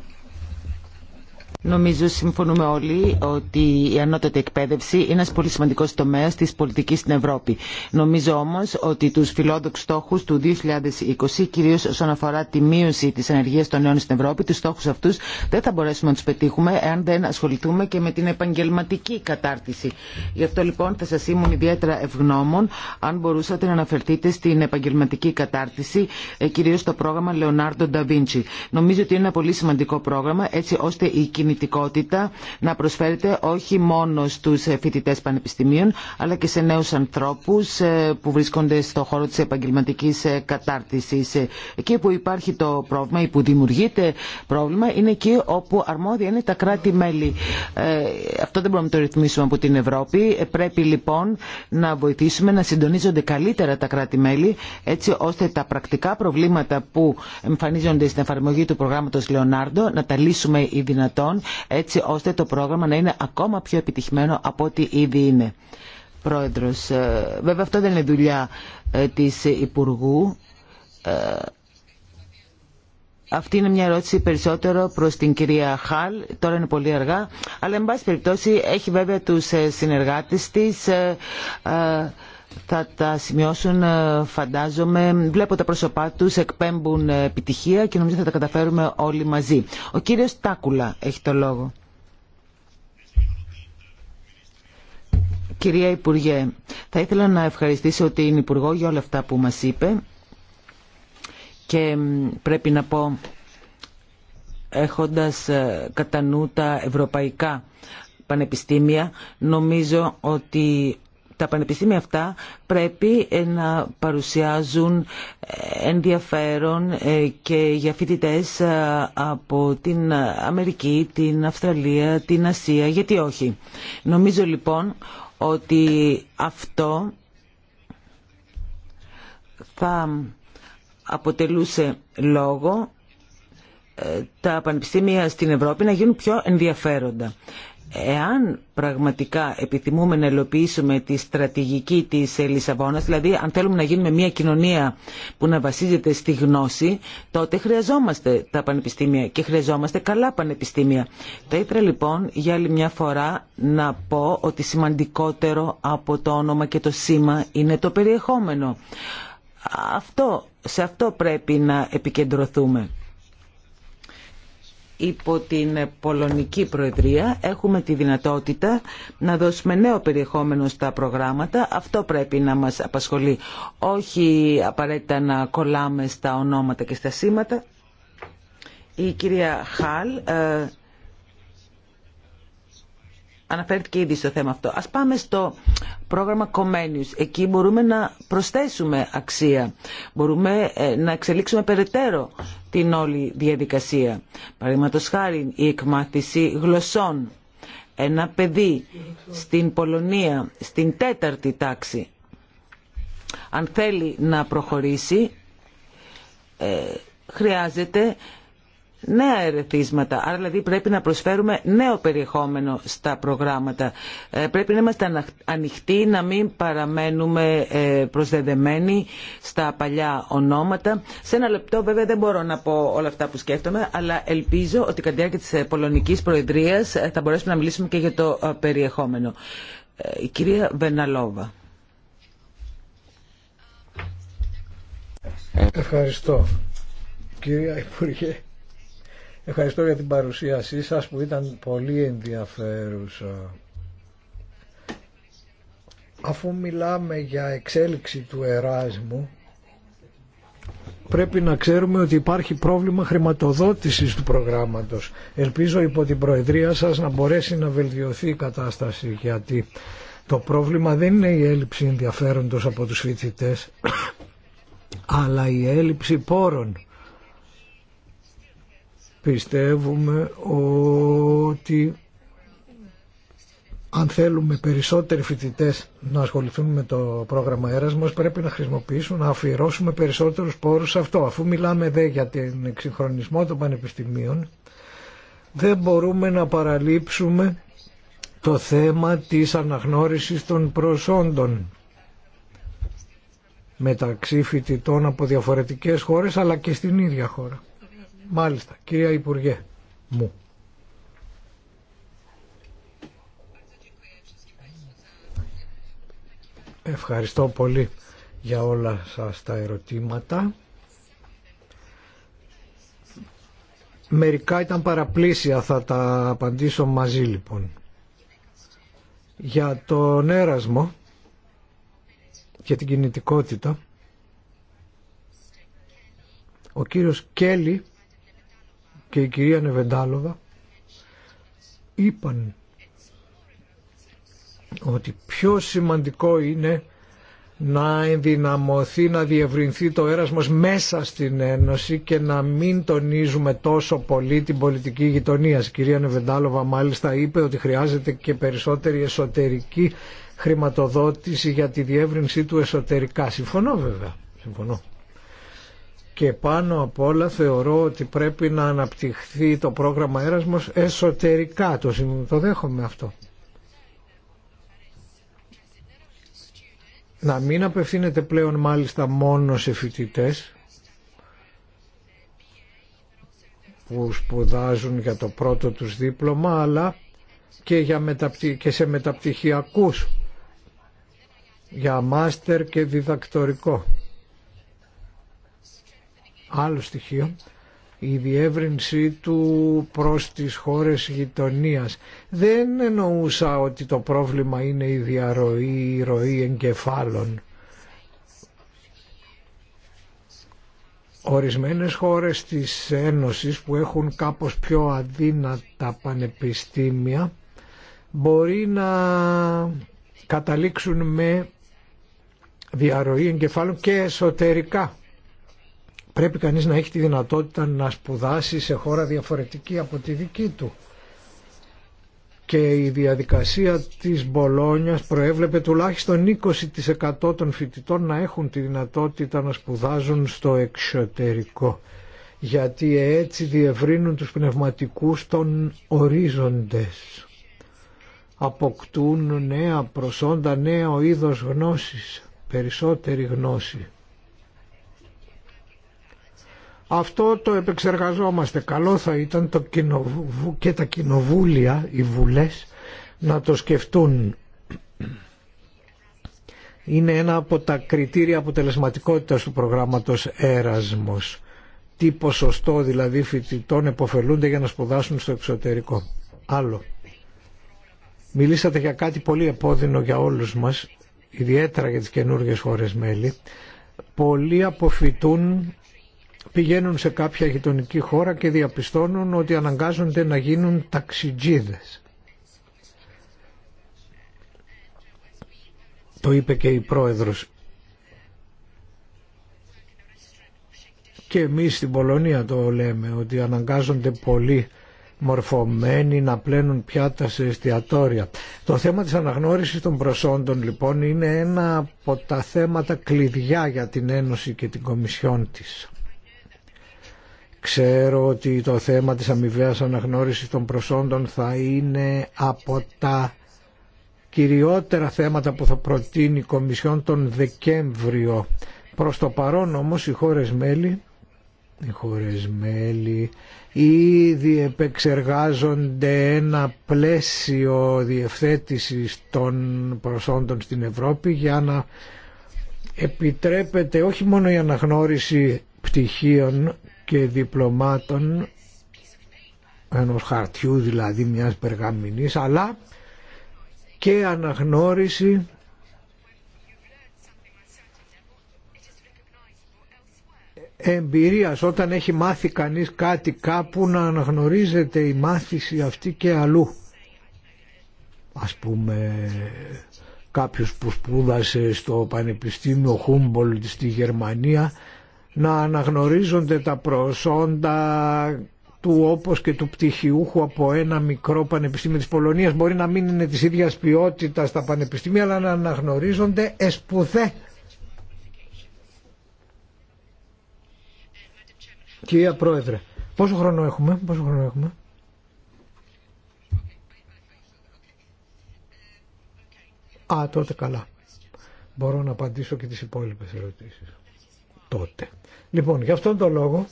Speaker 1: Νομίζω συμφωνούμε όλοι ότι η ανώτατη εκπαίδευση είναι ένα πολύ σημαντικό τομέα τη πολιτική στην Ευρώπη. Νομίζω όμω ότι του φιλόδοξου στόχου του 2020, κυρίω όσον αφορά τη μείωση τη ανεργία των νέων στην Ευρώπη, του στόχου αυτού, δεν θα μπορέσουμε να του πετύχουμε εάν δεν ασχοληθούμε και με την επαγγελματική κατάρτιση. Γι' αυτό λοιπόν θα σα ήμουν ιδιαίτερα ευγνώμων αν μπορούσατε να αναφερθείτε στην επαγγελματική κατάρτιση, ε, κυρίω στο πρόγραμμα Leonardo da Νομίζω ότι είναι ένα πολύ σημαντικό πρόγραμμα έτσι ώστε η να προσφέρεται όχι μόνο στους ε, φοιτητές πανεπιστημίων αλλά και σε νέους ανθρώπους ε, που βρίσκονται στον χώρο της επαγγελματικής ε, κατάρτισης. Εκεί που υπάρχει το πρόβλημα ή που δημιουργείται πρόβλημα είναι εκεί όπου αρμόδια είναι τα κράτη-μέλη. Αυτό δεν μπορούμε να το ρυθμίσουμε από την Ευρώπη. Πρέπει λοιπόν να βοηθήσουμε να συντονίζονται καλύτερα τα κράτη-μέλη έτσι ώστε τα πρακτικά προβλήματα που εμφανίζονται στην εφαρμογή του προγράμματος Λεωνάρντο να τα λύσουμε οι δυνατόν έτσι ώστε το πρόγραμμα να είναι ακόμα πιο επιτυχημένο από ό,τι ήδη είναι. Πρόεδρος, ε, βέβαια αυτό δεν είναι δουλειά ε, της Υπουργού. Ε, αυτή είναι μια ερώτηση περισσότερο προς την κυρία Χαλ. Τώρα είναι πολύ αργά, αλλά εν πάση περιπτώσει έχει βέβαια τους συνεργάτες της θα τα σημειώσουν ε, φαντάζομαι. Βλέπω τα πρόσωπά τους, εκπέμπουν ε, επιτυχία και νομίζω θα τα καταφέρουμε όλοι μαζί. Ο κύριος Τάκουλα έχει το λόγο. Κυρία Υπουργέ, θα ήθελα να ευχαριστήσω την Υπουργό για όλα αυτά που μας είπε και πρέπει να πω έχοντας ε, κατά νου τα ευρωπαϊκά πανεπιστήμια νομίζω ότι τα πανεπιστήμια αυτά πρέπει ε, να παρουσιάζουν ε, ενδιαφέρον ε, και για φοιτητέ από την Αμερική, την Αυστραλία, την Ασία, γιατί όχι. Νομίζω λοιπόν ότι αυτό θα αποτελούσε λόγο τα πανεπιστήμια στην Ευρώπη να γίνουν πιο ενδιαφέροντα εάν πραγματικά επιθυμούμε να ελοποιήσουμε τη στρατηγική της Λισαβόνας, δηλαδή αν θέλουμε να γίνουμε μια κοινωνία που να βασίζεται στη γνώση, τότε χρειαζόμαστε τα πανεπιστήμια και χρειαζόμαστε καλά πανεπιστήμια. Θα ήθελα λοιπόν για άλλη μια φορά να πω ότι σημαντικότερο από το όνομα και το σήμα είναι το περιεχόμενο. Αυτό, σε αυτό πρέπει να επικεντρωθούμε υπό την Πολωνική Προεδρία έχουμε τη δυνατότητα να δώσουμε νέο περιεχόμενο στα προγράμματα. Αυτό πρέπει να μας απασχολεί. Όχι απαραίτητα να κολλάμε στα ονόματα και στα σήματα. Η κυρία Χαλ ε, αναφέρθηκε ήδη στο θέμα αυτό. Ας πάμε στο πρόγραμμα Comenius. Εκεί μπορούμε να προσθέσουμε αξία. Μπορούμε ε, να εξελίξουμε περαιτέρω την όλη διαδικασία. Παραδείγματο χάρη η εκμάθηση γλωσσών. Ένα παιδί στην Πολωνία, στην τέταρτη τάξη, αν θέλει να προχωρήσει, ε, χρειάζεται νέα ερεθίσματα. Άρα δηλαδή πρέπει να προσφέρουμε νέο περιεχόμενο στα προγράμματα. Ε, πρέπει να είμαστε ανοιχτοί, να μην παραμένουμε ε, προσδεδεμένοι στα παλιά ονόματα. Σε ένα λεπτό βέβαια δεν μπορώ να πω όλα αυτά που σκέφτομαι, αλλά ελπίζω ότι κατά τη διάρκεια της ε, Πολωνικής Προεδρίας θα μπορέσουμε να μιλήσουμε και για το περιεχόμενο. Η κυρία Βεναλόβα.
Speaker 2: Ευχαριστώ. Κυρία Υπουργέ, Ευχαριστώ για την παρουσίασή σας που ήταν πολύ ενδιαφέρουσα. Αφού μιλάμε για εξέλιξη του Εράσμου, πρέπει να ξέρουμε ότι υπάρχει πρόβλημα χρηματοδότησης του προγράμματος. Ελπίζω υπό την Προεδρία σας να μπορέσει να βελτιωθεί η κατάσταση, γιατί το πρόβλημα δεν είναι η έλλειψη ενδιαφέροντος από τους φοιτητές, αλλά η έλλειψη πόρων Πιστεύουμε ότι αν θέλουμε περισσότεροι φοιτητέ να ασχοληθούν με το πρόγραμμα έρασμο, πρέπει να χρησιμοποιήσουν, να αφιερώσουμε περισσότερους πόρους σε αυτό. Αφού μιλάμε δε για την εξυγχρονισμό των πανεπιστημίων, δεν μπορούμε να παραλείψουμε το θέμα της αναγνώρισης των προσόντων μεταξύ φοιτητών από διαφορετικές χώρες αλλά και στην ίδια χώρα. Μάλιστα, κυρία Υπουργέ μου. Ευχαριστώ πολύ για όλα σας τα ερωτήματα. Μερικά ήταν παραπλήσια, θα τα απαντήσω μαζί λοιπόν. Για τον έρασμο και την κινητικότητα, ο κύριος Κέλλη και η κυρία Νεβεντάλοβα είπαν ότι πιο σημαντικό είναι να ενδυναμωθεί, να διευρυνθεί το έρασμος μέσα στην Ένωση και να μην τονίζουμε τόσο πολύ την πολιτική γειτονία. Η κυρία Νεβεντάλοβα μάλιστα είπε ότι χρειάζεται και περισσότερη εσωτερική χρηματοδότηση για τη διεύρυνσή του εσωτερικά. Συμφωνώ βέβαια. Συμφωνώ και πάνω απ' όλα θεωρώ ότι πρέπει να αναπτυχθεί το πρόγραμμα Έρασμος εσωτερικά. Το, το δέχομαι αυτό. Να μην απευθύνεται πλέον μάλιστα μόνο σε φοιτητέ που σπουδάζουν για το πρώτο τους δίπλωμα αλλά και, για και σε μεταπτυχιακούς για μάστερ και διδακτορικό. Άλλο στοιχείο, η διεύρυνσή του προς τις χώρες γειτονίας. Δεν εννοούσα ότι το πρόβλημα είναι η διαρροή, η ροή εγκεφάλων. Ορισμένες χώρες της Ένωσης που έχουν κάπως πιο αδύνατα πανεπιστήμια μπορεί να καταλήξουν με διαρροή εγκεφάλων και εσωτερικά πρέπει κανείς να έχει τη δυνατότητα να σπουδάσει σε χώρα διαφορετική από τη δική του. Και η διαδικασία της Μπολόνιας προέβλεπε τουλάχιστον 20% των φοιτητών να έχουν τη δυνατότητα να σπουδάζουν στο εξωτερικό. Γιατί έτσι διευρύνουν τους πνευματικούς των ορίζοντες. Αποκτούν νέα προσόντα, νέο είδος γνώσης, περισσότερη γνώση. Αυτό το επεξεργαζόμαστε. Καλό θα ήταν το κοινοβου... και τα κοινοβούλια, οι βουλές, να το σκεφτούν. Είναι ένα από τα κριτήρια αποτελεσματικότητας του προγράμματος Έρασμος. Τι ποσοστό δηλαδή φοιτητών εποφελούνται για να σπουδάσουν στο εξωτερικό. Άλλο. Μιλήσατε για κάτι πολύ επώδυνο για όλους μας, ιδιαίτερα για τις καινούργιες χώρες μέλη. Πολλοί αποφυτούν πηγαίνουν σε κάποια γειτονική χώρα και διαπιστώνουν ότι αναγκάζονται να γίνουν ταξιτζίδες. Το είπε και η πρόεδρος. Και εμείς στην Πολωνία το λέμε ότι αναγκάζονται πολύ μορφωμένοι να πλένουν πιάτα σε εστιατόρια. Το θέμα της αναγνώρισης των προσόντων λοιπόν είναι ένα από τα θέματα κλειδιά για την Ένωση και την Κομισιόν της. Ξέρω ότι το θέμα της αμοιβαίας αναγνώρισης των προσόντων θα είναι από τα κυριότερα θέματα που θα προτείνει η Κομισιόν τον Δεκέμβριο. Προς το παρόν όμως οι χώρες μέλη, οι χώρες μέλη ήδη επεξεργάζονται ένα πλαίσιο διευθέτησης των προσόντων στην Ευρώπη για να επιτρέπεται όχι μόνο η αναγνώριση πτυχίων και διπλωμάτων ενός χαρτιού δηλαδή μιας περγαμηνής αλλά και αναγνώριση εμπειρίας όταν έχει μάθει κανείς κάτι κάπου να αναγνωρίζεται η μάθηση αυτή και αλλού ας πούμε κάποιος που σπούδασε στο Πανεπιστήμιο Χούμπολτ στη Γερμανία να αναγνωρίζονται τα προσόντα του όπως και του πτυχιούχου από ένα μικρό πανεπιστήμιο της Πολωνίας μπορεί να μην είναι της ίδιας ποιότητας τα πανεπιστήμια αλλά να αναγνωρίζονται εσπουδέ. Κυρία Πρόεδρε, πόσο χρόνο έχουμε, πόσο χρόνο έχουμε. Α, τότε καλά. Μπορώ να απαντήσω και τις υπόλοιπες ερωτήσεις. Τότε. Λοιπόν, γι' αυτόν τον λόγο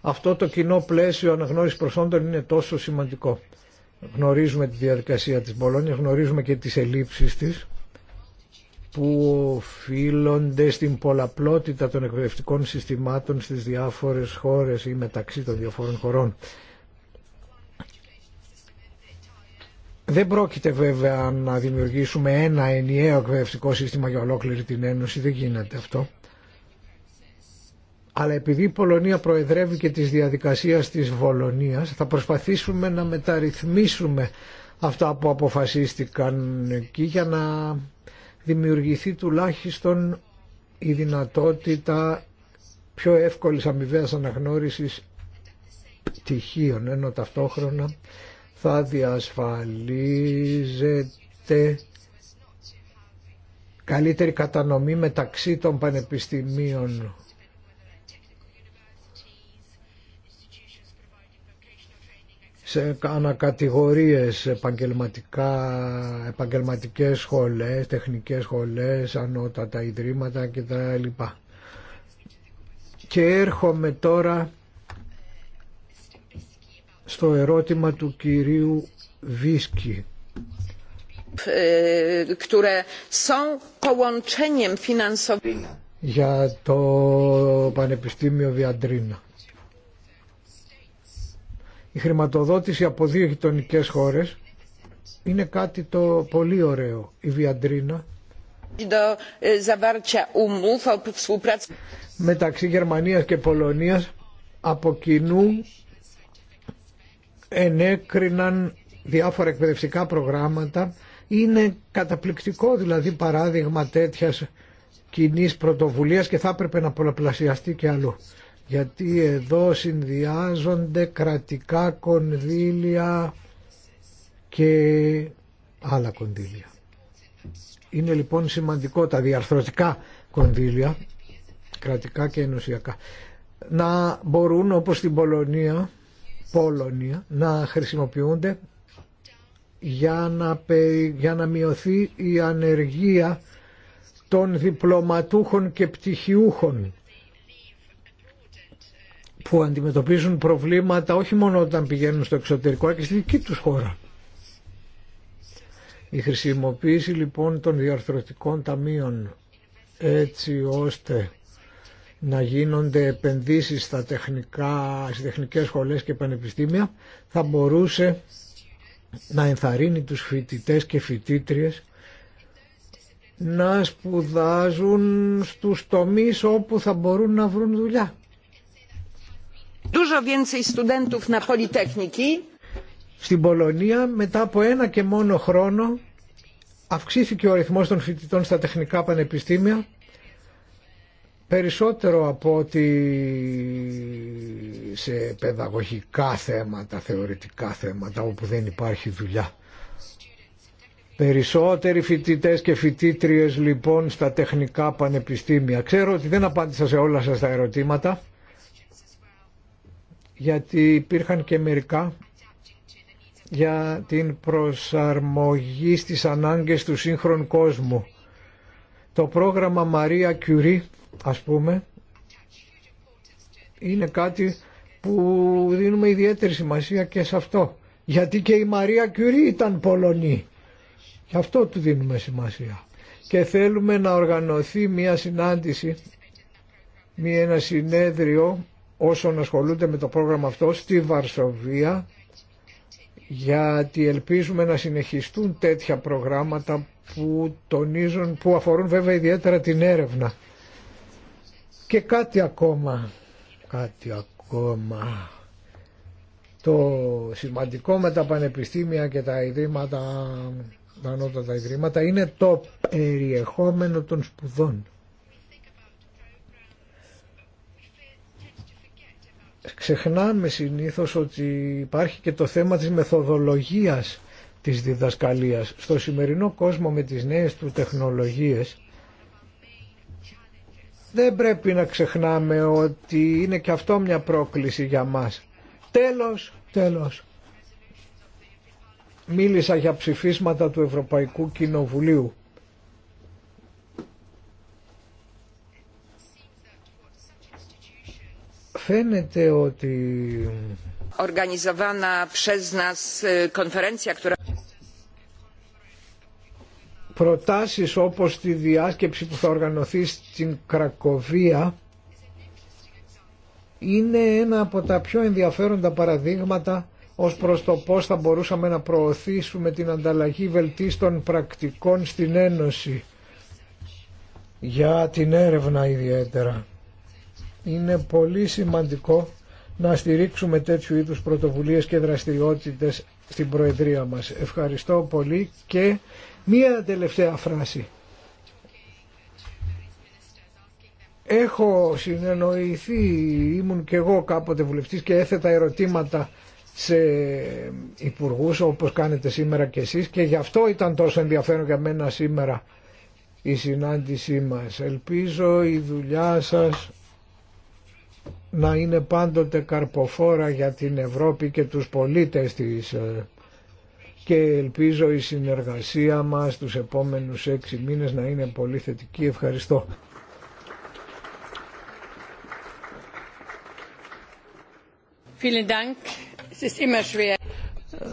Speaker 2: αυτό το κοινό πλαίσιο αναγνώρισης προσόντων είναι τόσο σημαντικό. Γνωρίζουμε τη διαδικασία της Μπολόνια, γνωρίζουμε και τις ελλείψεις της που οφείλονται στην πολλαπλότητα των εκπαιδευτικών συστημάτων στις διάφορες χώρες ή μεταξύ των διαφόρων χωρών. Δεν πρόκειται βέβαια να δημιουργήσουμε ένα ενιαίο εκπαιδευτικό σύστημα για ολόκληρη την Ένωση, δεν γίνεται αυτό. Αλλά επειδή η Πολωνία προεδρεύει και της διαδικασίας της Βολωνίας θα προσπαθήσουμε να μεταρρυθμίσουμε αυτά που αποφασίστηκαν εκεί για να δημιουργηθεί τουλάχιστον η δυνατότητα πιο εύκολης αμοιβαίας αναγνώρισης πτυχίων ενώ ταυτόχρονα θα διασφαλίζεται καλύτερη κατανομή μεταξύ των πανεπιστημίων σε ανακατηγορίες επαγγελματικά, επαγγελματικές σχολές, τεχνικές σχολές, ανώτατα ιδρύματα κτλ. Και έρχομαι τώρα στο ερώτημα του κυρίου Βίσκη.
Speaker 1: Ε,
Speaker 2: Για το Πανεπιστήμιο Βιαντρίνα. Η χρηματοδότηση από δύο γειτονικέ χώρες είναι κάτι το πολύ ωραίο. Η Βιαντρίνα e, μεταξύ Γερμανίας και Πολωνίας από κοινού ενέκριναν διάφορα εκπαιδευτικά προγράμματα είναι καταπληκτικό δηλαδή παράδειγμα τέτοιας κοινή πρωτοβουλία και θα έπρεπε να πολλαπλασιαστεί και αλλού γιατί εδώ συνδυάζονται κρατικά κονδύλια και άλλα κονδύλια. Είναι λοιπόν σημαντικό τα διαρθρωτικά κονδύλια, κρατικά και ενωσιακά, να μπορούν όπως στην Πολωνία, Πολωνία να χρησιμοποιούνται για να, για να μειωθεί η ανεργία των διπλωματούχων και πτυχιούχων που αντιμετωπίζουν προβλήματα όχι μόνο όταν πηγαίνουν στο εξωτερικό αλλά και στη δική τους χώρα. Η χρησιμοποίηση λοιπόν των διαρθρωτικών ταμείων έτσι ώστε να γίνονται επενδύσεις στα τεχνικά, στις τεχνικές σχολές και πανεπιστήμια θα μπορούσε να ενθαρρύνει τους φοιτητές και φοιτήτριες να σπουδάζουν στους τομείς όπου θα μπορούν να βρουν δουλειά.
Speaker 1: Dużo więcej
Speaker 2: Στην Πολωνία μετά από ένα και μόνο χρόνο αυξήθηκε ο αριθμός των φοιτητών στα τεχνικά πανεπιστήμια περισσότερο από ότι σε παιδαγωγικά θέματα, θεωρητικά θέματα όπου δεν υπάρχει δουλειά. Περισσότεροι φοιτητέ και φοιτήτριε λοιπόν στα τεχνικά πανεπιστήμια. Ξέρω ότι δεν απάντησα σε όλα σας τα ερωτήματα γιατί υπήρχαν και μερικά για την προσαρμογή στις ανάγκες του σύγχρονου κόσμου. Το πρόγραμμα Μαρία Κιουρί, ας πούμε, είναι κάτι που δίνουμε ιδιαίτερη σημασία και σε αυτό. Γιατί και η Μαρία Κιουρί ήταν Πολωνή. Γι' αυτό του δίνουμε σημασία. Και θέλουμε να οργανωθεί μια συνάντηση, μια, ένα συνέδριο όσων ασχολούνται με το πρόγραμμα αυτό στη Βαρσοβία γιατί ελπίζουμε να συνεχιστούν τέτοια προγράμματα που τονίζουν, που αφορούν βέβαια ιδιαίτερα την έρευνα. Και κάτι ακόμα, κάτι ακόμα. Το σημαντικό με τα πανεπιστήμια και τα ιδρύματα, τα ανώτατα ιδρύματα, είναι το περιεχόμενο των σπουδών. ξεχνάμε συνήθως ότι υπάρχει και το θέμα της μεθοδολογίας της διδασκαλίας. Στο σημερινό κόσμο με τις νέες του τεχνολογίες δεν πρέπει να ξεχνάμε ότι είναι και αυτό μια πρόκληση για μας. Τέλος, τέλος. Μίλησα για ψηφίσματα του Ευρωπαϊκού Κοινοβουλίου. φαίνεται ότι e, προτάσεις όπως τη διάσκεψη που θα οργανωθεί στην Κρακοβία είναι ένα από τα πιο ενδιαφέροντα παραδείγματα ως προς το πώς θα μπορούσαμε να προωθήσουμε την ανταλλαγή βελτίστων πρακτικών στην Ένωση για την έρευνα ιδιαίτερα. Είναι πολύ σημαντικό να στηρίξουμε τέτοιου είδους πρωτοβουλίες και δραστηριότητες στην Προεδρία μας. Ευχαριστώ πολύ και μία τελευταία φράση. Έχω συνεννοηθεί, ήμουν και εγώ κάποτε βουλευτής και έθετα ερωτήματα σε υπουργούς όπως κάνετε σήμερα και εσείς και γι' αυτό ήταν τόσο ενδιαφέρον για μένα σήμερα η συνάντησή μας. Ελπίζω η δουλειά σας να είναι πάντοτε καρποφόρα για την Ευρώπη και τους πολίτες της ε, και ελπίζω η συνεργασία μας τους επόμενους έξι μήνες να είναι πολύ θετική.
Speaker 1: Ευχαριστώ.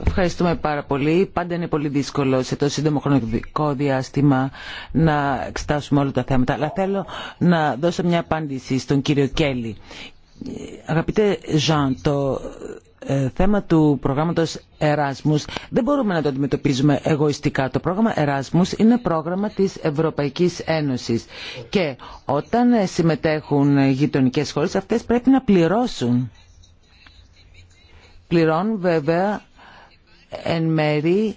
Speaker 1: Ευχαριστούμε πάρα πολύ. Πάντα είναι πολύ δύσκολο σε τόσο σύντομο χρονικό διάστημα να εξετάσουμε όλα τα θέματα. Αλλά θέλω να δώσω μια απάντηση στον κύριο Κέλλη. Αγαπητέ Ζαν, το ε, θέμα του προγράμματος Εράσμους δεν μπορούμε να το αντιμετωπίζουμε εγωιστικά. Το πρόγραμμα Εράσμους είναι πρόγραμμα της Ευρωπαϊκής Ένωσης και όταν ε, συμμετέχουν ε, γειτονικές χώρες αυτές πρέπει να πληρώσουν. Πληρώνουν βέβαια εν μέρη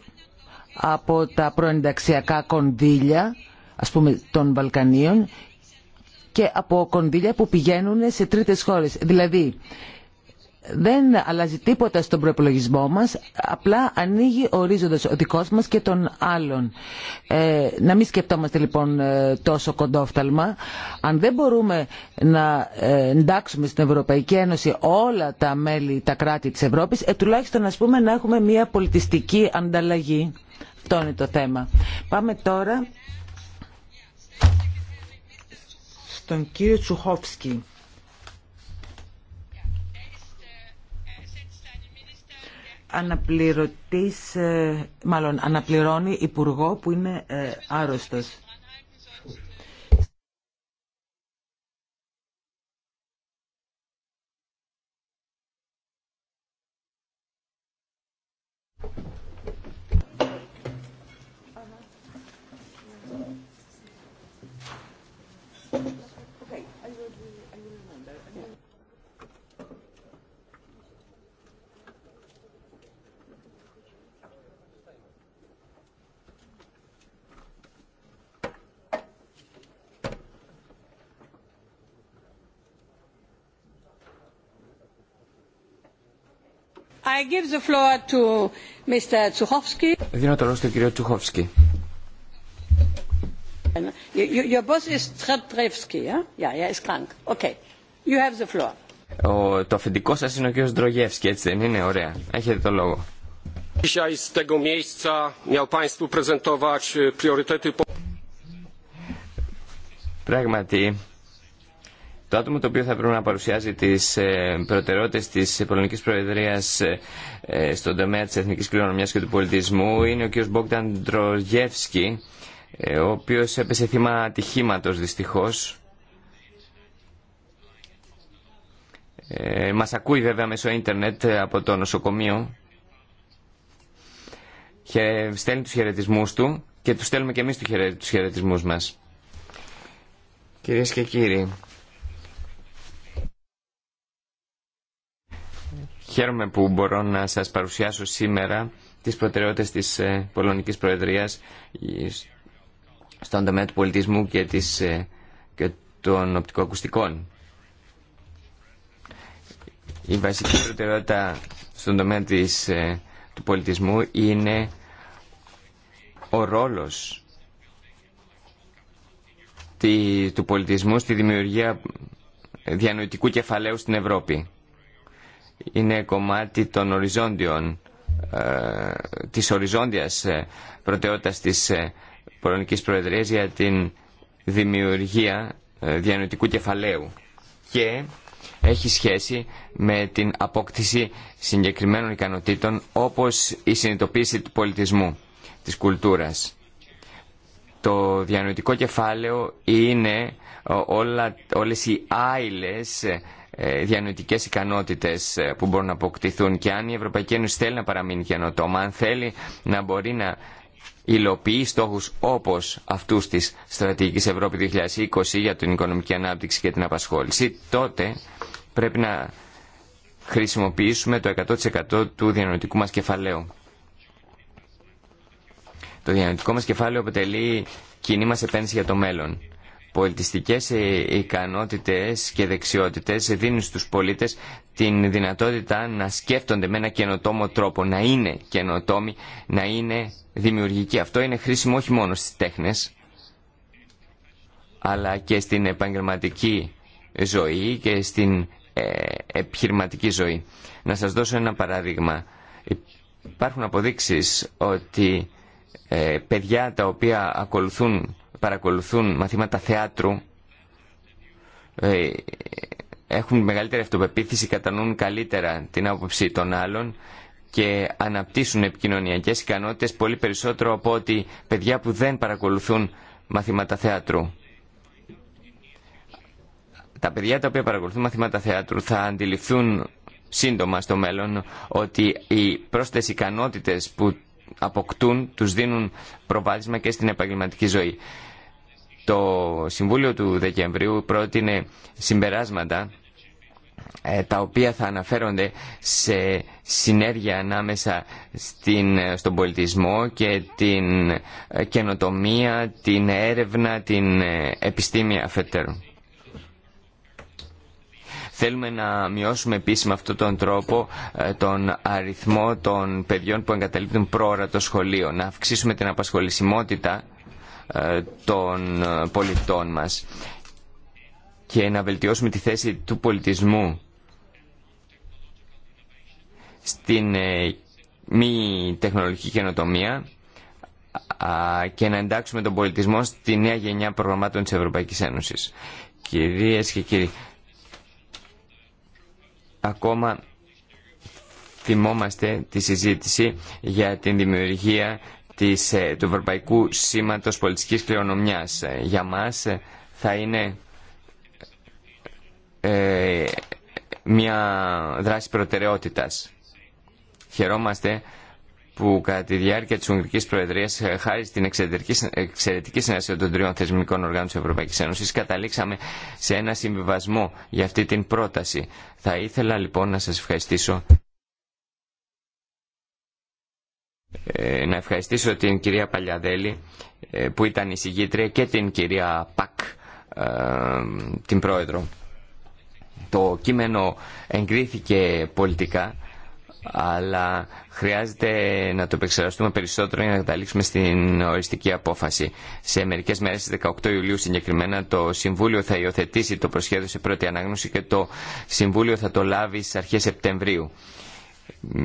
Speaker 1: από τα προενταξιακά κονδύλια ας πούμε των Βαλκανίων και από κονδύλια που πηγαίνουν σε τρίτες χώρες. Δηλαδή, δεν αλλάζει τίποτα στον προπολογισμό μας, απλά ανοίγει ορίζοντας ο δικός μας και των άλλων. Ε, να μην σκεφτόμαστε, λοιπόν ε, τόσο κοντόφταλμα. Αν δεν μπορούμε να ε, εντάξουμε στην Ευρωπαϊκή Ένωση όλα τα μέλη, τα κράτη της Ευρώπης, τουλάχιστον ας πούμε να έχουμε μια πολιτιστική ανταλλαγή. Αυτό είναι το θέμα. Πάμε τώρα στον κύριο Τσουχόφσκι. Αναπληρωτής, ε, μάλλον αναπληρώνει υπουργό που είναι ε, άρρωστος.
Speaker 4: Δίνω το λόγο στον κύριο Τσουχόφσκι. το αφεντικό σας είναι ο κύριος Ντρογεύσκι, έτσι δεν είναι, ωραία. Έχετε το λόγο. E, Πράγματι, το άτομο το οποίο θα πρέπει να παρουσιάζει τι ε, προτεραιότητε τη Πολωνική Προεδρία ε, ε, στον τομέα τη εθνική κληρονομιά και του πολιτισμού είναι ο κ. Μπόγκταν Ντρογεύσκη, ο οποίο έπεσε θύμα ατυχήματο δυστυχώ. Ε, μας ακούει βέβαια μέσω ίντερνετ από το νοσοκομείο. Και στέλνει τους χαιρετισμούς του και τους στέλνουμε και εμείς τους χαιρετισμούς μας. Κυρίες και κύριοι, Χαίρομαι που μπορώ να σας παρουσιάσω σήμερα τις προτεραιότητες της ε, Πολωνικής Προεδρίας στον τομέα του πολιτισμού και, της, ε, και των οπτικοακουστικών. Η βασική προτεραιότητα στον τομέα της, ε, του πολιτισμού είναι ο ρόλος του πολιτισμού στη δημιουργία διανοητικού κεφαλαίου στην Ευρώπη είναι κομμάτι των οριζόντιων, ε, της οριζόντιας ε, προτεραιότητας της ε, Πολωνικής Προεδρίας για την δημιουργία ε, διανοητικού κεφαλαίου και έχει σχέση με την απόκτηση συγκεκριμένων ικανοτήτων όπως η συνειδητοποίηση του πολιτισμού, της κουλτούρας. Το διανοητικό κεφάλαιο είναι όλα, όλες οι άειλες ε, διανοητικές ικανότητες ε, που μπορούν να αποκτηθούν και αν η Ευρωπαϊκή Ένωση θέλει να παραμείνει καινοτόμα, αν θέλει να μπορεί να υλοποιεί στόχου όπως αυτού τη στρατηγική Ευρώπη 2020 για την οικονομική ανάπτυξη και την απασχόληση, τότε πρέπει να χρησιμοποιήσουμε το 100% του διανοητικού μας κεφαλαίου. Το διανοητικό μας κεφάλαιο αποτελεί κοινή μας επένδυση για το μέλλον πολιτιστικές ε, ικανότητες και δεξιότητες δίνουν στους πολίτες την δυνατότητα να σκέφτονται με ένα καινοτόμο τρόπο, να είναι καινοτόμοι, να είναι δημιουργικοί. Αυτό είναι χρήσιμο όχι μόνο στις τέχνες, αλλά και στην επαγγελματική ζωή και στην ε, επιχειρηματική ζωή. Να σας δώσω ένα παράδειγμα. Υπάρχουν αποδείξεις ότι ε, παιδιά τα οποία ακολουθούν παρακολουθούν μαθήματα θεάτρου ε, έχουν μεγαλύτερη αυτοπεποίθηση, κατανοούν καλύτερα την άποψη των άλλων και αναπτύσσουν επικοινωνιακές ικανότητες πολύ περισσότερο από ότι παιδιά που δεν παρακολουθούν μαθήματα θεάτρου. Τα παιδιά τα οποία παρακολουθούν μαθήματα θεάτρου θα αντιληφθούν σύντομα στο μέλλον ότι οι πρόσθετες ικανότητες που αποκτούν, τους δίνουν προβάδισμα και στην επαγγελματική ζωή. Το Συμβούλιο του Δεκεμβρίου πρότεινε συμπεράσματα ε, τα οποία θα αναφέρονται σε συνέργεια ανάμεσα στην, ε, στον πολιτισμό και την ε, καινοτομία, την έρευνα, την επιστήμη αφετέρου. Θέλουμε να μειώσουμε επίσημα με αυτόν τον τρόπο ε, τον αριθμό των παιδιών που εγκαταλείπουν πρόωρα το σχολείο, να αυξήσουμε την απασχολησιμότητα ε, των ε, πολιτών μας και να βελτιώσουμε τη θέση του πολιτισμού στην μη τεχνολογική καινοτομία και να εντάξουμε τον πολιτισμό στη νέα γενιά προγραμμάτων της Ευρωπαϊκής Ένωσης. Κυρίες και κύριοι, Ακόμα θυμόμαστε τη συζήτηση για την δημιουργία της, ε, του Ευρωπαϊκού Σήματος Πολιτικής Κληρονομιάς. Ε, για μας ε, θα είναι μια δράση προτεραιότητας. Χαιρόμαστε που κατά τη διάρκεια τη Ουγγρική Προεδρία, ε, χάρη στην εξαιρετική συνεργασία των τριών θεσμικών οργάνων της Ευρωπαϊκής Ένωσης καταλήξαμε σε ένα συμβιβασμό για αυτή την πρόταση. Θα ήθελα λοιπόν να σας ευχαριστήσω ε, να ευχαριστήσω την κυρία Παλιαδέλη ε, που ήταν η συγγήτρια και την κυρία Πακ την πρόεδρο. Το κείμενο εγκρίθηκε πολιτικά αλλά χρειάζεται να το επεξεργαστούμε περισσότερο για να καταλήξουμε στην οριστική απόφαση. Σε μερικές μέρες, στις 18 Ιουλίου συγκεκριμένα, το Συμβούλιο θα υιοθετήσει το προσχέδιο σε πρώτη ανάγνωση και το Συμβούλιο θα το λάβει στις αρχές Σεπτεμβρίου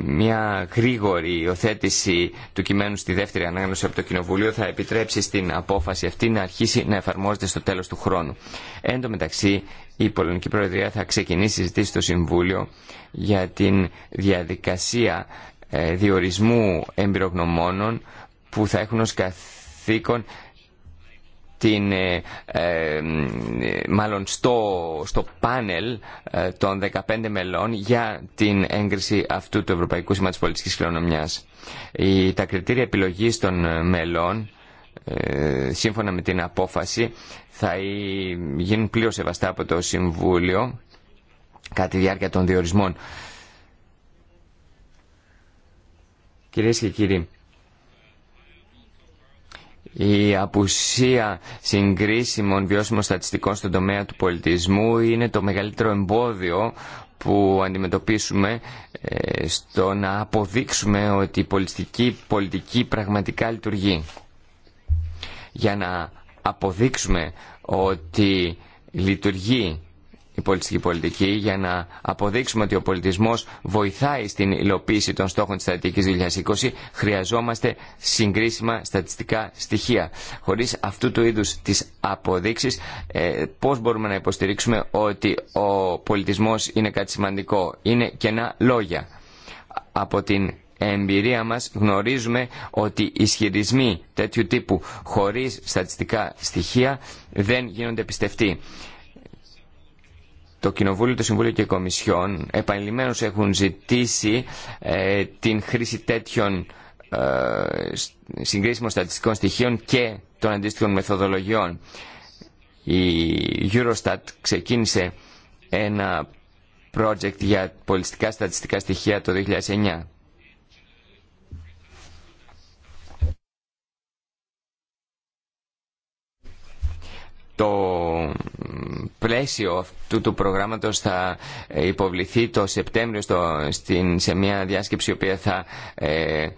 Speaker 4: μια γρήγορη υιοθέτηση του κειμένου στη δεύτερη ανάγνωση από το Κοινοβουλίο θα επιτρέψει στην απόφαση αυτή να αρχίσει να εφαρμόζεται στο τέλος του χρόνου. Εν τω μεταξύ, η Πολωνική Προεδρία θα ξεκινήσει συζητήσει στο Συμβούλιο για την διαδικασία ε, διορισμού εμπειρογνωμόνων που θα έχουν ως καθήκον την, ε, ε, μάλλον στο, πάνελ ε, των 15 μελών για την έγκριση αυτού του Ευρωπαϊκού Σήματος Πολιτικής Κληρονομιάς. τα κριτήρια επιλογής των μελών σύμφωνα με την απόφαση θα γίνουν πλήρως σεβαστά από το Συμβούλιο κατά τη διάρκεια των διορισμών. Κυρίες και κύριοι, η απουσία συγκρίσιμων βιώσιμων στατιστικών στον τομέα του πολιτισμού είναι το μεγαλύτερο εμπόδιο που αντιμετωπίσουμε ε, στο να αποδείξουμε ότι η πολιτική πολιτική πραγματικά λειτουργεί. Για να αποδείξουμε ότι λειτουργεί η πολιτιστική πολιτική για να αποδείξουμε ότι ο πολιτισμός βοηθάει στην υλοποίηση των στόχων της στρατηγικής 2020 χρειαζόμαστε συγκρίσιμα στατιστικά στοιχεία. Χωρίς αυτού του είδους τις αποδείξεις πώ ε, πώς μπορούμε να υποστηρίξουμε ότι ο πολιτισμός είναι κάτι σημαντικό. Είναι κενά λόγια. Από την εμπειρία μας γνωρίζουμε ότι ισχυρισμοί τέτοιου τύπου χωρίς στατιστικά στοιχεία δεν γίνονται πιστευτοί το Κοινοβούλιο, το Συμβούλιο και η Κομισιόν επανειλημμένως έχουν ζητήσει ε, την χρήση τέτοιων ε, συγκρίσιμων στατιστικών στοιχείων και των αντίστοιχων μεθοδολογιών. Η Eurostat ξεκίνησε ένα project για πολιτιστικά στατιστικά στοιχεία το 2009. Το πλαίσιο αυτού του προγράμματος θα ε, υποβληθεί το Σεπτέμβριο στο, στην, σε μια διάσκεψη η οποία θα ε, ε,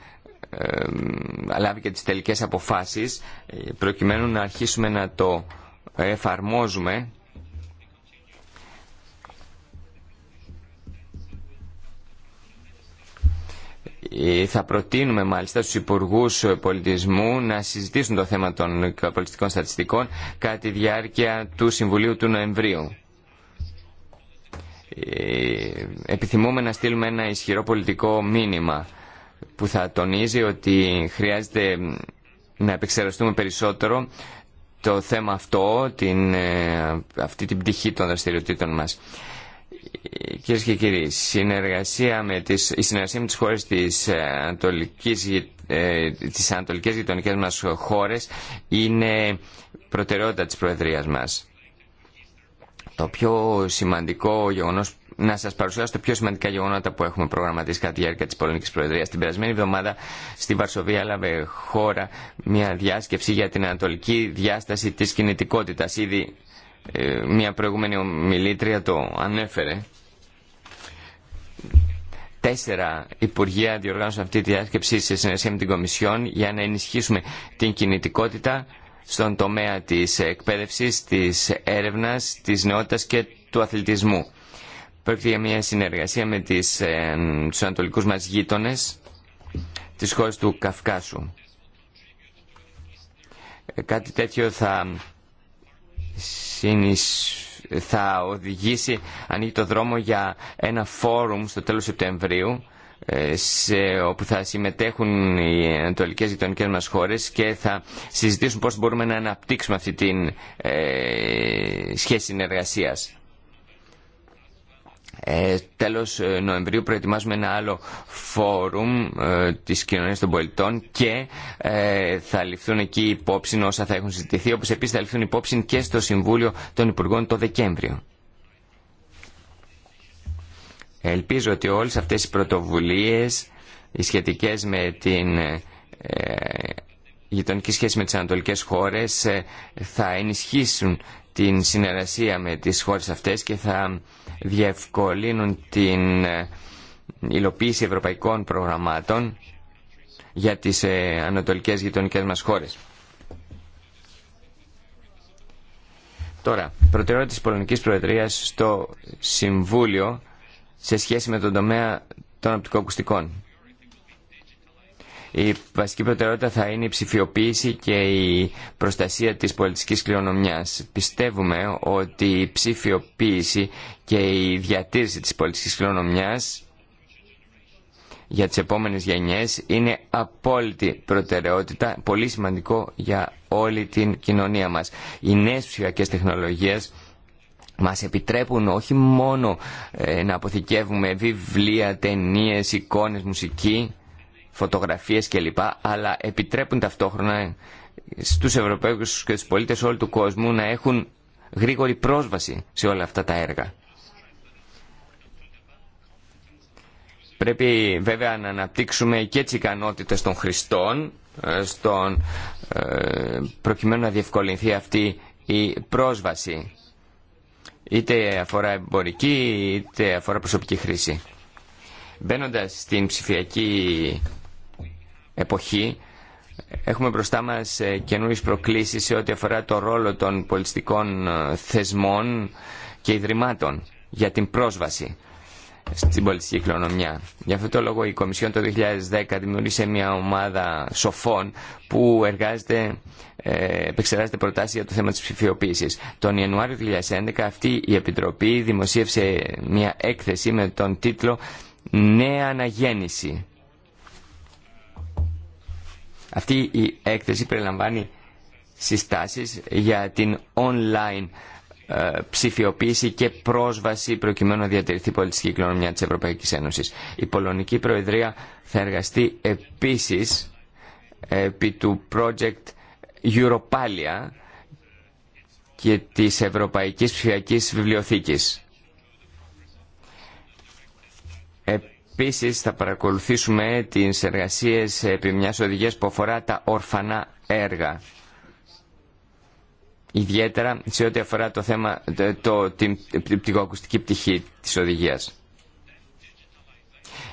Speaker 4: λάβει και τις τελικές αποφάσεις προκειμένου να αρχίσουμε να το εφαρμόζουμε Ε, θα προτείνουμε μάλιστα στους υπουργού πολιτισμού να συζητήσουν το θέμα των πολιτιστικών στατιστικών κατά τη διάρκεια του Συμβουλίου του Νοεμβρίου. Ε, επιθυμούμε να στείλουμε ένα ισχυρό πολιτικό μήνυμα που θα τονίζει ότι χρειάζεται να επεξεργαστούμε περισσότερο το θέμα αυτό, την, ε, αυτή την πτυχή των δραστηριοτήτων μας. Κυρίε και κύριοι, συνεργασία με τις, η συνεργασία με τις χώρες της ανατολικής, ε, τις ανατολικές γειτονικές μας χώρες είναι προτεραιότητα της Προεδρίας μας. Το πιο σημαντικό γεγονός, να σας παρουσιάσω τα πιο σημαντικά γεγονότα που έχουμε προγραμματίσει κατά τη διάρκεια της Πολωνικής Προεδρίας. Την περασμένη εβδομάδα στη Βαρσοβία έλαβε χώρα μια διάσκεψη για την ανατολική διάσταση της κινητικότητας. Ήδη ε, μια προηγούμενη ομιλήτρια το ανέφερε. Τέσσερα Υπουργεία διοργάνωσαν αυτή τη διάσκεψη σε συνεργασία με την Κομισιόν για να ενισχύσουμε την κινητικότητα στον τομέα της εκπαίδευσης, της έρευνας, της νεότητας και του αθλητισμού. Πρόκειται για μια συνεργασία με τις, ε, τους ανατολικούς μας γείτονες της χώρας του Καυκάσου. Ε, κάτι τέτοιο θα θα οδηγήσει, ανοίγει το δρόμο για ένα φόρουμ στο τέλος Σεπτεμβρίου ε, σε, όπου θα συμμετέχουν οι ανατολικές γειτονικές μας χώρες και θα συζητήσουν πώς μπορούμε να αναπτύξουμε αυτή τη ε, σχέση συνεργασίας. Ε, τέλος ε, Νοεμβρίου προετοιμάζουμε ένα άλλο φόρουμ ε, της κοινωνίας των πολιτών και ε, θα ληφθούν εκεί υπόψη όσα θα έχουν συζητηθεί όπως επίσης θα ληφθούν υπόψη και στο Συμβούλιο των Υπουργών το Δεκέμβριο. Ελπίζω ότι όλες αυτές οι πρωτοβουλίες οι σχετικές με την ε, γειτονική σχέση με τις ανατολικές χώρες θα ενισχύσουν την συνεργασία με τις χώρες αυτές και θα διευκολύνουν την ε, υλοποίηση ευρωπαϊκών προγραμμάτων για τις ε, ανατολικές γειτονικές μας χώρες. Τώρα, προτεραιότητα της Πολωνικής Προεδρίας στο Συμβούλιο σε σχέση με τον τομέα των οπτικοακουστικών. Η βασική προτεραιότητα θα είναι η ψηφιοποίηση και η προστασία της πολιτικής κληρονομιάς. Πιστεύουμε ότι η ψηφιοποίηση και η διατήρηση της πολιτικής κληρονομιάς για τις επόμενες γενιές είναι απόλυτη προτεραιότητα, πολύ σημαντικό για όλη την κοινωνία μας. Οι νέες ψηφιακές τεχνολογίες μας επιτρέπουν όχι μόνο ε, να αποθηκεύουμε βιβλία, ταινίες, εικόνες, μουσική, φωτογραφίες κλπ. Αλλά επιτρέπουν ταυτόχρονα στους Ευρωπαίους και στους πολίτες όλου του κόσμου να έχουν γρήγορη πρόσβαση σε όλα αυτά τα έργα. Πρέπει βέβαια να αναπτύξουμε και τις ικανότητες των χρηστών ε, στον, ε, προκειμένου να διευκολυνθεί αυτή η πρόσβαση είτε αφορά εμπορική είτε αφορά προσωπική χρήση. Μπαίνοντα στην ψηφιακή εποχή. Έχουμε μπροστά μας ε, καινούριες προκλήσεις σε ό,τι αφορά το ρόλο των πολιτιστικών ε, θεσμών και ιδρυμάτων για την πρόσβαση στην πολιτική κληρονομιά. Γι' αυτό τον λόγο η Κομισιόν το 2010 δημιούργησε μια ομάδα σοφών που εργάζεται, ε, επεξεργάζεται προτάσεις για το θέμα της ψηφιοποίησης. Τον Ιανουάριο 2011 αυτή η Επιτροπή δημοσίευσε μια έκθεση με τον τίτλο «Νέα Αναγέννηση» Αυτή η έκθεση περιλαμβάνει συστάσεις για την online ε, ψηφιοποίηση και πρόσβαση προκειμένου να διατηρηθεί η πολιτιστική κληρονομιά της Ευρωπαϊκής Ένωσης. Η Πολωνική Προεδρία θα εργαστεί επίσης επί του project Europalia και της Ευρωπαϊκής Ψηφιακής Βιβλιοθήκης. Επίσης θα παρακολουθήσουμε τις εργασίες επί μιας οδηγίας που αφορά τα ορφανά έργα. Ιδιαίτερα σε ό,τι αφορά το θέμα, το, το, την πτυχοακουστική πτυχή της οδηγίας.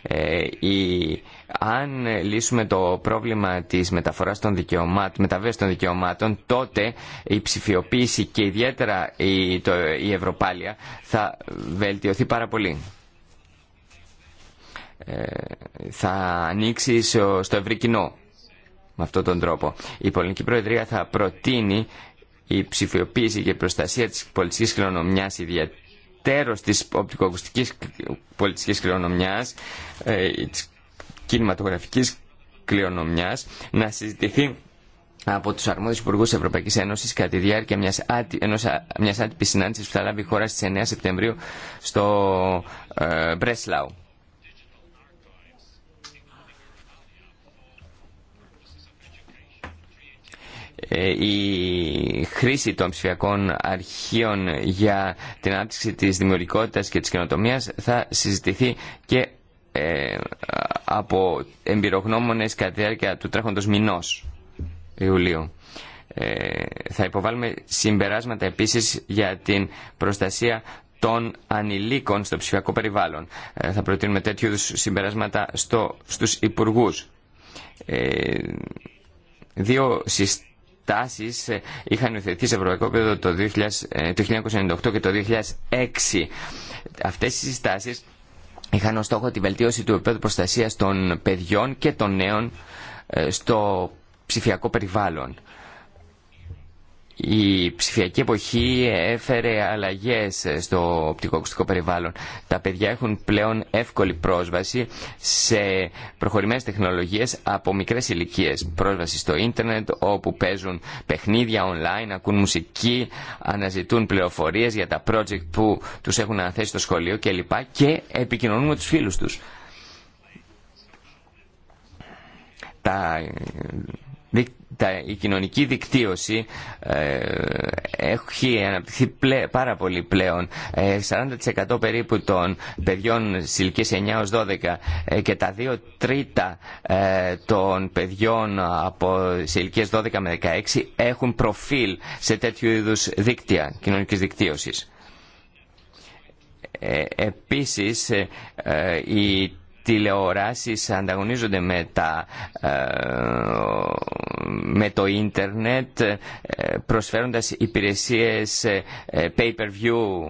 Speaker 4: Ε, η, αν λύσουμε το πρόβλημα της μεταφοράς των δικαιωμάτων, μεταβέ των δικαιωμάτων, τότε η ψηφιοποίηση και ιδιαίτερα η, το, η Ευρωπάλια θα βελτιωθεί πάρα πολύ. Ε, θα ανοίξει στο ευρύ κοινό με αυτόν τον τρόπο. Η πολιτική Προεδρία θα προτείνει η ψηφιοποίηση και η προστασία της πολιτικής κληρονομιάς ιδιαίτερος της οπτικοακουστικής πολιτικής κληρονομιάς ε, της κινηματογραφικής κληρονομιάς να συζητηθεί από τους αρμόδιους υπουργού της Ευρωπαϊκής Ένωσης κατά τη διάρκεια μιας, άτι, ενός, μιας άτυπης συνάντησης που θα λάβει η χώρα στις 9 Σεπτεμβρίου στο ε, Μπρέσλαου. Ε, η χρήση των ψηφιακών αρχείων για την ανάπτυξη της δημιουργικότητας και της καινοτομίας θα συζητηθεί και ε, από εμπειρογνώμονες κατά τη διάρκεια του τρέχοντος μηνός Ιουλίου. Ε, θα υποβάλουμε συμπεράσματα επίσης για την προστασία των ανηλίκων στο ψηφιακό περιβάλλον. θα προτείνουμε τέτοιου συμπεράσματα στο, στους υπουργούς. δύο συστήματα τάσει ε, είχαν υιοθετηθεί σε ευρωπαϊκό επίπεδο το, ε, το 1998 και το 2006. Αυτές οι συστάσει είχαν ως στόχο τη βελτίωση του επίπεδου προστασία των παιδιών και των νέων ε, στο ψηφιακό περιβάλλον. Η ψηφιακή εποχή έφερε αλλαγές στο οπτικοακουστικό περιβάλλον. Τα παιδιά έχουν πλέον εύκολη πρόσβαση σε προχωρημένες τεχνολογίες από μικρές ηλικίε. Πρόσβαση στο ίντερνετ όπου παίζουν παιχνίδια online, ακούν μουσική, αναζητούν πληροφορίες για τα project που τους έχουν αναθέσει στο σχολείο κλπ. Και επικοινωνούν με τους φίλους τους η κοινωνική δικτύωση ε, έχει αναπτυχθεί πάρα πολύ πλέον. 40% ε, περίπου των παιδιών σε ηλικίες 9 12 ε, και τα 2 τρίτα των παιδιών από, σε ηλικίες 12 με 16 έχουν προφίλ σε τέτοιου είδους δίκτυα κοινωνικής δικτύωσης. Επίσης, η τηλεοράσεις ανταγωνίζονται με, τα, ε, με το ίντερνετ ε, προσφέροντας υπηρεσίες ε, pay-per-view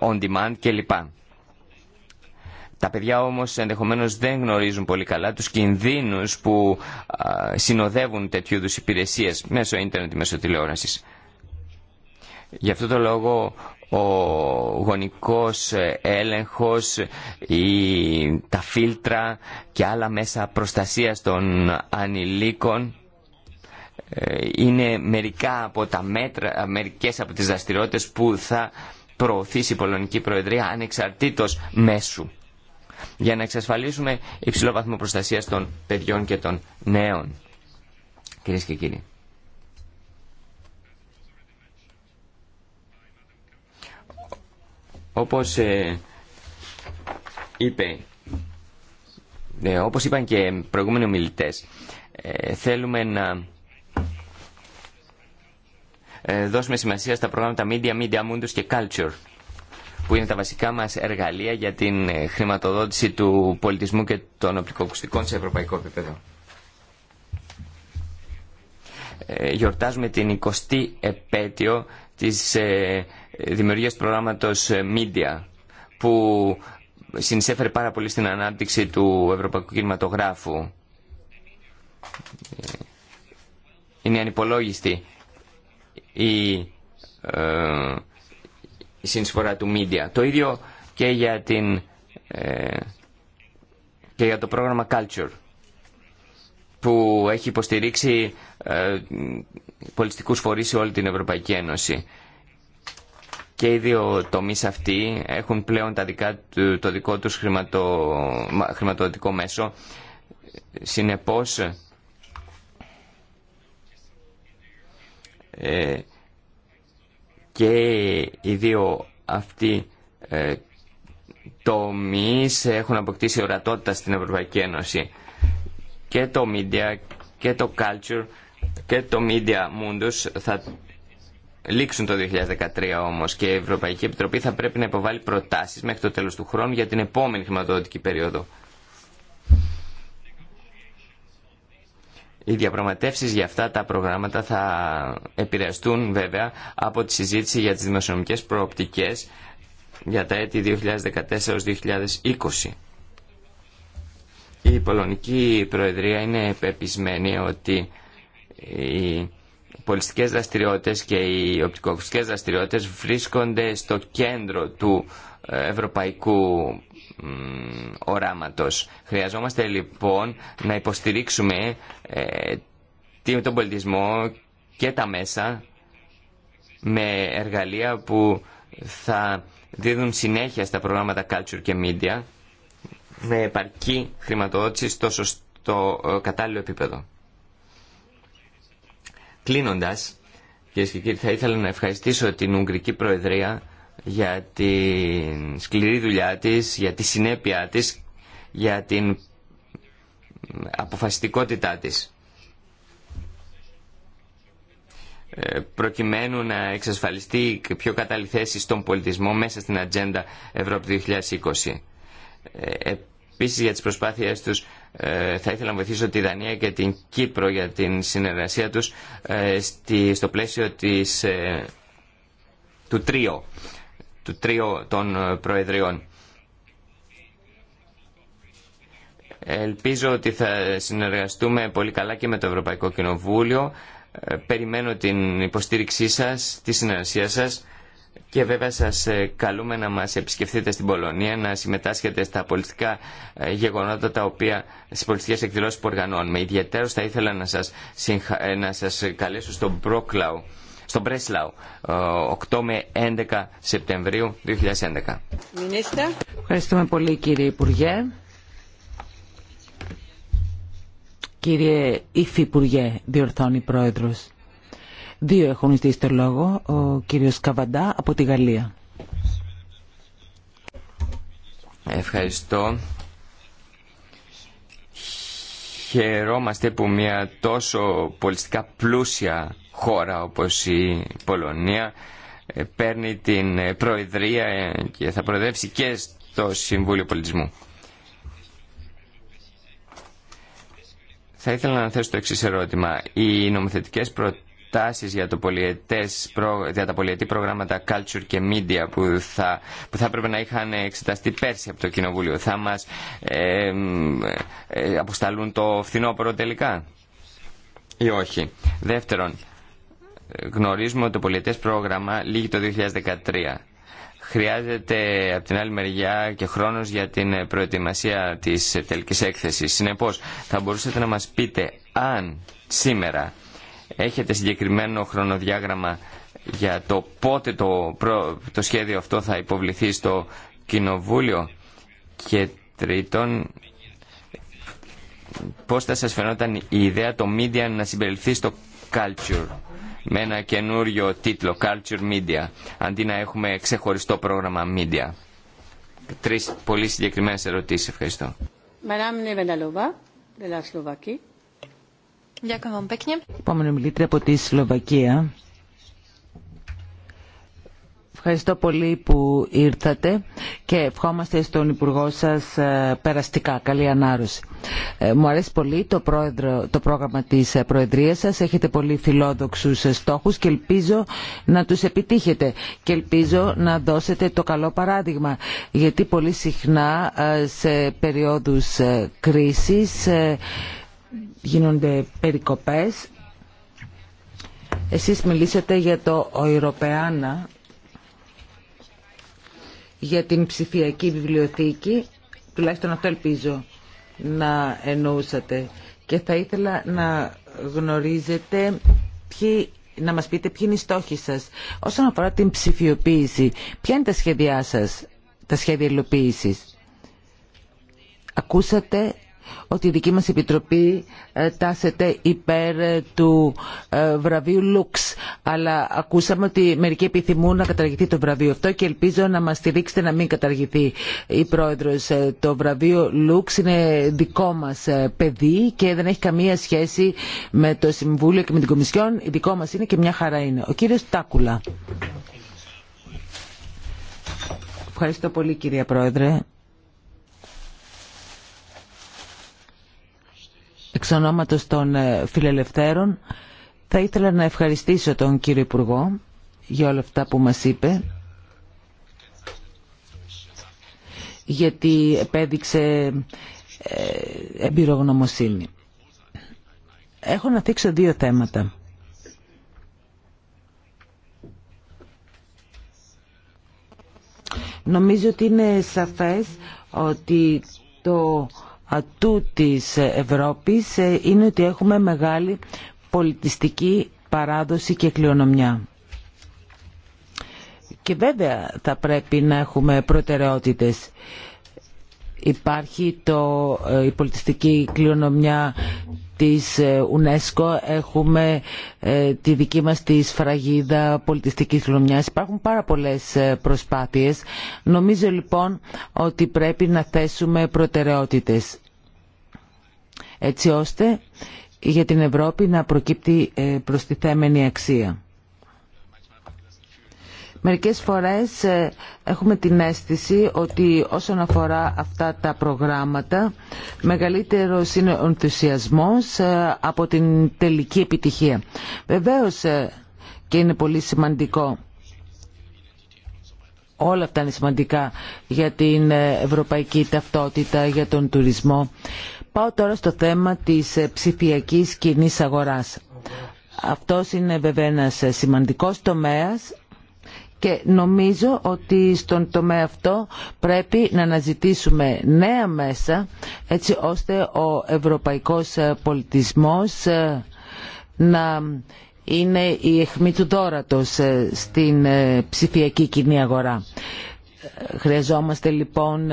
Speaker 4: on demand κλπ. Τα παιδιά όμως ενδεχομένως δεν γνωρίζουν πολύ καλά τους κινδύνους που συνοδεύουν τέτοιου είδους υπηρεσίες μέσω ίντερνετ ή μέσω τηλεόρασης. Γι' αυτό το λόγο ο γονικός έλεγχος, η, τα φίλτρα και άλλα μέσα προστασίας των ανηλίκων ε, είναι μερικά από τα μέτρα, μερικές από τις δραστηριότητες που θα προωθήσει η Πολωνική Προεδρία ανεξαρτήτως μέσου για να εξασφαλίσουμε υψηλό βαθμό προστασίας των παιδιών και των νέων. Κυρίες και κύριοι. Όπως ε, είπε, ε, όπως είπαν και προηγούμενοι ομιλητές, ε, θέλουμε να δώσουμε σημασία στα προγράμματα Media, Media Mundus και Culture που είναι τα βασικά μας εργαλεία για την χρηματοδότηση του πολιτισμού και των οπτικοακουστικών σε ευρωπαϊκό επίπεδο. Γιορτάζουμε την 20η επέτειο της ε, δημιουργίας του προγράμματος ε, Media που συνεισέφερε πάρα πολύ στην ανάπτυξη του ευρωπαϊκού κινηματογράφου. Ε, είναι ανυπολόγιστη η, ε, συνεισφορά του Media. Το ίδιο και για, την, και για το πρόγραμμα Culture που έχει υποστηρίξει πολιτιστικού φορείς σε όλη την Ευρωπαϊκή Ένωση. Και οι δύο τομεί αυτοί έχουν πλέον τα δικά, το δικό τους χρηματο, χρηματοδοτικό μέσο. Συνεπώς, ε, και οι δύο αυτοί ε, τομείς έχουν αποκτήσει ορατότητα στην Ευρωπαϊκή Ένωση. Και το media και το culture και το Media Mundus θα λήξουν το 2013 όμως και η Ευρωπαϊκή Επιτροπή θα πρέπει να υποβάλει προτάσεις μέχρι το τέλος του χρόνου για την επόμενη χρηματοδοτική περίοδο. Οι διαπραγματεύσεις για αυτά τα προγράμματα θα επηρεαστούν βέβαια από τη συζήτηση για τις δημοσιονομικές προοπτικές για τα έτη 2014-2020. Η Πολωνική Προεδρία είναι πεπισμένη ότι οι πολιτικές δραστηριότητες και οι οπτικοακουστικές δραστηριότητες βρίσκονται στο κέντρο του ε, ευρωπαϊκού οράματος. Χρειαζόμαστε λοιπόν να υποστηρίξουμε ε, τον πολιτισμό και τα μέσα με εργαλεία που θα δίδουν συνέχεια στα προγράμματα culture και media με επαρκή χρηματοδότηση στο, στο ε, κατάλληλο επίπεδο. Κλείνοντα, κυρίε και κύριοι, θα ήθελα να ευχαριστήσω την Ουγγρική Προεδρία για τη σκληρή δουλειά της, για τη συνέπειά της, για την αποφασιστικότητά της. Ε, προκειμένου να εξασφαλιστεί πιο κατάλληλη στον πολιτισμό μέσα στην ατζέντα Ευρώπη 2020. Ε, επίσης για τις προσπάθειές τους ε, θα ήθελα να βοηθήσω τη Δανία και την Κύπρο για την συνεργασία τους ε, στη, στο πλαίσιο της, ε, του τρίο του των προεδριών. Ελπίζω ότι θα συνεργαστούμε πολύ καλά και με το Ευρωπαϊκό Κοινοβούλιο. Περιμένω την υποστήριξή σας, τη συνεργασία σας και βέβαια σας ε, καλούμε να μας επισκεφθείτε στην Πολωνία, να συμμετάσχετε στα πολιτικά ε, γεγονότα τα οποία στις πολιτικές εκδηλώσεις που οργανώνουμε. Ιδιαίτερως θα ήθελα να σας, ε, να σας καλέσω στον Πρέσλαο στον 8 με 11 Σεπτεμβρίου 2011.
Speaker 1: Ευχαριστούμε πολύ κύριε Υπουργέ. Κύριε Υφυπουργέ, διορθώνει Πρόεδρος. Δύο έχουν ζητήσει το λόγο. Ο κύριος Καβαντά από τη Γαλλία.
Speaker 4: Ευχαριστώ. Χαιρόμαστε που μια τόσο πολιτικά πλούσια χώρα όπως η Πολωνία ε, παίρνει την προεδρία ε, και θα προεδρεύσει και στο Συμβούλιο Πολιτισμού. Θα ήθελα να θέσω το εξή ερώτημα. Οι νομοθετικές προτάσεις τάσεις για, το για τα πολιετή προγράμματα Culture και Media που θα, που θα έπρεπε να είχαν εξεταστεί πέρσι από το Κοινοβούλιο. Θα μας ε, αποσταλούν το φθινόπωρο τελικά ή όχι. Δεύτερον, γνωρίζουμε ότι το πολιετές πρόγραμμα λύγει το 2013. Χρειάζεται από την άλλη μεριά και χρόνος για την προετοιμασία της τελικής έκθεσης. Συνεπώς, θα μπορούσατε να μας πείτε αν σήμερα Έχετε συγκεκριμένο χρονοδιάγραμμα για το πότε το, το σχέδιο αυτό θα υποβληθεί στο Κοινοβούλιο και τρίτον πώς θα σας φαινόταν η ιδέα το media να συμπεριληφθεί στο culture με ένα καινούριο τίτλο culture media αντί να έχουμε ξεχωριστό πρόγραμμα media τρεις πολύ συγκεκριμένες ερωτήσεις ευχαριστώ
Speaker 3: Madame Nevenalova,
Speaker 1: Επόμενη μιλήτρια από τη Σλοβακία. Ευχαριστώ πολύ που ήρθατε και ευχόμαστε στον Υπουργό σας ε, περαστικά. Καλή ανάρρωση. Ε, μου αρέσει πολύ το, το πρόγραμμα της ε, Προεδρίας σας. Έχετε πολύ φιλόδοξους στόχους και ελπίζω να τους επιτύχετε. Και ελπίζω να δώσετε το καλό παράδειγμα. Γιατί πολύ συχνά σε περίοδους κρίσης γίνονται περικοπές. Εσείς μιλήσατε για το Ευρωπαίανα, για την ψηφιακή βιβλιοθήκη, τουλάχιστον αυτό ελπίζω να εννοούσατε. Και θα ήθελα να γνωρίζετε ποιοι να μας πείτε ποιοι είναι οι στόχοι σας όσον αφορά την ψηφιοποίηση. Ποια είναι τα σχέδιά σας, τα σχέδια υλοποίησης. Ακούσατε ότι η δική μας Επιτροπή ε, τάσεται υπέρ ε, του ε, βραβείου Λουξ. Αλλά ακούσαμε ότι μερικοί επιθυμούν να καταργηθεί το βραβείο αυτό και ελπίζω να μας στηρίξετε να μην καταργηθεί η Πρόεδρος. Το βραβείο Λουξ είναι δικό μας παιδί και δεν έχει καμία σχέση με το Συμβούλιο και με την Κομισιόν. Η δικό μας είναι και μια χαρά είναι. Ο κύριος Τάκουλα. Ευχαριστώ πολύ κυρία Πρόεδρε. Εξ ονόματος των ε, φιλελευθέρων θα ήθελα να ευχαριστήσω τον κύριο Υπουργό για όλα αυτά που μας είπε γιατί επέδειξε ε, εμπειρογνωμοσύνη. Έχω να θίξω δύο θέματα. Νομίζω ότι είναι σαφές ότι το ατού της Ευρώπης ε, είναι ότι έχουμε μεγάλη πολιτιστική παράδοση και κληρονομιά. Και βέβαια θα πρέπει να έχουμε προτεραιότητες. Υπάρχει το, ε, η πολιτιστική κληρονομιά της ε, UNESCO, έχουμε ε, τη δική μας τη σφραγίδα πολιτιστικής λουμιάς. Υπάρχουν πάρα πολλές ε, προσπάθειες. Νομίζω λοιπόν ότι πρέπει να θέσουμε προτεραιότητες έτσι ώστε για την Ευρώπη να προκύπτει προστιθέμενη αξία. Μερικές φορές ε, έχουμε την αίσθηση ότι όσον αφορά αυτά τα προγράμματα μεγαλύτερος είναι ο ενθουσιασμός ε, από την τελική επιτυχία. Βεβαίως ε, και είναι πολύ σημαντικό όλα αυτά είναι σημαντικά για την ευρωπαϊκή ταυτότητα, για τον τουρισμό. Πάω τώρα στο θέμα της ψηφιακής κοινή αγοράς. Αυτός είναι βέβαια ένας σημαντικός τομέας και νομίζω ότι στον τομέα αυτό πρέπει να αναζητήσουμε νέα μέσα έτσι ώστε ο ευρωπαϊκός πολιτισμός ε, να είναι η αιχμή του δόρατος ε, στην ε, ψηφιακή κοινή αγορά. Χρειαζόμαστε λοιπόν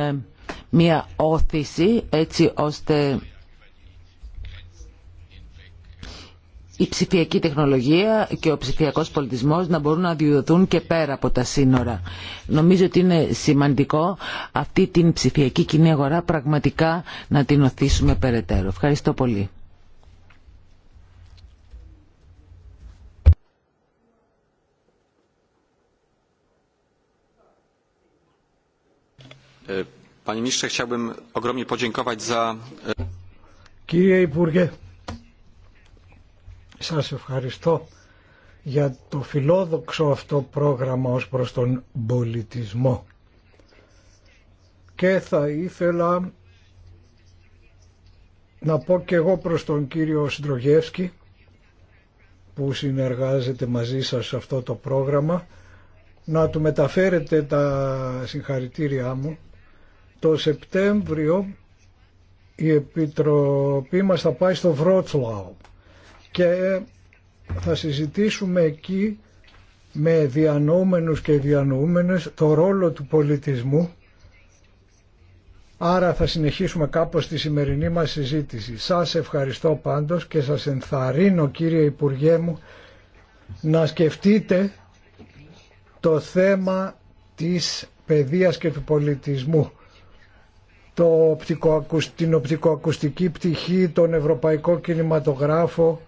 Speaker 1: μία όθηση έτσι ώστε η ψηφιακή τεχνολογία και ο ψηφιακός πολιτισμός να μπορούν να διοδοθούν και πέρα από τα σύνορα. Νομίζω ότι είναι σημαντικό αυτή την ψηφιακή κοινή αγορά πραγματικά να την οθήσουμε περαιτέρω. Ευχαριστώ πολύ.
Speaker 4: Ε,
Speaker 2: σας ευχαριστώ για το φιλόδοξο αυτό πρόγραμμα ως προς τον πολιτισμό. Και θα ήθελα να πω και εγώ προς τον κύριο Συντρογεύσκη που συνεργάζεται μαζί σας σε αυτό το πρόγραμμα να του μεταφέρετε τα συγχαρητήριά μου. Το Σεπτέμβριο η Επιτροπή μας θα πάει στο Βρότσλαου και θα συζητήσουμε εκεί με διανοούμενους και διανοούμενες το ρόλο του πολιτισμού Άρα θα συνεχίσουμε κάπως τη σημερινή μας συζήτηση. Σας ευχαριστώ πάντως και σας ενθαρρύνω κύριε Υπουργέ μου να σκεφτείτε το θέμα της παιδείας και του πολιτισμού. Το Την οπτικοακουστική πτυχή, τον ευρωπαϊκό κινηματογράφο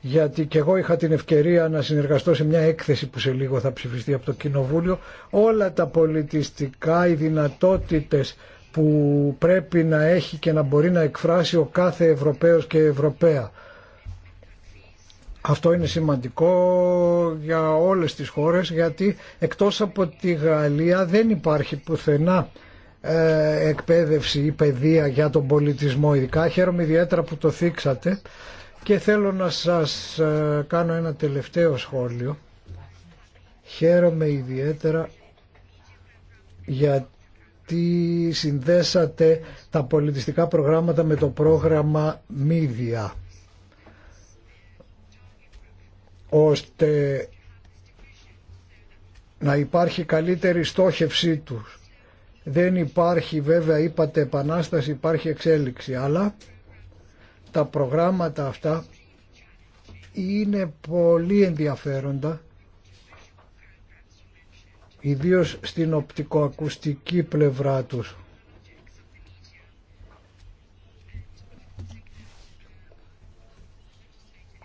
Speaker 2: γιατί και εγώ είχα την ευκαιρία να συνεργαστώ σε μια έκθεση που σε λίγο θα ψηφιστεί από το Κοινοβούλιο, όλα τα πολιτιστικά, οι δυνατότητες που πρέπει να έχει και να μπορεί να εκφράσει ο κάθε Ευρωπαίος και Ευρωπαία. Αυτό είναι σημαντικό για όλες τις χώρες γιατί εκτός από τη Γαλλία δεν υπάρχει πουθενά ε, εκπαίδευση ή παιδεία για τον πολιτισμό ειδικά. Χαίρομαι ιδιαίτερα που το θίξατε και θέλω να σας ε, κάνω ένα τελευταίο σχόλιο. Χαίρομαι ιδιαίτερα γιατί συνδέσατε τα πολιτιστικά προγράμματα με το πρόγραμμα Μίδια ώστε να υπάρχει καλύτερη στόχευσή τους. Δεν υπάρχει βέβαια είπατε επανάσταση, υπάρχει εξέλιξη, αλλά τα προγράμματα αυτά είναι πολύ ενδιαφέροντα ιδίως στην οπτικοακουστική πλευρά τους.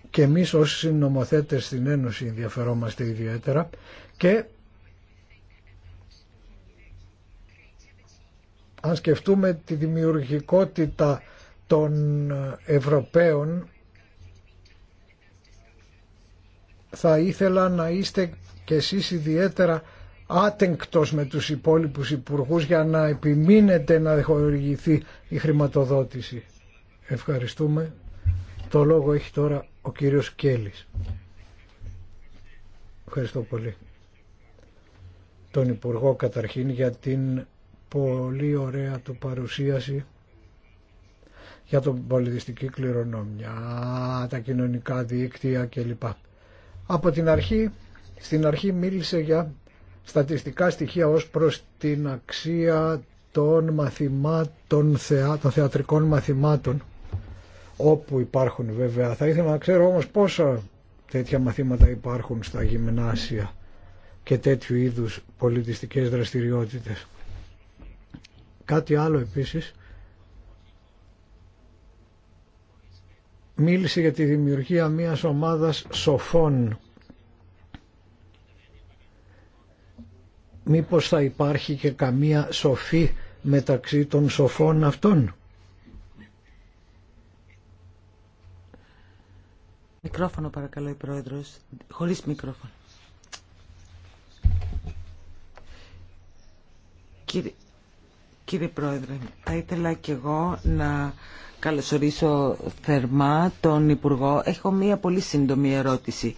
Speaker 2: Και εμείς ως συνομοθέτες στην Ένωση ενδιαφερόμαστε ιδιαίτερα και αν σκεφτούμε τη δημιουργικότητα των Ευρωπαίων θα ήθελα να είστε και εσείς ιδιαίτερα άτεγκτος με τους υπόλοιπους υπουργούς για να επιμείνετε να χορηγηθεί η χρηματοδότηση. Ευχαριστούμε. Το λόγο έχει τώρα ο κύριος Κέλλης. Ευχαριστώ πολύ τον Υπουργό καταρχήν για την πολύ ωραία του παρουσίαση για τον πολιτιστική κληρονομιά, τα κοινωνικά δίκτυα κλπ. Από την αρχή, στην αρχή μίλησε για στατιστικά στοιχεία ως προς την αξία των μαθημάτων, των θεατρικών μαθημάτων όπου υπάρχουν βέβαια. Θα ήθελα να ξέρω όμως πόσα τέτοια μαθήματα υπάρχουν στα γυμνάσια και τέτοιου είδους πολιτιστικές δραστηριότητες. Κάτι άλλο επίσης μίλησε για τη δημιουργία μιας ομάδας σοφών. Μήπως θα υπάρχει και καμία σοφή μεταξύ των σοφών αυτών.
Speaker 1: Μικρόφωνο παρακαλώ η Πρόεδρος, χωρίς μικρόφωνο. Κύριε, κύριε Πρόεδρε, θα ήθελα και εγώ να καλωσορίσω θερμά τον Υπουργό. Έχω μία πολύ σύντομη ερώτηση.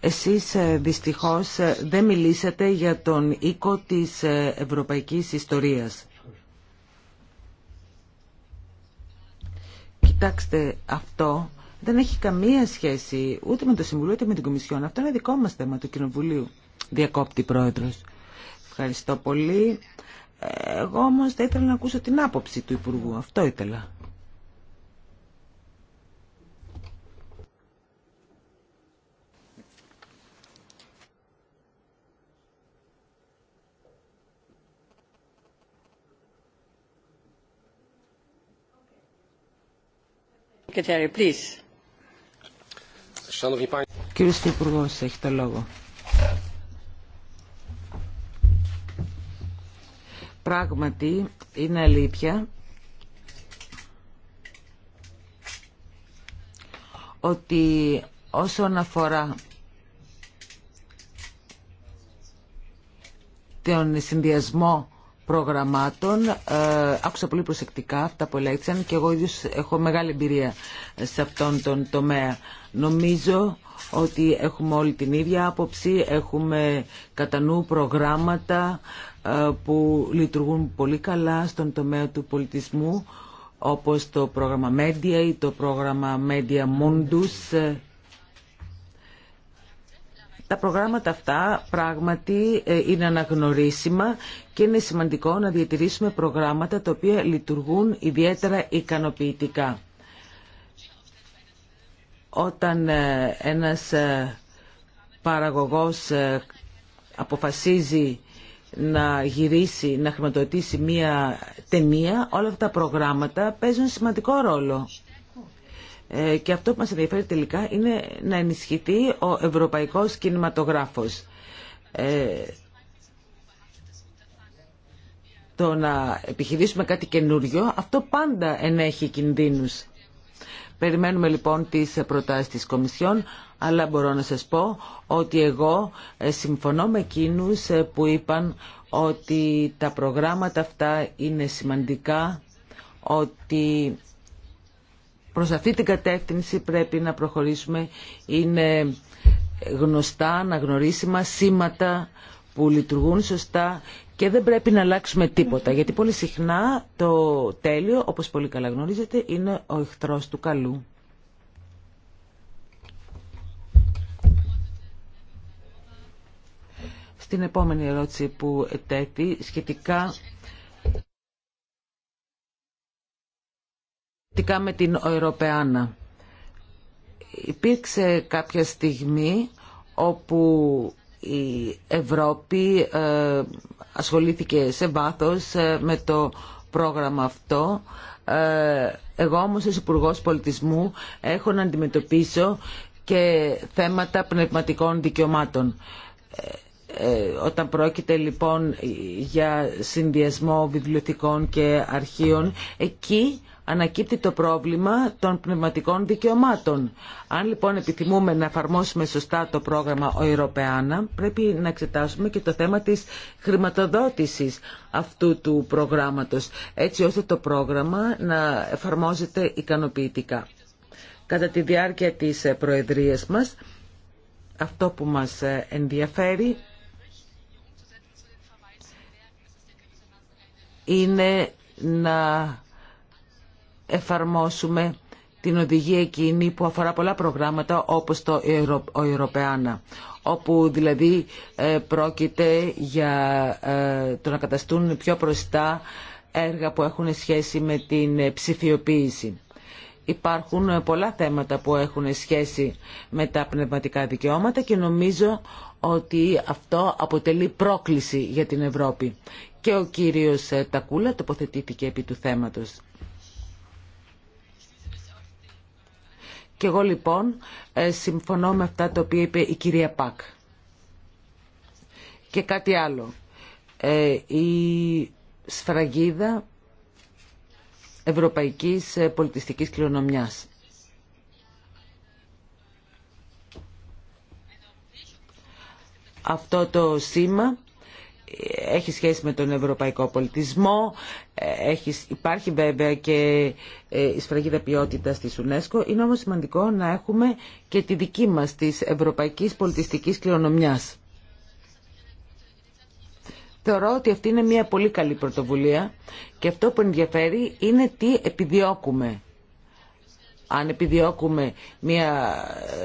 Speaker 1: Εσείς ε, δυστυχώς ε, δεν μιλήσατε για τον οίκο της ε, ευρωπαϊκής ιστορίας. Κοιτάξτε, αυτό δεν έχει καμία σχέση ούτε με το Συμβουλίο ούτε με την Κομισιόν. Αυτό είναι δικό μας θέμα του Κοινοβουλίου. Διακόπτη Πρόεδρος. Ευχαριστώ πολύ. Εγώ όμως θα ήθελα να ακούσω την άποψη του Υπουργού. Αυτό ήθελα. Κύριε Υπουργό, έχει το λόγο. Πράγματι, είναι αλήθεια ότι όσον αφορά τον συνδυασμό προγραμμάτων. Ε, άκουσα πολύ προσεκτικά αυτά που ελέγξαν και εγώ ίδιος έχω μεγάλη εμπειρία σε αυτόν τον τομέα. Νομίζω ότι έχουμε όλη την ίδια άποψη, έχουμε κατά νου προγράμματα ε, που λειτουργούν πολύ καλά στον τομέα του πολιτισμού όπως το πρόγραμμα Media ή το πρόγραμμα Media Mundus ε, τα προγράμματα αυτά πράγματι ε, είναι αναγνωρίσιμα και είναι σημαντικό να διατηρήσουμε προγράμματα τα οποία λειτουργούν ιδιαίτερα ικανοποιητικά. Όταν ε, ένας ε, παραγωγός αποφασίζει να γυρίσει, να χρηματοδοτήσει μία ταινία, όλα αυτά τα προγράμματα παίζουν σημαντικό ρόλο. Ε, και αυτό που μας ενδιαφέρει τελικά είναι να ενισχυθεί ο ευρωπαϊκός κινηματογράφος. Ε, το να επιχειρήσουμε κάτι καινούριο, αυτό πάντα ενέχει κινδύνους. Περιμένουμε λοιπόν τις προτάσεις της Κομισιόν, αλλά μπορώ να σας πω ότι εγώ ε, συμφωνώ με εκείνους που είπαν ότι τα προγράμματα αυτά είναι σημαντικά, ότι Προς αυτή την κατεύθυνση πρέπει να προχωρήσουμε. Είναι γνωστά, αναγνωρίσιμα σήματα που λειτουργούν σωστά και δεν πρέπει να αλλάξουμε τίποτα. Γιατί πολύ συχνά το τέλειο, όπως πολύ καλά γνωρίζετε, είναι ο εχθρός του καλού. Στην επόμενη ερώτηση που ετέθη σχετικά Τικά με την Ευρωπαϊκή. Υπήρξε κάποια στιγμή όπου η Ευρώπη ε, ασχολήθηκε σε βάθος ε, με το πρόγραμμα αυτό. Ε, εγώ όμως ως υπουργό Πολιτισμού έχω να αντιμετωπίσω και θέματα πνευματικών δικαιωμάτων. Όταν πρόκειται λοιπόν για συνδυασμό βιβλιοθηκών και αρχείων, εκεί ανακύπτει το πρόβλημα των πνευματικών δικαιωμάτων. Αν λοιπόν επιθυμούμε να εφαρμόσουμε σωστά το πρόγραμμα Ευρωπαϊκά, πρέπει να εξετάσουμε και το θέμα της χρηματοδότησης αυτού του προγράμματος, έτσι ώστε το πρόγραμμα να εφαρμόζεται ικανοποιητικά. Κατά τη διάρκεια της προεδρίας μας, αυτό που μας ενδιαφέρει είναι να εφαρμόσουμε την οδηγία εκείνη που αφορά πολλά προγράμματα όπως το Ευρωπαϊκό, όπου δηλαδή ε, πρόκειται για ε, το να καταστούν πιο προστά έργα που έχουν σχέση με την ε, ψηφιοποίηση. Υπάρχουν πολλά θέματα που έχουν σχέση με τα πνευματικά δικαιώματα και νομίζω ότι αυτό αποτελεί πρόκληση για την Ευρώπη. Και ο κύριος Τακούλα τοποθετήθηκε επί του θέματος. Και εγώ λοιπόν ε, συμφωνώ με αυτά τα οποία είπε η κυρία Πακ. Και κάτι άλλο. Ε, η σφραγίδα ευρωπαϊκής ε, πολιτιστικής κληρονομιάς. Αυτό το σήμα έχει σχέση με τον ευρωπαϊκό πολιτισμό, ε, έχει, υπάρχει βέβαια και ε, η σφραγίδα ποιότητα τη UNESCO, είναι όμως σημαντικό να έχουμε και τη δική μας της ευρωπαϊκής πολιτιστικής κληρονομιάς. Θεωρώ ότι αυτή είναι μια πολύ καλή πρωτοβουλία και αυτό που ενδιαφέρει είναι τι επιδιώκουμε. Αν επιδιώκουμε μια,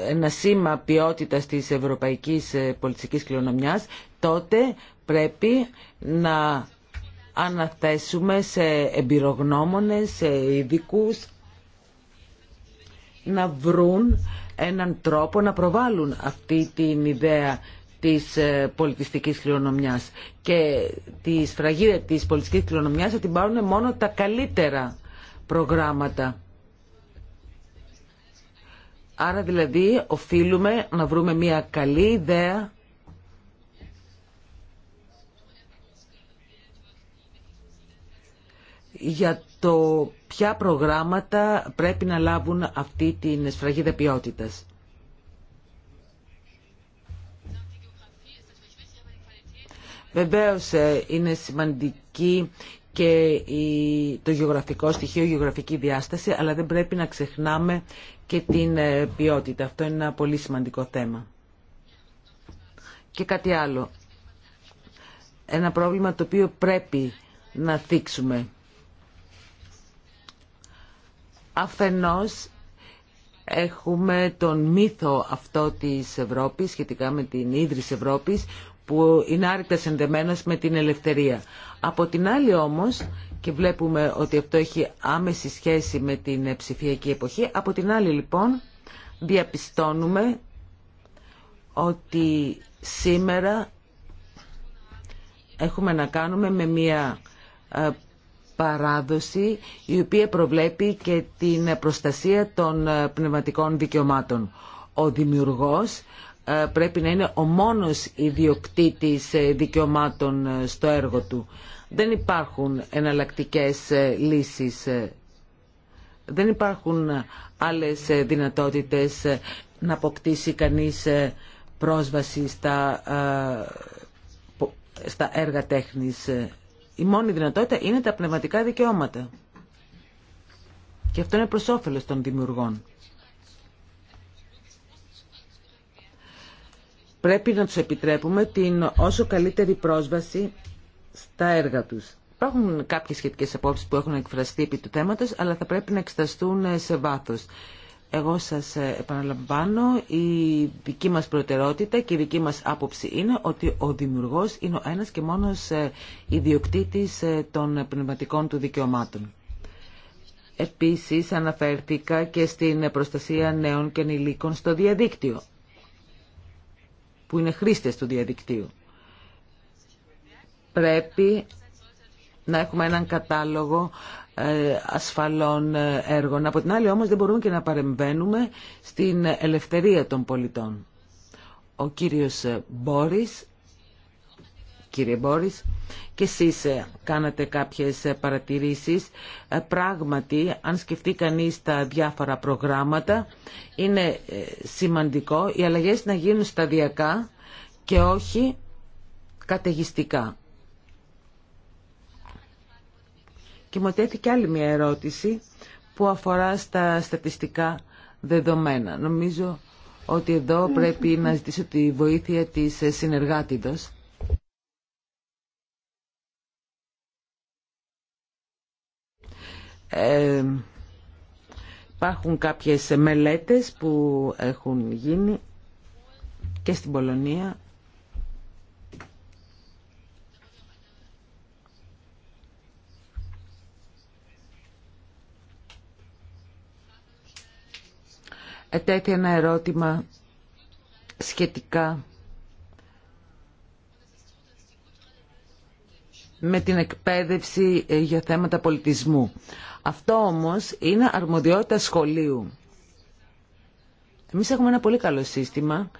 Speaker 1: ένα σήμα ποιότητας της ευρωπαϊκής ε, πολιτιστικής κληρονομιάς, τότε πρέπει να αναθέσουμε σε εμπειρογνώμονες, σε ειδικού να βρουν έναν τρόπο να προβάλλουν αυτή την ιδέα της ε, πολιτιστικής κληρονομιάς. Και τη σφραγίδα της πολιτιστικής κληρονομιάς θα την πάρουν μόνο τα καλύτερα προγράμματα. Άρα δηλαδή οφείλουμε να βρούμε μια καλή ιδέα για το ποια προγράμματα πρέπει να λάβουν αυτή την σφραγίδα ποιότητας. Βεβαίως ε, είναι σημαντική και το γεωγραφικό στοιχείο, η γεωγραφική διάσταση, αλλά δεν πρέπει να ξεχνάμε και την ε, ποιότητα. Αυτό είναι ένα πολύ σημαντικό θέμα. Και κάτι άλλο. Ένα πρόβλημα το οποίο πρέπει να θίξουμε. Αφενός έχουμε τον μύθο αυτό της Ευρώπης σχετικά με την ίδρυση Ευρώπης που είναι άρρηκτα συνδεμένος με την ελευθερία. Από την άλλη όμως, και βλέπουμε ότι αυτό έχει άμεση σχέση με την ψηφιακή εποχή, από την άλλη λοιπόν διαπιστώνουμε ότι σήμερα έχουμε να κάνουμε με μια ε, παράδοση η οποία προβλέπει και την προστασία των ε, πνευματικών δικαιωμάτων. Ο δημιουργός ε, πρέπει να είναι ο μόνος ιδιοκτήτης ε, δικαιωμάτων στο έργο του. Δεν υπάρχουν εναλλακτικές λύσεις. Δεν υπάρχουν άλλες δυνατότητες να αποκτήσει κανείς πρόσβαση στα, στα έργα τέχνης η μόνη δυνατότητα είναι τα πνευματικά δικαιώματα. Και αυτό είναι προς όφελος των δημιουργών. Πρέπει να τους επιτρέπουμε την όσο καλύτερη πρόσβαση στα έργα τους. Υπάρχουν κάποιες σχετικές απόψεις που έχουν εκφραστεί επί του θέματος, αλλά θα πρέπει να εξεταστούν σε βάθος. Εγώ σας ε, επαναλαμβάνω, η δική μας προτεραιότητα και η δική μας άποψη είναι ότι ο δημιουργός είναι ο ένας και μόνος ε, ιδιοκτήτης ε, των πνευματικών του δικαιωμάτων. Επίσης αναφέρθηκα και στην προστασία νέων και ενηλίκων στο διαδίκτυο, που είναι χρήστες του διαδικτύου. Πρέπει να έχουμε έναν κατάλογο ε, ασφαλών ε, έργων. Από την άλλη όμως δεν μπορούμε και να παρεμβαίνουμε στην ελευθερία των πολιτών. Ο κύριος ε, Μπόρις, κύριε Μπόρις, και εσείς κάνατε κάποιες παρατηρήσεις. Πράγματι, αν σκεφτεί κανείς τα διάφορα προγράμματα, είναι σημαντικό οι αλλαγές να γίνουν σταδιακά και όχι καταιγιστικά. Και μου τέθηκε άλλη μια ερώτηση που αφορά στα στατιστικά δεδομένα. Νομίζω ότι εδώ πρέπει να ζητήσω τη βοήθεια της συνεργάτητος. Ε, υπάρχουν κάποιες μελέτες που έχουν γίνει και στην Πολωνία ετέθη ένα ερώτημα σχετικά με την εκπαίδευση ε, για θέματα πολιτισμού. Αυτό όμως είναι αρμοδιότητα σχολείου. Εμείς έχουμε ένα πολύ καλό σύστημα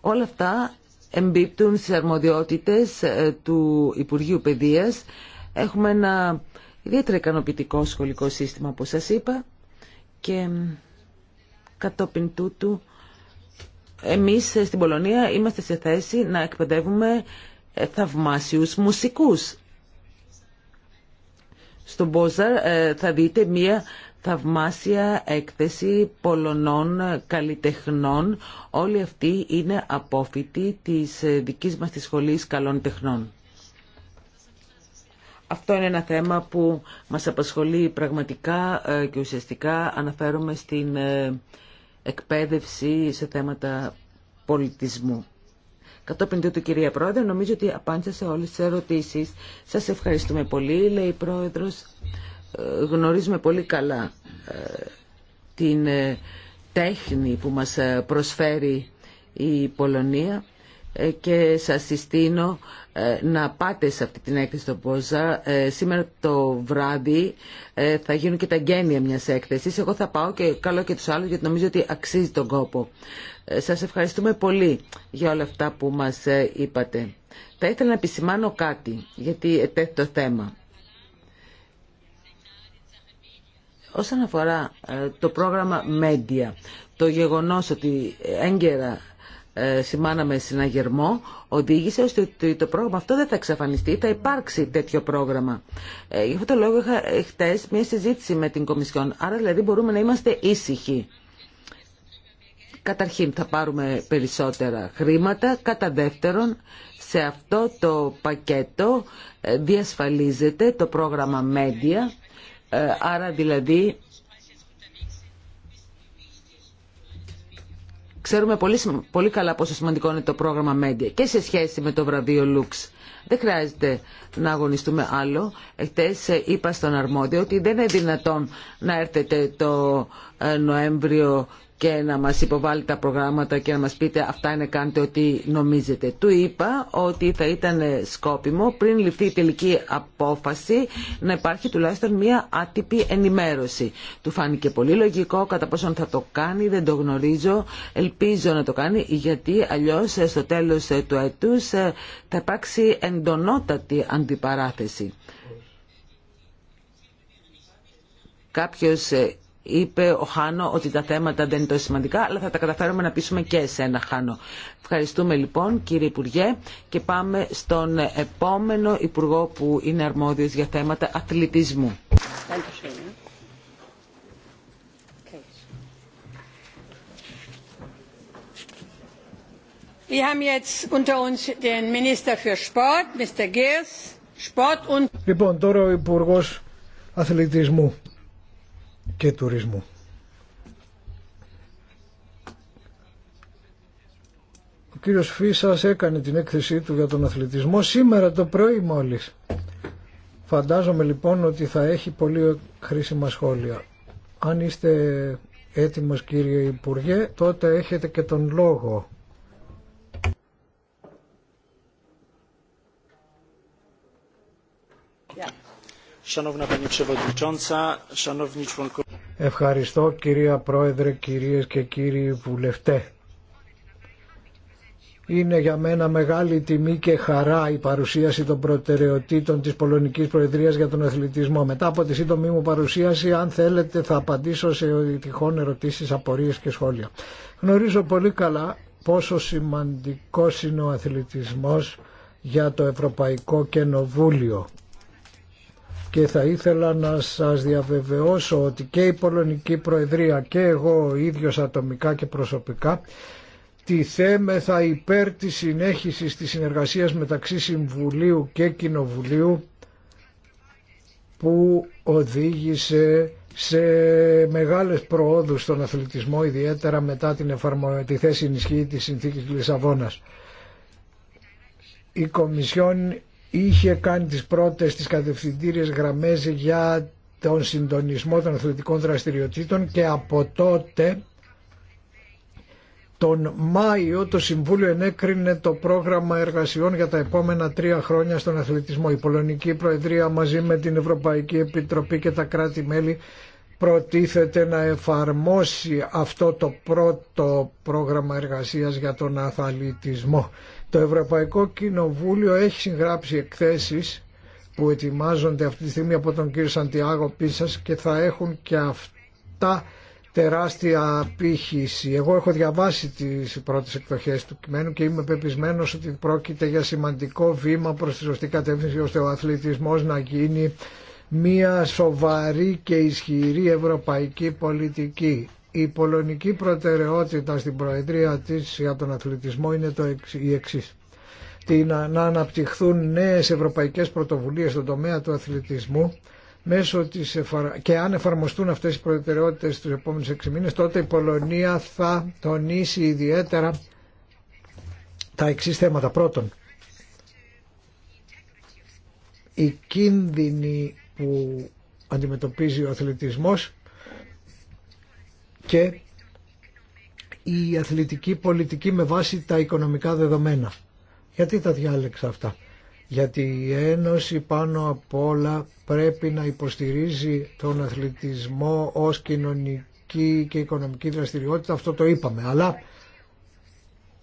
Speaker 1: Όλα αυτά εμπίπτουν στις αρμοδιότητες ε, του Υπουργείου Παιδείας. Έχουμε ένα ιδιαίτερα ικανοποιητικό σχολικό σύστημα όπως σας είπα και κατόπιν τούτου εμείς στην Πολωνία είμαστε σε θέση να εκπαιδεύουμε ε, θαυμάσιους μουσικούς. Στον Μπόζαρ ε, θα δείτε μία θαυμάσια έκθεση Πολωνών καλλιτεχνών. Όλοι αυτοί είναι απόφοιτοι της ε, δικής μας της σχολής καλών τεχνών. Αυτό είναι ένα θέμα που μας απασχολεί πραγματικά ε, και ουσιαστικά αναφέρομαι στην ε, εκπαίδευση σε θέματα πολιτισμού. Κατόπιν του κυρία Πρόεδρε, νομίζω ότι απάντησα σε όλες τις ερωτήσεις. Σας ευχαριστούμε πολύ, λέει η Πρόεδρος. Ε, γνωρίζουμε πολύ καλά την τέχνη που μας προσφέρει η Πολωνία ε, και σας συστήνω ε, να πάτε σε αυτή την έκθεση στο Πόζα. Ε, σήμερα το βράδυ θα γίνουν και τα γένεια μιας έκθεσης. Εγώ θα πάω και καλό και τους άλλους γιατί νομίζω ότι αξίζει τον κόπο. Σας ευχαριστούμε πολύ για όλα αυτά που μας είπατε. Θα ήθελα να επισημάνω κάτι γιατί ετέθη το θέμα. Όσον αφορά το πρόγραμμα Media, το γεγονός ότι έγκαιρα ε, σημάναμε συναγερμό οδήγησε ώστε το πρόγραμμα αυτό δεν θα εξαφανιστεί, θα υπάρξει τέτοιο πρόγραμμα. Ε, γι' αυτό το λόγο είχα ε, χτε μια συζήτηση με την Κομισιόν. Άρα δηλαδή μπορούμε να είμαστε ήσυχοι. Καταρχήν θα πάρουμε περισσότερα χρήματα. Κατά δεύτερον, σε αυτό το πακέτο διασφαλίζεται το πρόγραμμα Media. Άρα δηλαδή Ξέρουμε πολύ, πολύ καλά πόσο σημαντικό είναι το πρόγραμμα Media και σε σχέση με το βραβείο Lux. Δεν χρειάζεται να αγωνιστούμε άλλο. Χθε είπα στον αρμόδιο ότι δεν είναι δυνατόν να έρθετε το ε, Νοέμβριο και να μας υποβάλει τα προγράμματα και να μας πείτε αυτά είναι κάντε ό,τι νομίζετε. Του είπα ότι θα ήταν σκόπιμο πριν ληφθεί η τελική απόφαση να υπάρχει τουλάχιστον μία άτυπη ενημέρωση. Του φάνηκε πολύ λογικό κατά πόσον θα το κάνει, δεν το γνωρίζω, ελπίζω να το κάνει γιατί αλλιώς στο τέλος του έτους θα υπάρξει εντονότατη αντιπαράθεση. Κάποιος είπε ο Χάνο ότι τα θέματα δεν είναι τόσο σημαντικά, αλλά θα τα καταφέρουμε να πείσουμε και εσένα, Χάνο. Ευχαριστούμε λοιπόν, κύριε Υπουργέ, και πάμε στον επόμενο Υπουργό που είναι αρμόδιος για θέματα αθλητισμού.
Speaker 2: Λοιπόν, τώρα ο Υπουργός Αθλητισμού και τουρισμού. Ο κύριος Φίσας έκανε την έκθεσή του για τον αθλητισμό σήμερα το πρωί μόλις. Φαντάζομαι λοιπόν ότι θα έχει πολύ χρήσιμα σχόλια. Αν είστε έτοιμος κύριε Υπουργέ, τότε έχετε και τον λόγο. Ευχαριστώ κυρία Πρόεδρε, κυρίες και κύριοι βουλευτέ. Είναι για μένα μεγάλη τιμή και χαρά η παρουσίαση των προτεραιοτήτων της Πολωνικής Προεδρίας για τον αθλητισμό. Μετά από τη σύντομη μου παρουσίαση, αν θέλετε, θα απαντήσω σε τυχόν ερωτήσεις, απορίες και σχόλια. Γνωρίζω πολύ καλά πόσο σημαντικός είναι ο αθλητισμός για το Ευρωπαϊκό Κενοβούλιο και θα ήθελα να σας διαβεβαιώσω ότι και η Πολωνική Προεδρία και εγώ ίδιος ατομικά και προσωπικά τη θέμεθα υπέρ της συνέχισης της συνεργασίας μεταξύ Συμβουλίου και Κοινοβουλίου που οδήγησε σε μεγάλες προόδους στον αθλητισμό ιδιαίτερα μετά την εφαρμο... τη θέση ενισχύει της συνθήκης Λισαβόνας. Η Κομισιόν είχε κάνει τις πρώτες τις κατευθυντήριες γραμμές για τον συντονισμό των αθλητικών δραστηριοτήτων και από τότε τον Μάιο το Συμβούλιο ενέκρινε το πρόγραμμα εργασιών για τα επόμενα τρία χρόνια στον αθλητισμό. Η Πολωνική Προεδρία μαζί με την Ευρωπαϊκή Επιτροπή και τα κράτη-μέλη προτίθεται να εφαρμόσει αυτό το πρώτο πρόγραμμα εργασίας για τον αθλητισμό το Ευρωπαϊκό Κοινοβούλιο έχει συγγράψει εκθέσεις που ετοιμάζονται αυτή τη στιγμή από τον κύριο Σαντιάγο Πίσας και θα έχουν και αυτά τεράστια απήχηση. Εγώ έχω διαβάσει τις πρώτες εκδοχές του κειμένου και είμαι πεπισμένος ότι πρόκειται για σημαντικό βήμα προς τη σωστή κατεύθυνση ώστε ο αθλητισμός να γίνει μια σοβαρή και ισχυρή ευρωπαϊκή πολιτική. Η πολωνική προτεραιότητα στην Προεδρία της για τον αθλητισμό είναι το η εξής. Την, να αναπτυχθούν νέες ευρωπαϊκές πρωτοβουλίες στον τομέα του αθλητισμού μέσω της και αν εφαρμοστούν αυτές οι προτεραιότητες στους επόμενους 6 μήνες τότε η Πολωνία θα τονίσει ιδιαίτερα τα εξή θέματα. Πρώτον, η κίνδυνη που αντιμετωπίζει ο αθλητισμός και η αθλητική πολιτική με βάση τα οικονομικά δεδομένα. Γιατί τα διάλεξα αυτά. Γιατί η Ένωση πάνω απ' όλα πρέπει να υποστηρίζει τον αθλητισμό ως κοινωνική και οικονομική δραστηριότητα. Αυτό το είπαμε. Αλλά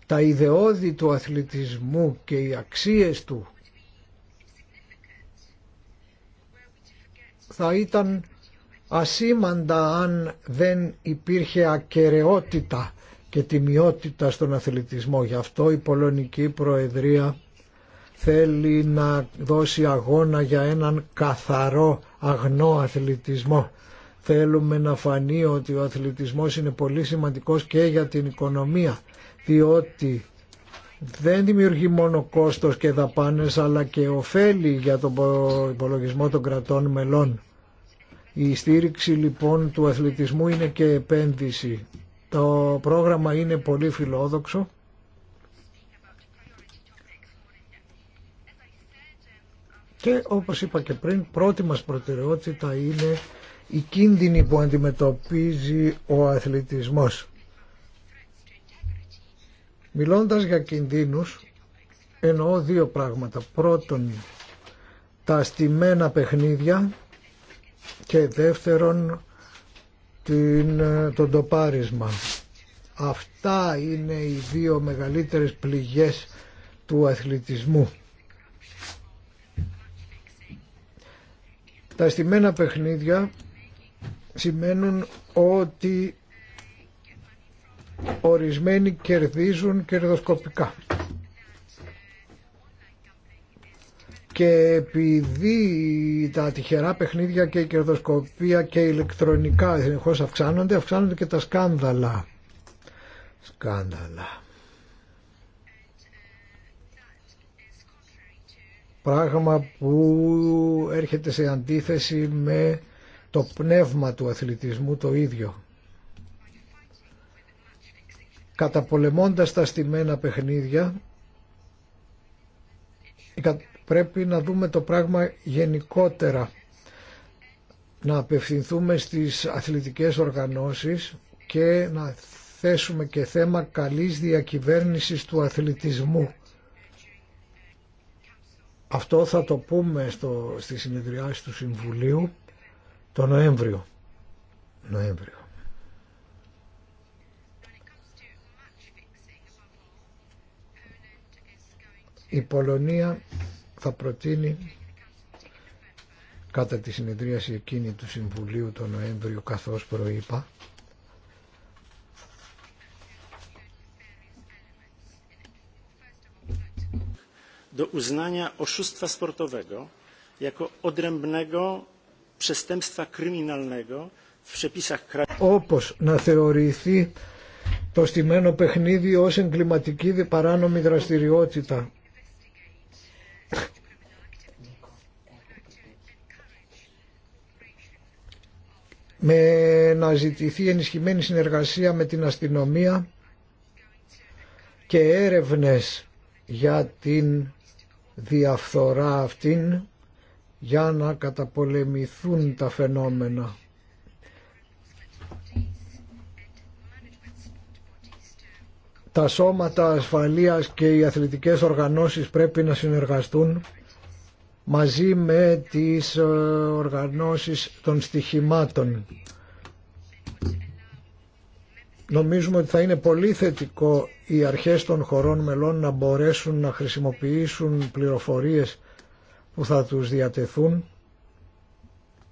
Speaker 2: τα ιδεώδη του αθλητισμού και οι αξίες του θα ήταν ασήμαντα αν δεν υπήρχε ακαιρεότητα και τιμιότητα στον αθλητισμό. Γι' αυτό η Πολωνική Προεδρία θέλει να δώσει αγώνα για έναν καθαρό αγνό αθλητισμό. Θέλουμε να φανεί ότι ο αθλητισμός είναι πολύ σημαντικός και για την οικονομία, διότι δεν δημιουργεί μόνο κόστος και δαπάνες αλλά και ωφέλη για τον υπολογισμό των κρατών μελών. Η στήριξη λοιπόν του αθλητισμού είναι και επένδυση. Το πρόγραμμα είναι πολύ φιλόδοξο. Και όπως είπα και πριν, πρώτη μας προτεραιότητα είναι η κίνδυνη που αντιμετωπίζει ο αθλητισμός. Μιλώντας για κινδύνους, εννοώ δύο πράγματα. Πρώτον, τα στημένα παιχνίδια και δεύτερον την, το τοπάρισμα. Αυτά είναι οι δύο μεγαλύτερες πληγές του αθλητισμού. Τα στημένα παιχνίδια σημαίνουν ότι ορισμένοι κερδίζουν κερδοσκοπικά. και επειδή τα τυχερά παιχνίδια και η κερδοσκοπία και η ηλεκτρονικά συνεχώς αυξάνονται, αυξάνονται και τα σκάνδαλα. Σκάνδαλα. Πράγμα που έρχεται σε αντίθεση με το πνεύμα του αθλητισμού το ίδιο. Καταπολεμώντας τα στημένα παιχνίδια, Πρέπει να δούμε το πράγμα γενικότερα. Να απευθυνθούμε στις αθλητικές οργανώσεις και να θέσουμε και θέμα καλής διακυβέρνησης του αθλητισμού. Αυτό θα το πούμε στο, στη συνεδριάση του Συμβουλίου το Νοέμβριο. Νοέμβριο. Η Πολωνία θα προτείνει κατά τη συνεδρίαση εκείνη του Συμβουλίου τον Νοέμβριο καθώς προείπα do uznania oszustwa sportowego jako odrębnego przestępstwa kryminalnego w przepisach kraju. Όπως να θεωρηθεί το στημένο παιχνίδι ως εγκληματική παράνομη δραστηριότητα με να ζητηθεί ενισχυμένη συνεργασία με την αστυνομία και έρευνες για την διαφθορά αυτήν για να καταπολεμηθούν τα φαινόμενα. Τα σώματα ασφαλείας και οι αθλητικές οργανώσεις πρέπει να συνεργαστούν μαζί με τις ε, οργανώσεις των στοιχημάτων. Νομίζουμε ότι θα είναι πολύ θετικό οι αρχές των χωρών μελών να μπορέσουν να χρησιμοποιήσουν πληροφορίες που θα τους διατεθούν.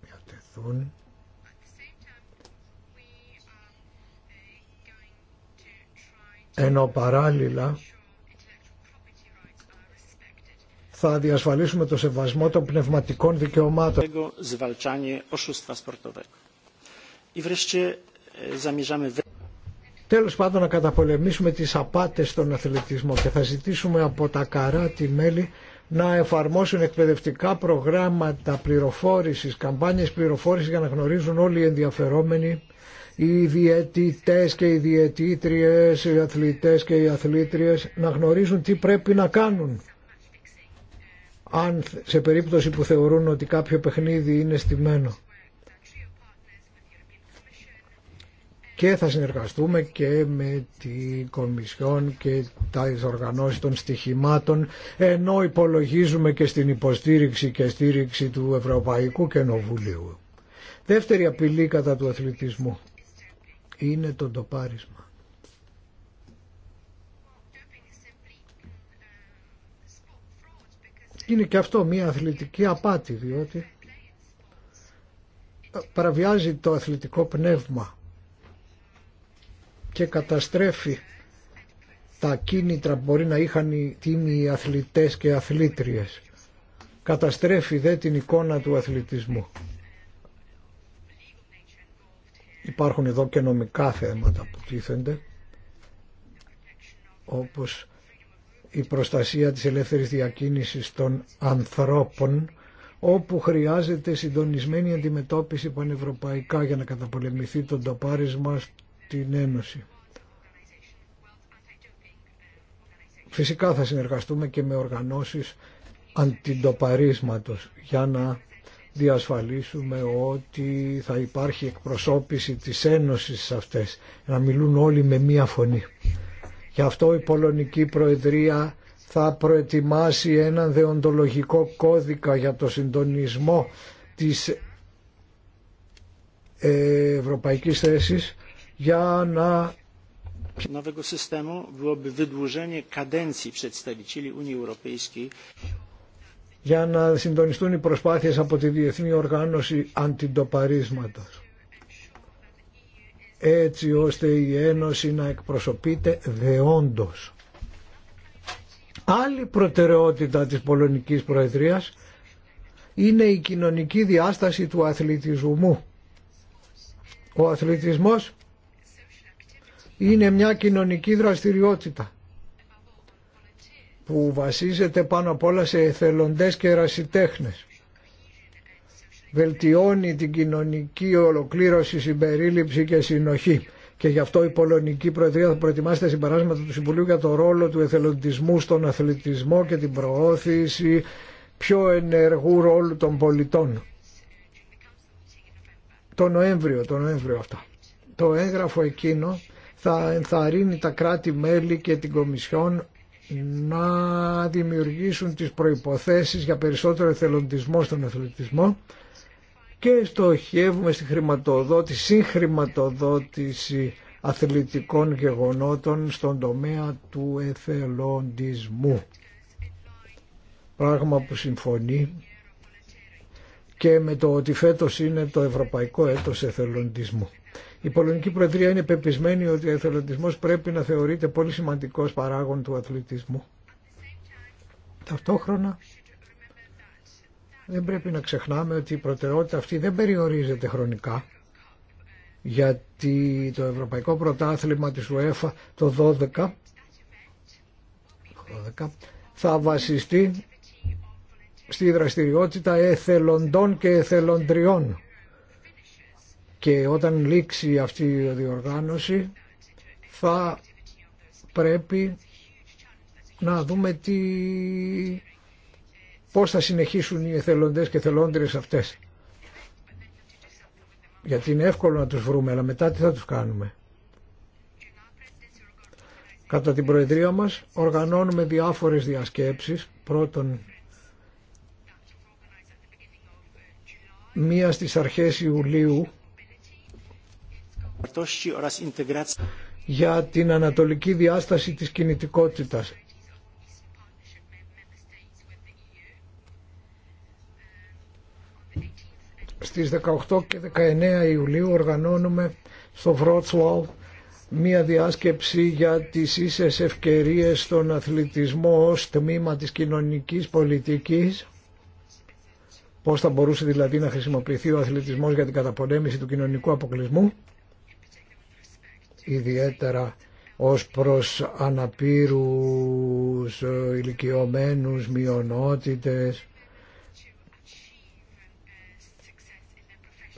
Speaker 2: διατεθούν. Ενώ παράλληλα θα διασφαλίσουμε το σεβασμό των πνευματικών δικαιωμάτων. E, Τέλος πάντων να καταπολεμήσουμε τις απάτες στον αθλητισμό και θα ζητήσουμε από τα καρά τη μέλη να εφαρμόσουν εκπαιδευτικά προγράμματα πληροφόρησης, καμπάνιες πληροφόρησης για να γνωρίζουν όλοι οι ενδιαφερόμενοι, οι διαιτητές και οι διαιτήτριες, οι αθλητές και οι αθλήτριες, να γνωρίζουν τι πρέπει να κάνουν αν σε περίπτωση που θεωρούν ότι κάποιο παιχνίδι είναι στημένο. Και θα συνεργαστούμε και με την Κομισιόν και τα οργανώσει των στοιχημάτων, ενώ υπολογίζουμε και στην υποστήριξη και στήριξη του Ευρωπαϊκού Κοινοβουλίου. Δεύτερη απειλή κατά του αθλητισμού είναι το ντοπάρισμα. είναι και αυτό μια αθλητική απάτη διότι παραβιάζει το αθλητικό πνεύμα και καταστρέφει τα κίνητρα που μπορεί να είχαν οι τίμοι αθλητές και αθλήτριες. Καταστρέφει δε την εικόνα του αθλητισμού. Υπάρχουν εδώ και νομικά θέματα που τίθενται όπως η προστασία της ελεύθερης διακίνησης των ανθρώπων όπου χρειάζεται συντονισμένη αντιμετώπιση πανευρωπαϊκά για να καταπολεμηθεί το ντοπάρισμα στην Ένωση. Φυσικά θα συνεργαστούμε και με οργανώσεις αντιντοπαρίσματος για να διασφαλίσουμε ότι θα υπάρχει εκπροσώπηση της Ένωσης αυτές, να μιλούν όλοι με μία φωνή. Γι' αυτό η Πολωνική Προεδρία θα προετοιμάσει έναν δεοντολογικό κώδικα για το συντονισμό της ευρωπαϊκής θέσης για να για να συντονιστούν οι προσπάθειες από τη Διεθνή Οργάνωση Αντιντοπαρίσματος έτσι ώστε η Ένωση να εκπροσωπείται δεόντως. Άλλη προτεραιότητα της Πολωνικής Προεδρίας είναι η κοινωνική διάσταση του αθλητισμού. Ο αθλητισμός είναι μια κοινωνική δραστηριότητα που βασίζεται πάνω απ' όλα σε εθελοντές και ερασιτέχνες βελτιώνει την κοινωνική ολοκλήρωση, συμπερίληψη και συνοχή. Και γι' αυτό η Πολωνική Προεδρία θα προετοιμάσει τα συμπεράσματα του Συμβουλίου για το ρόλο του εθελοντισμού στον αθλητισμό και την προώθηση πιο ενεργού ρόλου των πολιτών. Το Νοέμβριο, το Νοέμβριο αυτά. Το έγγραφο εκείνο θα ενθαρρύνει τα κράτη-μέλη και την Κομισιόν να δημιουργήσουν τις προϋποθέσεις για περισσότερο εθελοντισμό στον αθλητισμό και στοχεύουμε στη χρηματοδότηση, συγχρηματοδότηση αθλητικών γεγονότων στον τομέα του εθελοντισμού. Πράγμα που συμφωνεί και με το ότι φέτος είναι το Ευρωπαϊκό Έτος Εθελοντισμού. Η Πολωνική Προεδρία είναι πεπισμένη ότι ο εθελοντισμός πρέπει να θεωρείται πολύ σημαντικός παράγων του αθλητισμού. Ταυτόχρονα δεν πρέπει να ξεχνάμε ότι η προτεραιότητα αυτή δεν περιορίζεται χρονικά γιατί το Ευρωπαϊκό Πρωτάθλημα της ΟΕΦΑ το 12, θα βασιστεί στη δραστηριότητα εθελοντών και εθελοντριών και όταν λήξει αυτή η διοργάνωση θα πρέπει να δούμε τι πώς θα συνεχίσουν οι εθελοντές και εθελόντριες αυτές. Γιατί είναι εύκολο να τους βρούμε, αλλά μετά τι θα τους κάνουμε. Κατά την Προεδρία μας οργανώνουμε διάφορες διασκέψεις. Πρώτον, μία στις αρχές Ιουλίου για την ανατολική διάσταση της κινητικότητας Στις 18 και 19 Ιουλίου οργανώνουμε στο Βρότσουαλ μία διάσκεψη για τις ίσες ευκαιρίες στον αθλητισμό ως τμήμα της κοινωνικής πολιτικής πώς θα μπορούσε δηλαδή να χρησιμοποιηθεί ο αθλητισμός για την καταπολέμηση του κοινωνικού αποκλεισμού ιδιαίτερα ως προς αναπήρους, ε, ηλικιωμένους, μειονότητες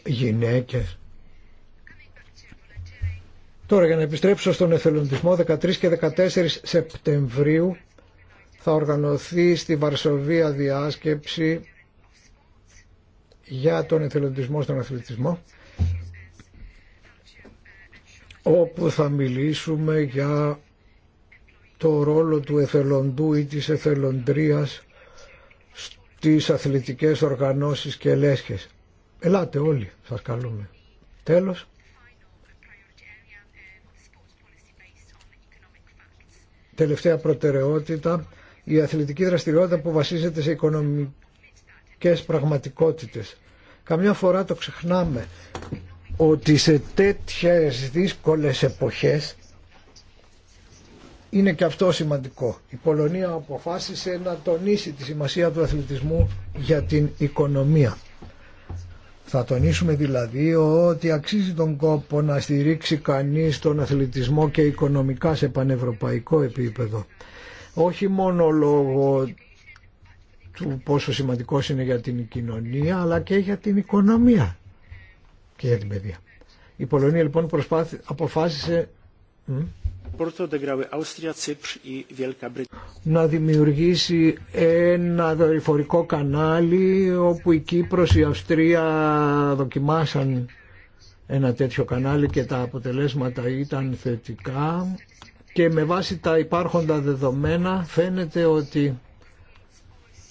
Speaker 2: γυναίκες. Τώρα για να επιστρέψω στον εθελοντισμό 13 και 14 Σεπτεμβρίου θα οργανωθεί στη Βαρσοβία διάσκεψη για τον εθελοντισμό στον αθλητισμό όπου θα μιλήσουμε για το ρόλο του εθελοντού ή της εθελοντρίας στις αθλητικές οργανώσεις και λέσχες. Ελάτε όλοι, σας καλούμε. Τέλος. Τελευταία προτεραιότητα, η αθλητική δραστηριότητα που βασίζεται σε οικονομικές πραγματικότητες. Καμιά φορά το ξεχνάμε ότι σε τέτοιες δύσκολες εποχές είναι και αυτό σημαντικό. Η Πολωνία αποφάσισε να τονίσει τη σημασία του αθλητισμού για την οικονομία. Θα τονίσουμε δηλαδή ότι αξίζει τον κόπο να στηρίξει κανείς τον αθλητισμό και οικονομικά σε πανευρωπαϊκό επίπεδο. Όχι μόνο λόγω του πόσο σημαντικός είναι για την κοινωνία αλλά και για την οικονομία και για την παιδεία. Η Πολωνία λοιπόν αποφάσισε να δημιουργήσει ένα δορυφορικό κανάλι όπου η Κύπρος, η Αυστρία δοκιμάσαν ένα τέτοιο κανάλι και τα αποτελέσματα ήταν θετικά και με βάση τα υπάρχοντα δεδομένα φαίνεται ότι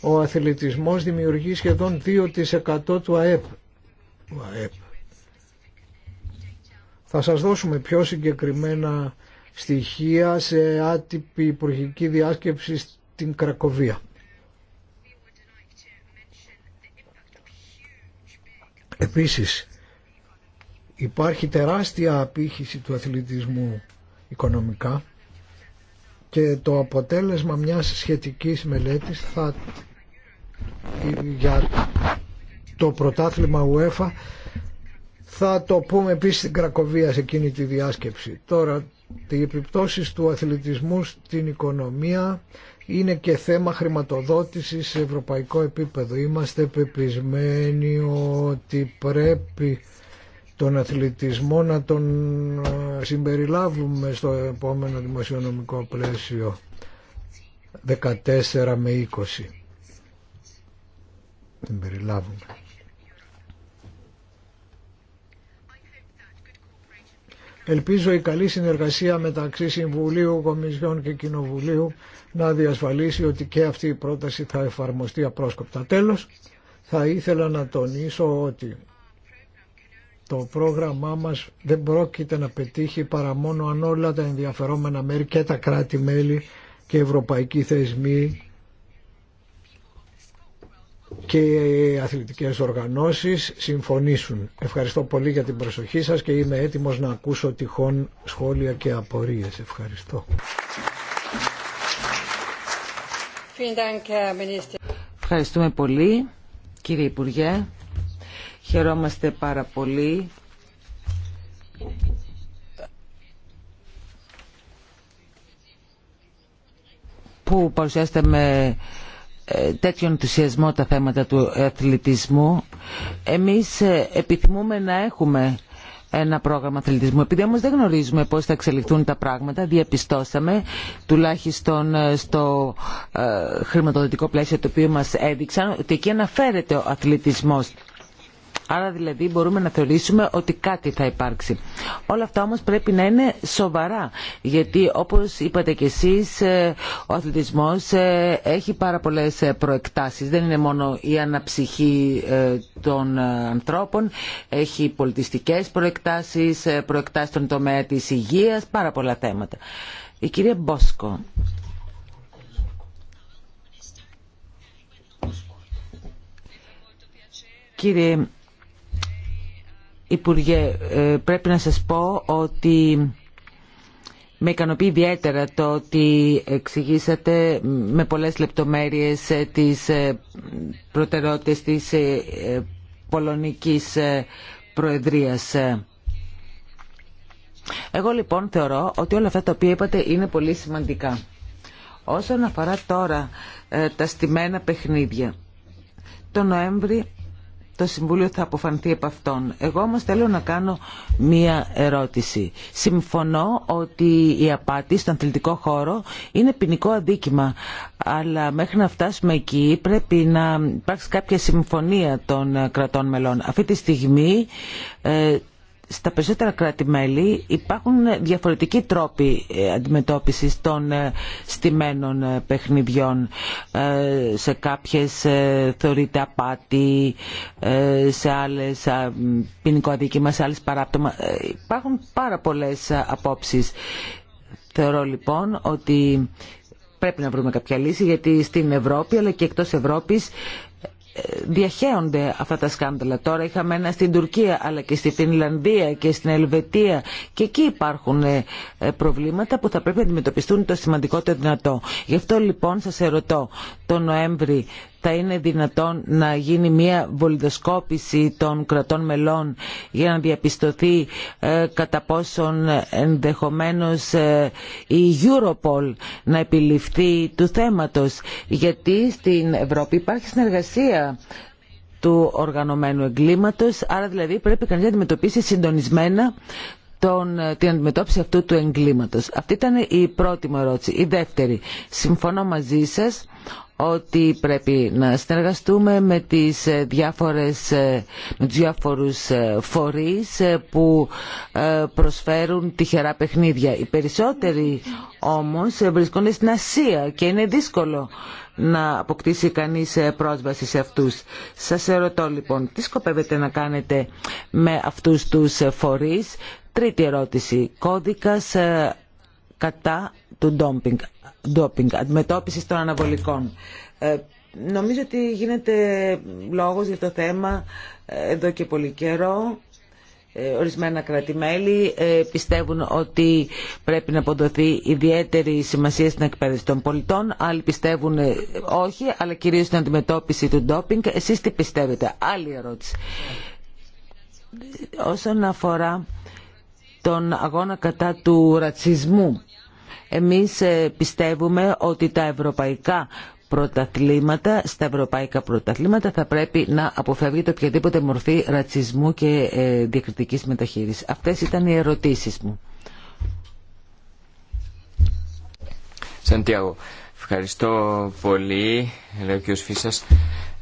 Speaker 2: ο αθλητισμός δημιουργεί σχεδόν 2% του ΑΕΠ. Του ΑΕΠ. Θα σας δώσουμε πιο συγκεκριμένα στοιχεία σε άτυπη υπουργική διάσκεψη στην Κρακοβία. Επίσης, υπάρχει τεράστια απήχηση του αθλητισμού οικονομικά και το αποτέλεσμα μιας σχετικής μελέτης θα για το πρωτάθλημα UEFA θα το πούμε επίσης στην Κρακοβία σε εκείνη τη διάσκεψη. Τώρα οι επιπτώσεις του αθλητισμού στην οικονομία είναι και θέμα χρηματοδότησης σε ευρωπαϊκό επίπεδο. Είμαστε πεπισμένοι ότι πρέπει τον αθλητισμό να τον ε, συμπεριλάβουμε στο επόμενο δημοσιονομικό πλαίσιο 14 με 20. Συμπεριλάβουμε. Ελπίζω η καλή συνεργασία μεταξύ Συμβουλίου, Κομισιών και Κοινοβουλίου να διασφαλίσει ότι και αυτή η πρόταση θα εφαρμοστεί απρόσκοπτα. Τέλος, θα ήθελα να τονίσω ότι το πρόγραμμά μας δεν πρόκειται να πετύχει παρά μόνο αν όλα τα ενδιαφερόμενα μέρη και τα κράτη-μέλη και ευρωπαϊκοί θεσμοί και οι αθλητικές οργανώσεις συμφωνήσουν. Ευχαριστώ πολύ για την προσοχή σας και είμαι έτοιμος να ακούσω τυχόν σχόλια και απορίες. Ευχαριστώ.
Speaker 1: Ευχαριστούμε πολύ κύριε Υπουργέ. Χαιρόμαστε πάρα πολύ που παρουσιάστε με ε, Τέτοιο ενθουσιασμό τα θέματα του αθλητισμού. Εμείς ε, επιθυμούμε να έχουμε ένα πρόγραμμα αθλητισμού. Επειδή όμως δεν γνωρίζουμε πώς θα εξελιχθούν τα πράγματα, διαπιστώσαμε, τουλάχιστον ε, στο χρηματοδοτικό πλαίσιο το οποίο μας έδειξαν, ότι εκεί αναφέρεται ο αθλητισμός Άρα δηλαδή μπορούμε να θεωρήσουμε ότι κάτι θα υπάρξει. Όλα αυτά όμως πρέπει να είναι σοβαρά γιατί όπως είπατε και εσείς ε, ο αθλητισμός ε, έχει πάρα πολλές ε, προεκτάσεις. Δεν είναι μόνο η αναψυχή των ανθρώπων. Έχει πολιτιστικές προεκτάσεις, προεκτάσεις στον τομέα της υγείας, πάρα πολλά θέματα. Η κυρία Μπόσκο. Κύριε Υπουργέ, ε, πρέπει να σας πω ότι με ικανοποιεί ιδιαίτερα το ότι εξηγήσατε με πολλές λεπτομέρειες ε, τις ε, προτεραιότητες της Πολωνικής Προεδρίας. Εγώ λοιπόν θεωρώ ότι όλα αυτά τα οποία είπατε είναι πολύ σημαντικά. Όσον αφορά τώρα τα στημένα παιχνίδια, το Νοέμβρη το Συμβούλιο θα αποφανθεί από αυτόν. Εγώ όμως θέλω να κάνω μία ερώτηση. Συμφωνώ ότι η απάτη στον αθλητικό χώρο είναι ποινικό αδίκημα, αλλά μέχρι να φτάσουμε εκεί πρέπει να υπάρξει κάποια συμφωνία των κρατών μελών. Αυτή τη στιγμή ε, στα περισσότερα κράτη-μέλη υπάρχουν διαφορετικοί τρόποι ε, αντιμετώπισης των ε, στημένων ε, παιχνιδιών. Σε κάποιες θεωρείται απάτη, σε άλλες ποινικό αδίκημα, σε άλλες παράπτωμα. Υπάρχουν πάρα πολλές απόψεις. Θεωρώ λοιπόν ότι πρέπει να βρούμε κάποια λύση γιατί στην Ευρώπη αλλά και εκτός Ευρώπης διαχέονται αυτά τα σκάνδαλα. Τώρα είχαμε ένα στην Τουρκία αλλά και στη Φινλανδία και στην Ελβετία και εκεί υπάρχουν ε, προβλήματα που θα πρέπει να αντιμετωπιστούν το σημαντικότερο δυνατό. Γι' αυτό λοιπόν σας ερωτώ, το Νοέμβρη θα είναι δυνατόν να γίνει μια βολιδοσκόπηση των κρατών μελών για να διαπιστωθεί ε, κατά πόσον ενδεχομένως ε, η Europol να επιληφθεί του θέματος. Γιατί στην Ευρώπη υπάρχει συνεργασία του οργανωμένου εγκλήματος, άρα δηλαδή πρέπει κανείς να αντιμετωπίσει συντονισμένα τον, την αντιμετώπιση αυτού του εγκλήματος. Αυτή ήταν η πρώτη μου ερώτηση. Η δεύτερη. Συμφωνώ μαζί σας ότι πρέπει να συνεργαστούμε με, τις ε, διάφορες, ε, με ε, φορείς που προσφέρουν τυχερά παιχνίδια. Οι περισσότεροι όμως βρισκόνται στην Ασία και είναι δύσκολο να αποκτήσει κανείς πρόσβαση σε αυτούς. Σας ερωτώ λοιπόν, τι σκοπεύετε να κάνετε με αυτούς τους φορείς. Τρίτη ερώτηση, κώδικας κατά του ντόμπινγκ ντόπινγκ, αντιμετώπιση των αναβολικών. Ε, νομίζω ότι γίνεται λόγος για το θέμα ε, εδώ και πολύ καιρό. Ε, ορισμένα κρατημέλη πιστεύουν ότι πρέπει να αποδοθεί ιδιαίτερη σημασία στην εκπαίδευση των πολιτών. Άλλοι πιστεύουν όχι, αλλά κυρίως στην αντιμετώπιση του ντόπινγκ. Εσείς τι πιστεύετε. Άλλη ερώτηση. Όσον αφορά τον αγώνα κατά του ρατσισμού, εμείς ε, πιστεύουμε ότι τα ευρωπαϊκά πρωταθλήματα, στα ευρωπαϊκά πρωταθλήματα θα πρέπει να αποφεύγεται οποιαδήποτε μορφή ρατσισμού και ε, διακριτικής μεταχείρισης. Αυτές ήταν οι ερωτήσεις μου.
Speaker 4: Σαντιάγο, ευχαριστώ πολύ, λέω και ο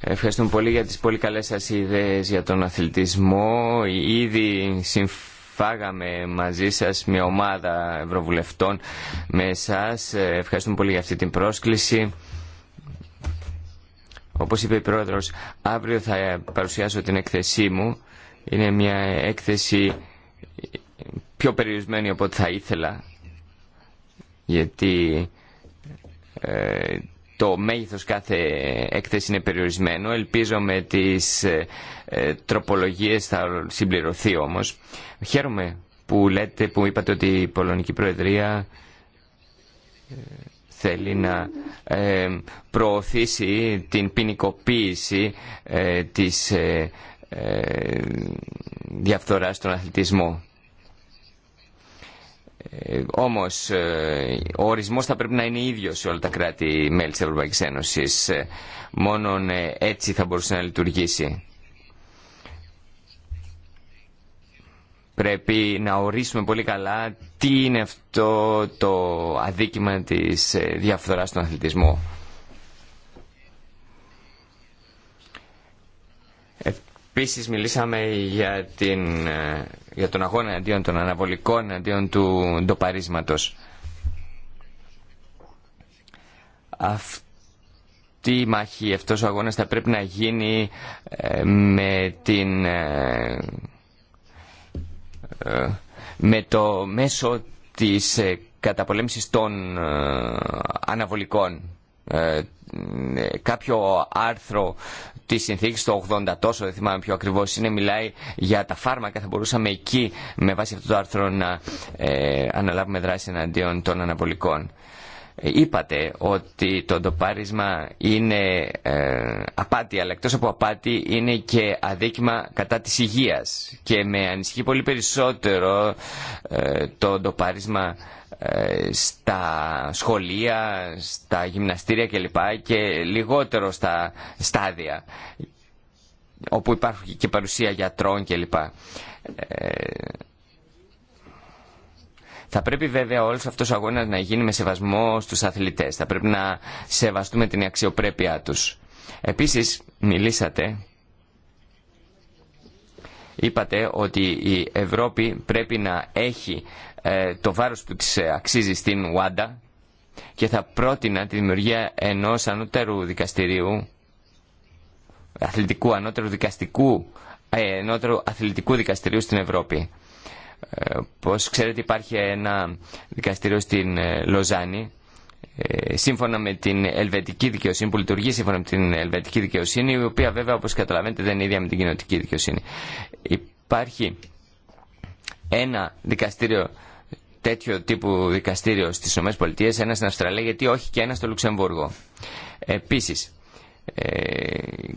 Speaker 4: Ευχαριστούμε πολύ για τις πολύ καλές σας ιδέες για τον αθλητισμό. Ήδη συμφωνώ φάγαμε μαζί σας μια ομάδα ευρωβουλευτών με εσάς. Ε, ευχαριστούμε πολύ για αυτή την πρόσκληση. Όπως είπε η Πρόεδρος, αύριο θα παρουσιάσω την έκθεσή μου. Είναι μια έκθεση πιο περιορισμένη από ό,τι θα ήθελα, γιατί ε, το μέγεθος κάθε έκθεση είναι περιορισμένο. Ελπίζω με τις ε, ε, τροπολογίες θα συμπληρωθεί όμως. Χαίρομαι που λέτε, που είπατε ότι η Πολωνική Προεδρία ε, θέλει να προωθήσει την ποινικοποίηση της διαφθοράς στον αθλητισμό. Ε, όμως ε, ο ορισμός θα πρέπει να είναι ίδιος σε όλα τα κράτη-μέλη της Ευρωπαϊκής Ένωσης. Ε, μόνον έτσι θα μπορούσε να λειτουργήσει. Πρέπει να ορίσουμε πολύ καλά τι είναι αυτό το αδίκημα της διαφθοράς στον αθλητισμό. Επίσης μιλήσαμε για, την, ε, για τον αγώνα αντίον των αναβολικών, αντίον του ντοπαρίσματος. Αυτή η μάχη, αυτός ο αγώνας θα πρέπει να γίνει ε, με την... Ε, με το μέσο της καταπολέμησης των αναβολικών κάποιο άρθρο τη συνθήκη, το 80 τόσο, δεν θυμάμαι πιο ακριβώ είναι, μιλάει για τα φάρμακα. Θα μπορούσαμε εκεί, με βάση αυτό το άρθρο, να ε, αναλάβουμε δράση εναντίον των αναβολικών. Είπατε ότι το ντοπάρισμα είναι ε, απάτη, αλλά εκτός από απάτη είναι και αδίκημα κατά της υγείας. Και με ανησυχεί πολύ περισσότερο ε, το ντοπάρισμα ε, στα σχολεία, στα γυμναστήρια κλπ. και λιγότερο στα στάδια όπου υπάρχει και παρουσία γιατρών κλπ. Ε, θα πρέπει βέβαια όλος αυτός ο αγώνας να γίνει με σεβασμό στους αθλητές. Θα πρέπει να σεβαστούμε την αξιοπρέπειά τους. Επίσης μιλήσατε, είπατε ότι η Ευρώπη πρέπει να έχει ε, το βάρος που της ε, αξίζει στην Ουάντα και θα πρότεινα τη δημιουργία ενός ανώτερου δικαστηρίου, αθλητικού, ανώτερου δικαστικού, ανώτερου ε, αθλητικού δικαστηρίου στην Ευρώπη. Πώς ξέρετε υπάρχει ένα δικαστήριο στην Λοζάνη, σύμφωνα με την ελβετική δικαιοσύνη, που λειτουργεί σύμφωνα με την ελβετική δικαιοσύνη, η οποία βέβαια όπως καταλαβαίνετε δεν είναι ίδια με την κοινωτική δικαιοσύνη. Υπάρχει ένα δικαστήριο τέτοιο τύπου δικαστήριο στις ΗΠΑ, ένα στην Αυστραλία, γιατί όχι και ένα στο Λουξεμβούργο. Επίσης, ε,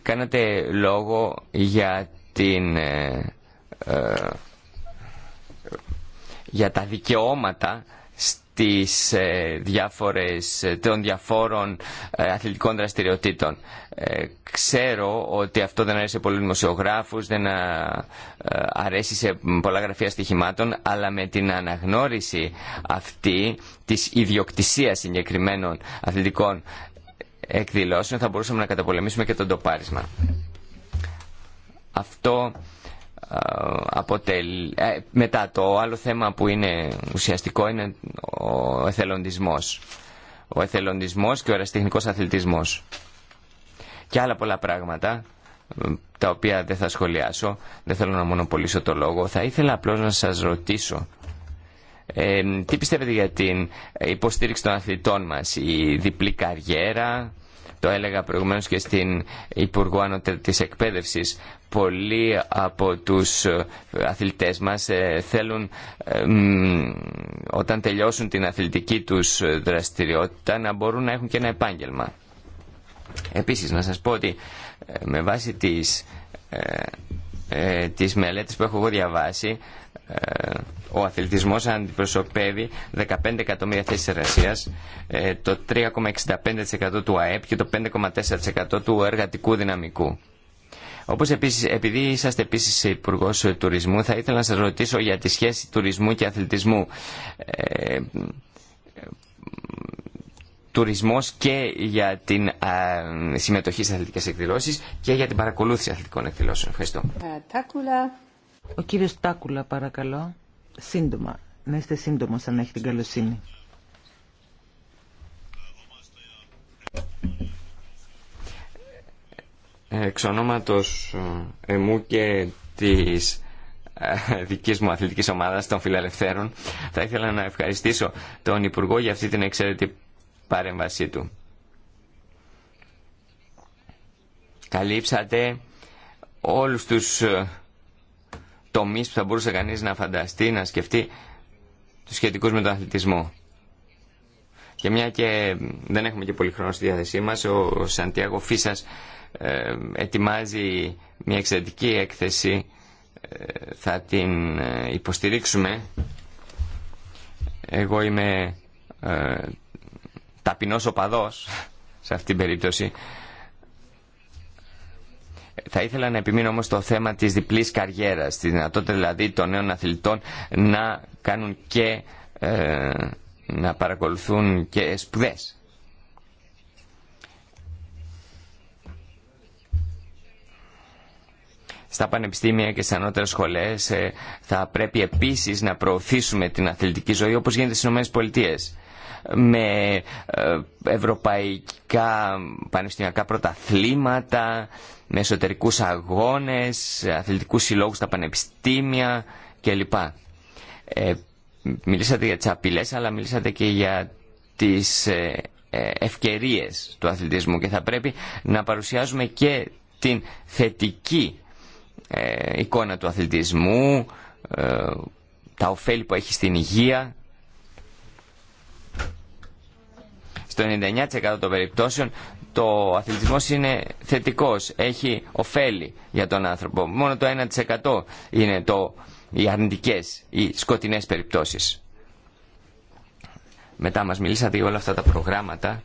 Speaker 4: κάνατε λόγο για την... Ε, ε, για τα δικαιώματα τις ε, διάφορες, ε, των διαφόρων ε, αθλητικών δραστηριοτήτων. Ξέρω ότι αυτό δεν αρέσει σε πολλούς δημοσιογράφους, δεν αρέσει σε πολλά γραφεία στοιχημάτων, αλλά με την αναγνώριση αυτή της ιδιοκτησίας συγκεκριμένων αθλητικών εκδηλώσεων θα μπορούσαμε να καταπολεμήσουμε και τον τοπάρισμα. Αυτό ε, μετά το άλλο θέμα που είναι ουσιαστικό είναι ο εθελοντισμός. Ο εθελοντισμός και ο αεραστηχνικός αθλητισμός. Και άλλα πολλά πράγματα τα οποία δεν θα σχολιάσω, δεν θέλω να μονοπολίσω το λόγο. Θα ήθελα απλώς να σας ρωτήσω ε, τι πιστεύετε για την υποστήριξη των αθλητών μας, η διπλή καριέρα, το έλεγα προηγουμένως και στην Υπουργό Άνωτερ της Εκπαίδευσης. Πολλοί από τους ε, αθλητές μας ε, θέλουν ε, όταν τελειώσουν την αθλητική τους δραστηριότητα να μπορούν να έχουν και ένα επάγγελμα. Επίσης να σας πω ότι με βάση τις, τις μελέτες που έχω εγώ διαβάσει ε, ο αθλητισμός αντιπροσωπεύει 15 εκατομμύρια θέσεις εργασίας, ε, το 3,65% του ΑΕΠ και το 5,4% του εργατικού δυναμικού. Όπως επίσης, επειδή είσαστε επίσης υπουργό τουρισμού, θα ήθελα να σας ρωτήσω για τη σχέση τουρισμού και αθλητισμού. Ε, τουρισμός και για την συμμετοχή σε αθλητικές εκδηλώσεις και για την παρακολούθηση αθλητικών εκδηλώσεων. Ευχαριστώ.
Speaker 1: Ο κύριος Τάκουλα παρακαλώ, σύντομα, να είστε σύντομος αν έχει την καλοσύνη.
Speaker 4: Εξ ονόματος εμού και της ε, δικής μου αθλητικής ομάδας των φιλελευθέρων θα ήθελα να ευχαριστήσω τον Υπουργό για αυτή την εξαιρετική παρέμβασή του. Καλύψατε όλους τους ε, τομεί που θα μπορούσε κανεί να φανταστεί, να σκεφτεί τους σχετικού με τον αθλητισμό. Και μια και δεν έχουμε και πολύ χρόνο στη διάθεσή μας, ο Σαντιάγο Φύσας ε, ετοιμάζει μια εξαιρετική έκθεση, ε, θα την ε, υποστηρίξουμε. Εγώ είμαι ταπεινός οπαδός σε αυτήν την περίπτωση θα ήθελα να επιμείνω όμως στο θέμα της διπλής καριέρας, τη δυνατότητα δηλαδή των νέων αθλητών να κάνουν και ε, να παρακολουθούν και σπουδές. Στα πανεπιστήμια και στι ανώτερε σχολέ ε, θα πρέπει επίσης να προωθήσουμε την αθλητική ζωή όπως γίνεται στι ΗΠΑ με ε, ευρωπαϊκά πανεπιστημιακά πρωταθλήματα, με εσωτερικούς αγώνες, αθλητικούς συλλόγους στα πανεπιστήμια κλπ. Ε, μιλήσατε για τις απειλές αλλά μιλήσατε και για τις ε, ε, ευκαιρίες του αθλητισμού και θα πρέπει να παρουσιάζουμε και την θετική ε, εικόνα του αθλητισμού, τα ωφέλη που έχει στην υγεία. Στο 99% των περιπτώσεων το αθλητισμός είναι θετικός, έχει ωφέλη για τον άνθρωπο. Μόνο το 1% είναι το, οι αρνητικές, οι σκοτεινές περιπτώσεις. Μετά μας μιλήσατε για όλα αυτά τα προγράμματα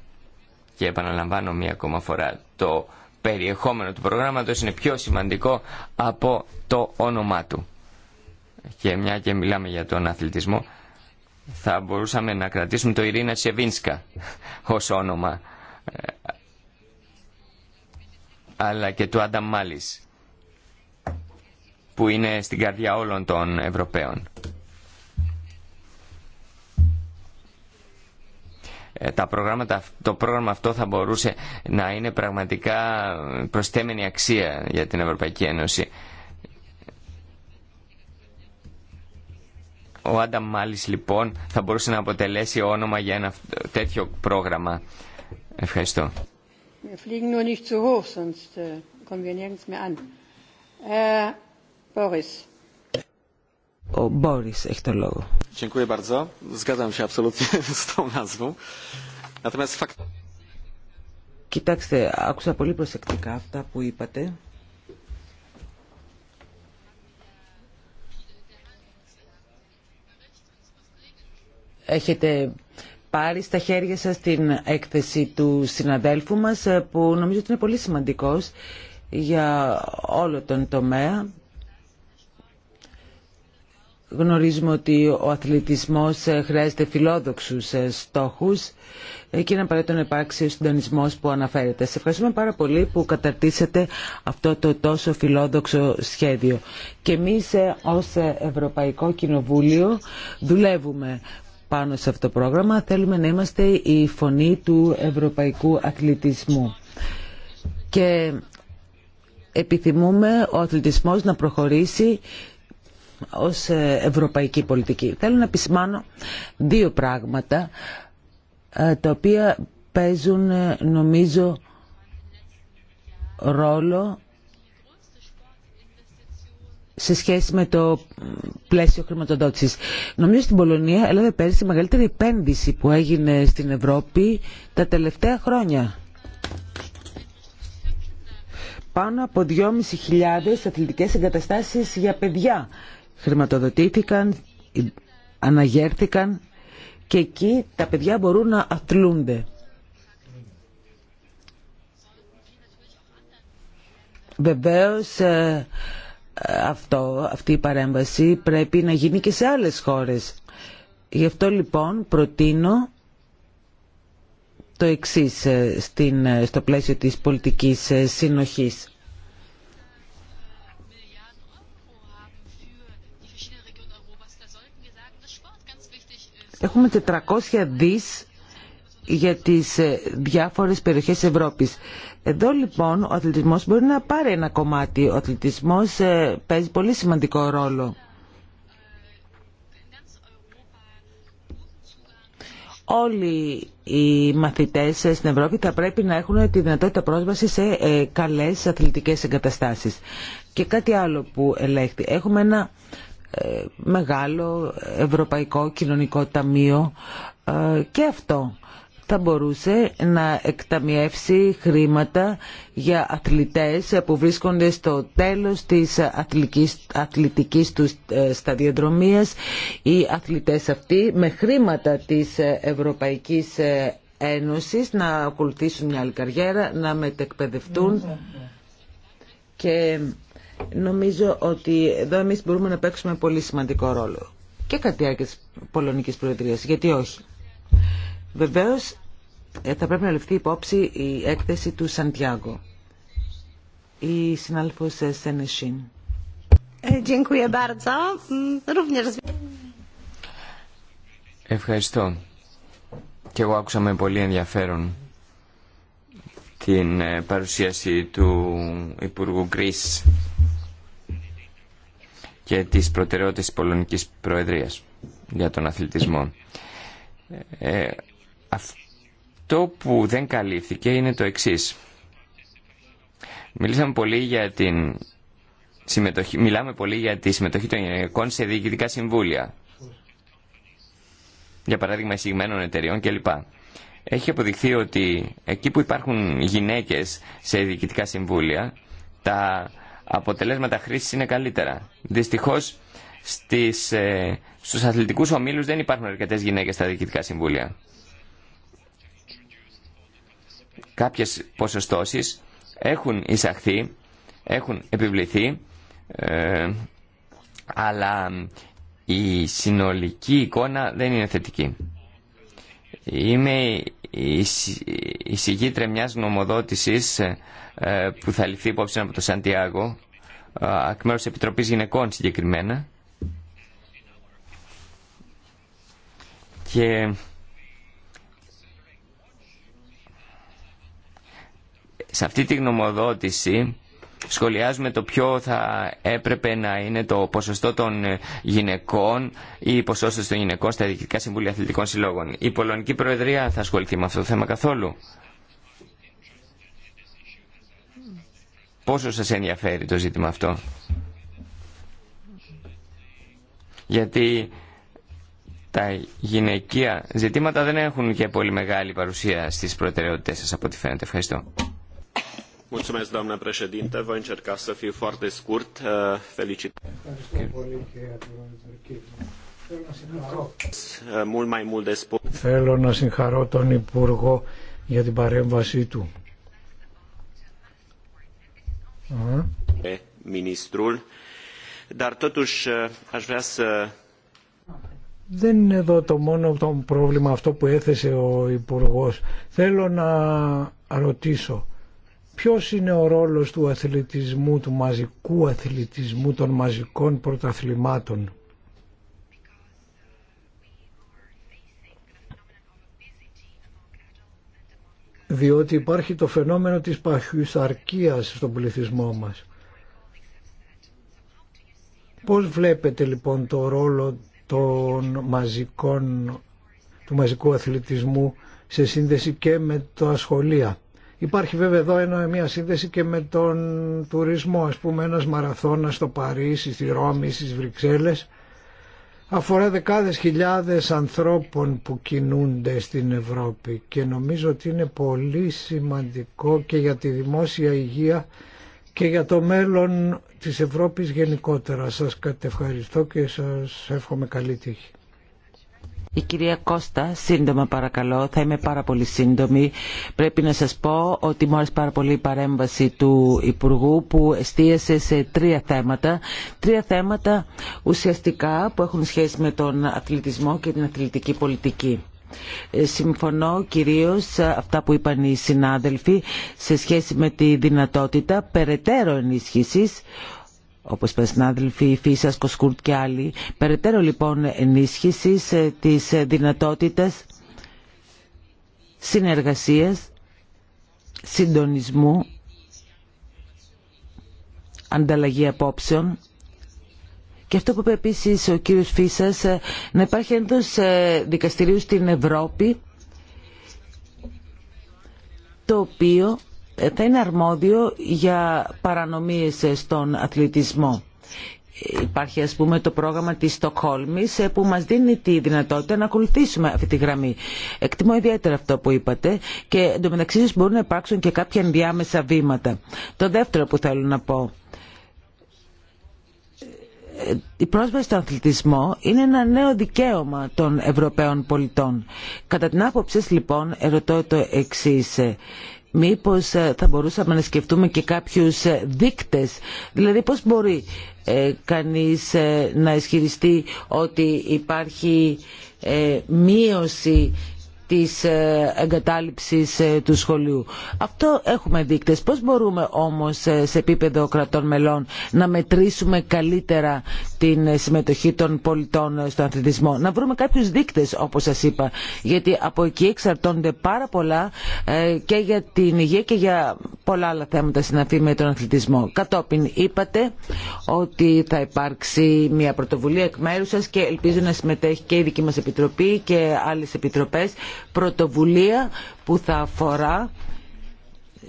Speaker 4: και επαναλαμβάνω μία ακόμα φορά το περιεχόμενο του προγράμματος είναι πιο σημαντικό από το όνομά του. Και μια και μιλάμε για τον αθλητισμό θα μπορούσαμε να κρατήσουμε το Ειρήνα Σεβίνσκα ως όνομα ε, αλλά και του Άνταμ Μάλις, που είναι στην καρδιά όλων των Ευρωπαίων. Ε, τα προγράμματα, το πρόγραμμα αυτό θα μπορούσε να είναι πραγματικά προσθέμενη αξία για την Ευρωπαϊκή Ένωση. Ο Άνταμ Μάλις, λοιπόν θα μπορούσε να αποτελέσει όνομα για ένα τέτοιο πρόγραμμα. Ευχαριστώ.
Speaker 3: Wir fliegen nur nicht zu hoch, sonst äh, kommen wir nirgends mehr an. Äh, Boris.
Speaker 4: O
Speaker 1: Boris έχει Dziękuję bardzo. Zgadzam się absolutnie z tą nazwą. Natomiast fakt... Κοιτάξτε, άκουσα πολύ προσεκτικά αυτά που είπατε. Έχετε πάρει στα χέρια σας την έκθεση του συναδέλφου μας ε, που νομίζω ότι είναι πολύ σημαντικός για όλο τον τομέα. Γνωρίζουμε ότι ο αθλητισμός ε, χρειάζεται φιλόδοξους ε, στόχους και είναι απαραίτητο να υπάρξει ο συντονισμός που αναφέρεται. Σε ευχαριστούμε πάρα πολύ που καταρτήσατε αυτό το τόσο φιλόδοξο σχέδιο. Και εμείς ως Ευρωπαϊκό Κοινοβούλιο δουλεύουμε πάνω σε αυτό το πρόγραμμα. Θέλουμε να είμαστε η φωνή του ευρωπαϊκού αθλητισμού. Και επιθυμούμε ο αθλητισμός να προχωρήσει ως ε, ευρωπαϊκή πολιτική. Θέλω να επισημάνω δύο πράγματα ε, τα οποία παίζουν ε, νομίζω ρόλο σε σχέση με το πλαίσιο χρηματοδότησης. Νομίζω στην Πολωνία έλαβε πέρυσι η μεγαλύτερη επένδυση που έγινε στην Ευρώπη τα τελευταία χρόνια. Πάνω από 2.500 αθλητικές εγκαταστάσεις για παιδιά χρηματοδοτήθηκαν, αναγέρθηκαν και εκεί τα παιδιά μπορούν να αθλούνται. Βεβαίως ε, αυτό, αυτή η παρέμβαση πρέπει να γίνει και σε άλλες χώρες. Γι' αυτό λοιπόν προτείνω το εξής ε, στην, ε, στο πλαίσιο της πολιτικής ε, συνοχής. Έχουμε 400 δις για τις διάφορες περιοχές Ευρώπης. Εδώ λοιπόν ο αθλητισμός μπορεί να πάρει ένα κομμάτι. Ο αθλητισμός ε, παίζει πολύ σημαντικό ρόλο. Όλοι οι μαθητές στην Ευρώπη θα πρέπει να έχουν τη δυνατότητα πρόσβαση σε ε, καλές αθλητικές εγκαταστάσεις. Και κάτι άλλο που ελέγχει. Έχουμε ένα ε, μεγάλο ευρωπαϊκό κοινωνικό ταμείο και αυτό θα μπορούσε να εκταμιεύσει χρήματα για αθλητές που βρίσκονται στο τέλος της αθλητικής, αθλητικής τους ε, σταδιοδρομίας. Οι αθλητές αυτοί με χρήματα της Ευρωπαϊκής ε, Ένωσης να ακολουθήσουν μια άλλη καριέρα, να μετεκπαιδευτούν και νομίζω ότι εδώ εμείς μπορούμε να παίξουμε πολύ σημαντικό ρόλο και κατά τη διάρκεια της γιατί όχι. Βεβαίω, ε, θα πρέπει να ληφθεί υπόψη η έκθεση του Σαντιάγκο. Η συνάδελφο ε, Σενεσίν. Ε,
Speaker 4: Ευχαριστώ. Και εγώ άκουσα με πολύ ενδιαφέρον την παρουσίαση του Υπουργού Γκρίς και τις προτεραιότητες της Πολωνικής Προεδρίας για τον αθλητισμό. Αυτό που δεν καλύφθηκε είναι το εξής. Μιλήσαμε πολύ για την συμμετοχή, μιλάμε πολύ για τη συμμετοχή των γυναικών σε διοικητικά συμβούλια. Για παράδειγμα εισηγμένων εταιριών κλπ. Έχει αποδειχθεί ότι εκεί που υπάρχουν γυναίκες σε διοικητικά συμβούλια, τα αποτελέσματα χρήσης είναι καλύτερα. Δυστυχώς στις, ε, στους αθλητικούς ομίλους δεν υπάρχουν αρκετές γυναίκες στα διοικητικά συμβούλια. Κάποιες ποσοστώσεις έχουν εισαχθεί, έχουν επιβληθεί, ε, αλλά η συνολική εικόνα δεν είναι θετική. Είμαι η συγκήτρια μιας νομοδότησης ε, που θα ληφθεί υπόψη από το Σαντιάγο, ε, εκ μέρους της Επιτροπής Γυναικών συγκεκριμένα. Και Σε αυτή τη γνωμοδότηση σχολιάζουμε το ποιο θα έπρεπε να είναι το ποσοστό των γυναικών ή η ποσόστοση των γυναικών στα Διοικητικά Συμβούλια Αθλητικών Συλλόγων. Η ποσοτητα των γυναικων στα διοικητικα συμβουλια Προεδρία θα ασχοληθεί με αυτό το θέμα καθόλου. Πόσο σας ενδιαφέρει το ζήτημα αυτό. Γιατί τα γυναικεία ζητήματα δεν έχουν και πολύ μεγάλη παρουσία στις προτεραιότητες σας από ό,τι φαίνεται. Ευχαριστώ.
Speaker 2: Θέλω να συγχαρώ τον Υπουργό για την παρέμβασή του. Ε,
Speaker 4: uh,
Speaker 2: δεν είναι εδώ το μόνο το πρόβλημα αυτό που έθεσε ο Υπουργός. Θέλω να ρωτήσω Ποιος είναι ο ρόλος του αθλητισμού, του μαζικού αθλητισμού, των μαζικών πρωταθλημάτων. Διότι υπάρχει το φαινόμενο της παχυσαρκίας στον πληθυσμό μας. Πώς βλέπετε λοιπόν το ρόλο των μαζικών, του μαζικού αθλητισμού σε σύνδεση και με τα σχολεία. Υπάρχει βέβαια εδώ ένα, μια σύνδεση και με τον τουρισμό, ας πούμε ένας μαραθώνας στο Παρίσι, στη Ρώμη, στις Βρυξέλλες. Αφορά δεκάδες χιλιάδες ανθρώπων που κινούνται στην Ευρώπη και νομίζω ότι είναι πολύ σημαντικό και για τη δημόσια υγεία και για το μέλλον της Ευρώπης γενικότερα. Σας κατευχαριστώ και σας εύχομαι καλή τύχη.
Speaker 1: Η κυρία Κώστα, σύντομα παρακαλώ, θα είμαι πάρα πολύ σύντομη. Πρέπει να σας πω ότι μου άρεσε πάρα πολύ η παρέμβαση του Υπουργού που εστίασε σε τρία θέματα. Τρία θέματα ουσιαστικά που έχουν σχέση με τον αθλητισμό και την αθλητική πολιτική. Ε, συμφωνώ κυρίως αυτά που είπαν οι συνάδελφοι σε σχέση με τη δυνατότητα περαιτέρω ενίσχυσης όπως είπε συνάδελφοι Φίσας, Κοσκούρτ και άλλοι. Περαιτέρω λοιπόν ενίσχυσης ε, της ε, δυνατότητας συνεργασίας, συντονισμού, ανταλλαγή απόψεων. Και αυτό που είπε επίσης ο κύριος Φίσας, ε, να υπάρχει εντός δικαστηρίου στην Ευρώπη, το οποίο θα είναι αρμόδιο για παρανομίες στον αθλητισμό. Υπάρχει ας πούμε το πρόγραμμα της Στοκχόλμης που μας δίνει τη δυνατότητα να ακολουθήσουμε αυτή τη γραμμή. Εκτιμώ ιδιαίτερα αυτό που είπατε και εντωμεταξύ σας μπορούν να υπάρξουν και κάποια ενδιάμεσα βήματα. Το δεύτερο που θέλω να πω η πρόσβαση στον αθλητισμό είναι ένα νέο δικαίωμα των Ευρωπαίων πολιτών. Κατά την άποψη λοιπόν ερωτώ το εξής. Μήπως ε, θα μπορούσαμε να σκεφτούμε και κάποιους ε, δείκτες, δηλαδή πώς μπορεί ε, κανείς να ισχυριστεί ότι υπάρχει μείωση της ε, εγκατάλειψης ε, του σχολείου. Αυτό έχουμε δείκτες. Πώς μπορούμε όμως ε, σε επίπεδο κρατών μελών να μετρήσουμε καλύτερα την συμμετοχή των πολιτών στον αθλητισμό. Να βρούμε κάποιους δείκτες όπως σας είπα. Γιατί από εκεί εξαρτώνται πάρα πολλά και για την υγεία και για πολλά άλλα θέματα συναφή με τον αθλητισμό. Κατόπιν είπατε ότι θα υπάρξει μια πρωτοβουλία εκ μέρου σα και ελπίζω να συμμετέχει και η δική μας Επιτροπή και άλλες επιτροπές πρωτοβουλία που θα αφορά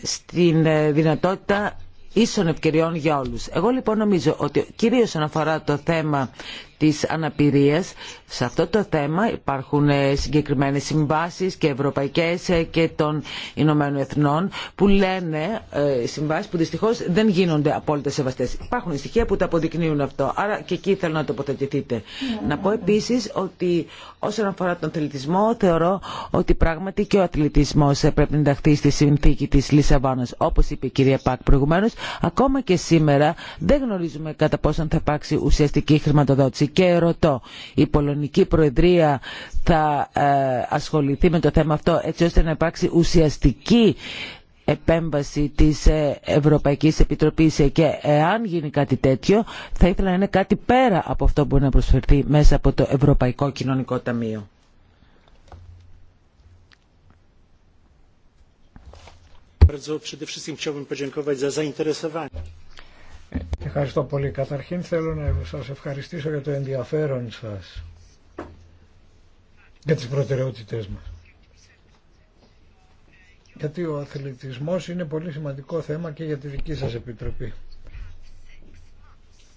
Speaker 1: στην ε, δυνατότητα ίσων ευκαιριών για όλους. Εγώ λοιπόν νομίζω ότι κυρίως αναφορά το θέμα της αναπηρίας. Σε αυτό το θέμα υπάρχουν ε, συγκεκριμένες συμβάσεις και ευρωπαϊκές ε, και των Ηνωμένων Εθνών που λένε ε, συμβάσεις που δυστυχώς δεν γίνονται απόλυτα σεβαστές. Υπάρχουν στοιχεία που τα αποδεικνύουν αυτό. Άρα και εκεί θέλω να τοποθετηθείτε. Να πω επίσης ότι όσον αφορά τον αθλητισμό θεωρώ ότι πράγματι και ο αθλητισμός πρέπει να ενταχθεί στη συνθήκη της Λισαβάνας. Όπως είπε η κυρία Πακ προηγουμένως, ακόμα και σήμερα δεν γνωρίζουμε κατά πόσον θα υπάρξει ουσιαστική χρηματοδότηση και ρωτώ, η Πολωνική Προεδρία θα ε, ασχοληθεί με το θέμα αυτό έτσι ώστε να υπάρξει ουσιαστική επέμβαση της ε, Ευρωπαϊκής Επιτροπής και εάν γίνει κάτι τέτοιο θα ήθελα να είναι κάτι πέρα από αυτό που μπορεί να προσφερθεί μέσα από το Ευρωπαϊκό Κοινωνικό Ταμείο.
Speaker 2: Ευχαριστώ πολύ. Καταρχήν θέλω να σας ευχαριστήσω για το ενδιαφέρον σας για τις προτεραιότητές μας. Γιατί ο αθλητισμός είναι πολύ σημαντικό θέμα και για τη δική σας επιτροπή.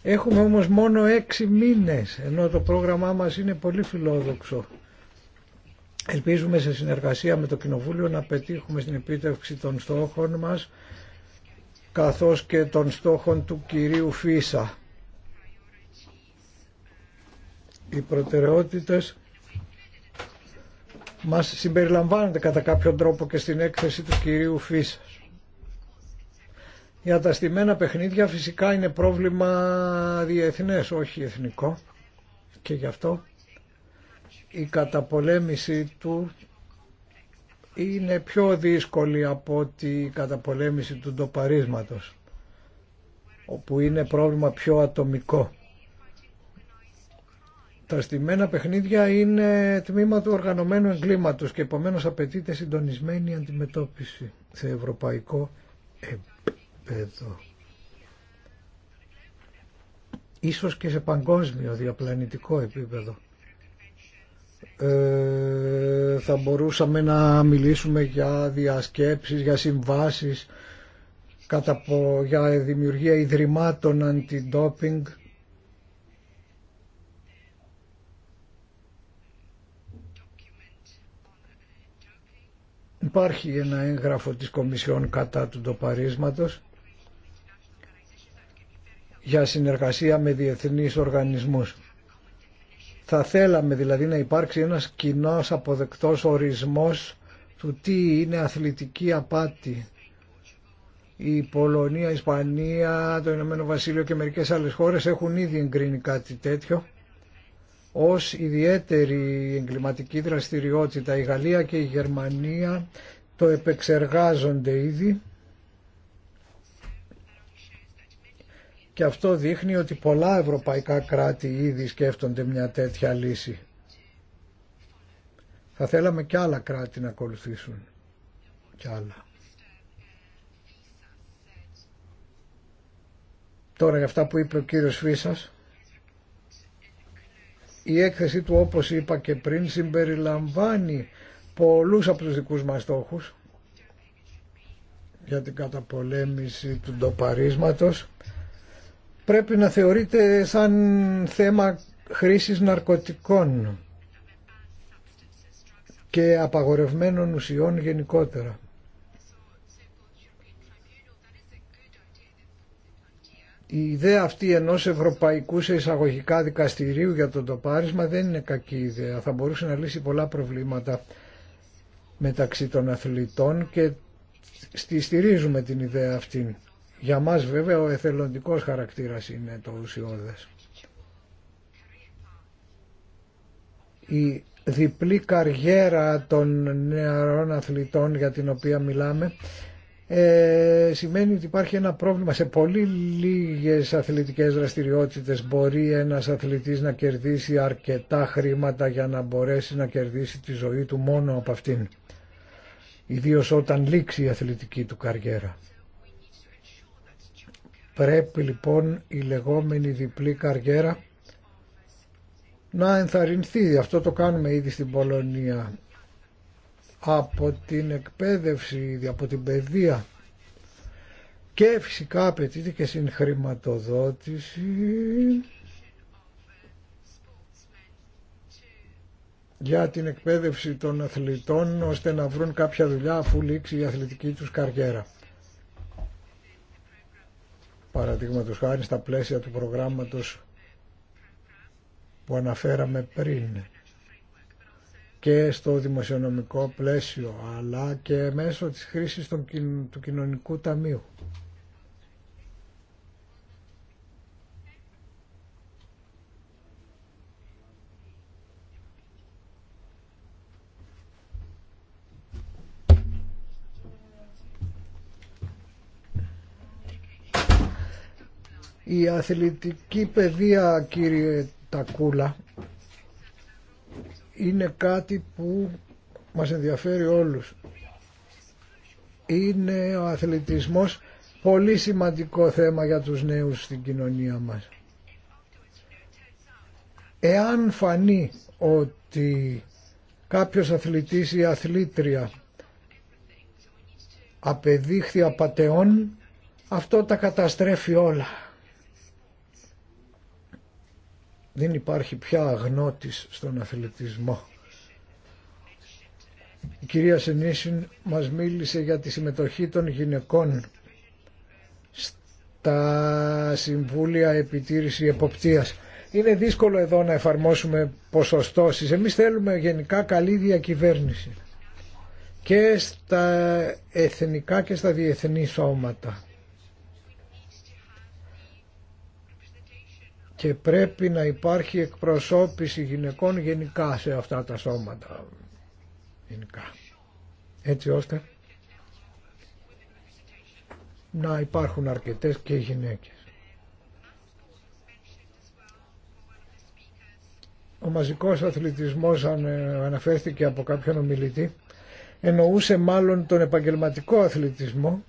Speaker 2: Έχουμε όμως μόνο έξι μήνες, ενώ το πρόγραμμά μας είναι πολύ φιλόδοξο. Ελπίζουμε σε συνεργασία με το Κοινοβούλιο να πετύχουμε στην επίτευξη των στόχων μας καθώς και των στόχων του κυρίου Φίσα. Οι προτεραιότητες μας συμπεριλαμβάνονται κατά κάποιον τρόπο και στην έκθεση του κυρίου Φίσα. Για τα στημένα παιχνίδια φυσικά είναι πρόβλημα διεθνές, όχι εθνικό και γι' αυτό η καταπολέμηση του είναι πιο δύσκολη από ότι καταπολέμηση του ντοπαρίσματος όπου είναι πρόβλημα πιο ατομικό. Τα στημένα παιχνίδια είναι τμήμα του οργανωμένου εγκλήματος και επομένως απαιτείται συντονισμένη αντιμετώπιση σε ευρωπαϊκό επίπεδο. Ίσως και σε παγκόσμιο διαπλανητικό επίπεδο. Ε, θα μπορούσαμε να μιλήσουμε για διασκέψεις, για συμβάσεις, κατά, για δημιουργία ιδρυμάτων αντι-doping. Υπάρχει ένα έγγραφο της Κομισιόν κατά του ντοπαρίσματος για συνεργασία με διεθνείς οργανισμούς. Θα θέλαμε δηλαδή να υπάρξει ένας κοινό αποδεκτός ορισμός του τι είναι αθλητική απάτη. Η Πολωνία, η Ισπανία, το Ηνωμένο Βασίλειο και μερικές άλλες χώρες έχουν ήδη εγκρίνει κάτι τέτοιο ως ιδιαίτερη εγκληματική δραστηριότητα. Η Γαλλία και η Γερμανία το επεξεργάζονται ήδη και αυτό δείχνει ότι πολλά ευρωπαϊκά κράτη ήδη σκέφτονται μια τέτοια λύση. Θα θέλαμε και άλλα κράτη να ακολουθήσουν. άλλα. Τώρα για αυτά που είπε ο κύριος Φίσας, η έκθεση του όπως είπα και πριν συμπεριλαμβάνει πολλούς από τους δικούς μας στόχους για την καταπολέμηση του ντοπαρίσματος πρέπει να θεωρείται σαν θέμα χρήσης ναρκωτικών και απαγορευμένων ουσιών γενικότερα. Η ιδέα αυτή ενός ευρωπαϊκού σε εισαγωγικά δικαστηρίου για το τοπάρισμα δεν είναι κακή ιδέα. Θα μπορούσε να λύσει πολλά προβλήματα μεταξύ των αθλητών και στη στηρίζουμε την ιδέα αυτήν. Για μας βέβαια ο εθελοντικός χαρακτήρας είναι το ουσιώδες. Η διπλή καριέρα των νεαρών αθλητών για την οποία μιλάμε ε, σημαίνει ότι υπάρχει ένα πρόβλημα. Σε πολύ λίγες αθλητικές δραστηριότητες μπορεί ένας αθλητής να κερδίσει αρκετά χρήματα για να μπορέσει να κερδίσει τη ζωή του μόνο από αυτήν. Ιδίως όταν λήξει η αθλητική του καριέρα. Πρέπει λοιπόν η λεγόμενη διπλή καριέρα να ενθαρρυνθεί. Αυτό το κάνουμε ήδη στην Πολωνία. Από την εκπαίδευση, από την παιδεία και φυσικά απαιτείται και συγχρηματοδότηση για την εκπαίδευση των αθλητών ώστε να βρουν κάποια δουλειά αφού λήξει η αθλητική τους καριέρα παραδείγματος χάρη στα πλαίσια του προγράμματος που αναφέραμε πριν και στο δημοσιονομικό πλαίσιο αλλά και μέσω της χρήσης του κοινωνικού ταμείου. Η αθλητική παιδεία κύριε Τακούλα είναι κάτι που μας ενδιαφέρει όλους. Είναι ο αθλητισμός πολύ σημαντικό θέμα για τους νέους στην κοινωνία μας. Εάν φανεί ότι κάποιος αθλητής ή αθλήτρια απεδείχθη απατεών, αυτό τα καταστρέφει όλα δεν υπάρχει πια αγνότης στον αθλητισμό. Η κυρία Σενίσιν μας μίλησε για τη συμμετοχή των γυναικών στα Συμβούλια Επιτήρηση Εποπτείας. Είναι δύσκολο εδώ να εφαρμόσουμε ποσοστώσεις. Εμείς θέλουμε γενικά καλή διακυβέρνηση και στα εθνικά και στα διεθνή σώματα. και πρέπει να υπάρχει εκπροσώπηση γυναικών γενικά σε αυτά τα σώματα. Γενικά. Έτσι ώστε να υπάρχουν αρκετές και γυναίκες. Ο μαζικός αθλητισμός αναφέρθηκε από κάποιον ομιλητή εννοούσε μάλλον τον επαγγελματικό αθλητισμό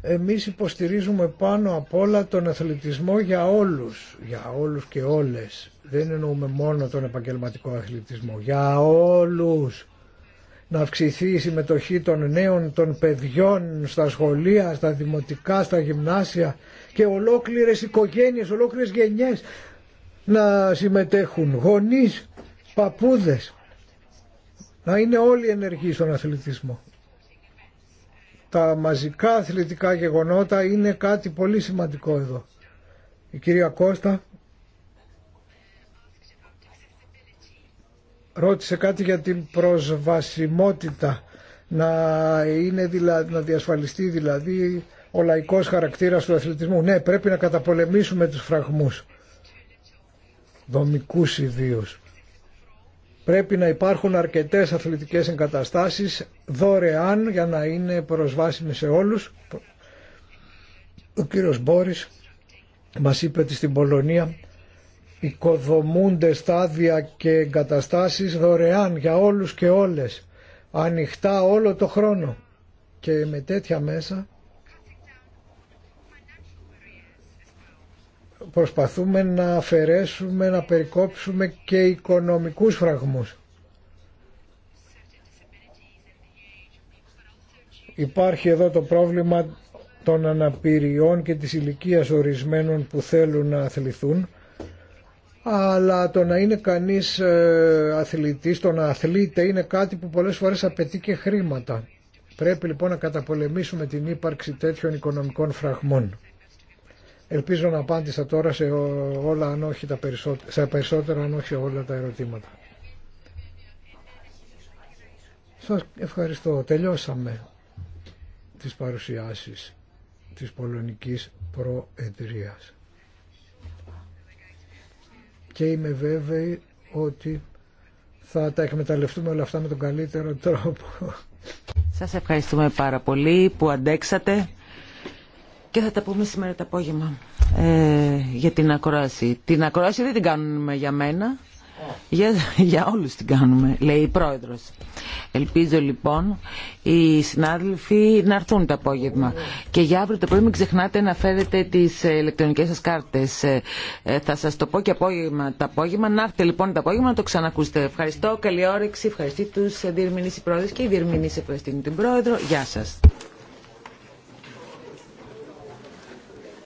Speaker 2: εμείς υποστηρίζουμε πάνω απ' όλα τον αθλητισμό για όλους, για όλους και όλες. Δεν εννοούμε μόνο τον επαγγελματικό αθλητισμό, για όλους. Να αυξηθεί η συμμετοχή των νέων, των παιδιών στα σχολεία, στα δημοτικά, στα γυμνάσια και ολόκληρες οικογένειες, ολόκληρες γενιές να συμμετέχουν, γονείς, παππούδες. Να είναι όλοι ενεργοί στον αθλητισμό τα μαζικά αθλητικά γεγονότα είναι κάτι πολύ σημαντικό εδώ. Η κυρία Κώστα ρώτησε κάτι για την προσβασιμότητα να, είναι δήλα να διασφαλιστεί δηλαδή ο λαϊκός χαρακτήρας του αθλητισμού. Ναι, πρέπει να καταπολεμήσουμε τους φραγμούς δομικούς ιδίως. Πρέπει να υπάρχουν αρκετές αθλητικές εγκαταστάσεις δωρεάν για να είναι προσβάσιμες σε όλους. Ο κύριος Μπόρις μας είπε ότι στην Πολωνία οικοδομούνται στάδια και εγκαταστάσεις δωρεάν για όλους και όλες, ανοιχτά όλο το χρόνο. Και με τέτοια μέσα προσπαθούμε να αφαιρέσουμε, να περικόψουμε και οικονομικούς φραγμούς. Υπάρχει εδώ το πρόβλημα των αναπηριών και της ηλικία ορισμένων που θέλουν να αθληθούν αλλά το να είναι κανείς ε, αθλητής, το να αθλείται είναι κάτι που πολλές φορές απαιτεί και χρήματα. Πρέπει λοιπόν να καταπολεμήσουμε την ύπαρξη τέτοιων οικονομικών φραγμών. Ελπίζω να απάντησα τώρα σε όλα αν όχι τα περισσότερα, σε περισσότερα αν όχι όλα τα ερωτήματα. Σας ευχαριστώ. Τελειώσαμε τις παρουσιάσεις της Πολωνικής Προεδρίας. Και είμαι βέβαιη ότι θα τα εκμεταλλευτούμε όλα αυτά με τον καλύτερο τρόπο.
Speaker 1: Σας ευχαριστούμε πάρα πολύ που αντέξατε και θα τα πούμε σήμερα το απόγευμα ε, για την ακρόαση. Την ακρόαση δεν την κάνουμε για μένα, για, για όλους την κάνουμε, λέει η πρόεδρος. Ελπίζω λοιπόν οι συνάδελφοι να έρθουν το απόγευμα. Και για αύριο το πρωί μην ξεχνάτε να φέρετε τις ηλεκτρονικές σας κάρτες. Ε, ε, θα σας το πω και απόγευμα, το απόγευμα. Να έρθετε λοιπόν το απόγευμα να το ξανακούσετε. Ευχαριστώ, καλή όρεξη, ευχαριστή τους ε, διερμηνείς πρόεδρος και οι διερμηνεί ευχαριστούν την πρόεδρο. Γεια σας.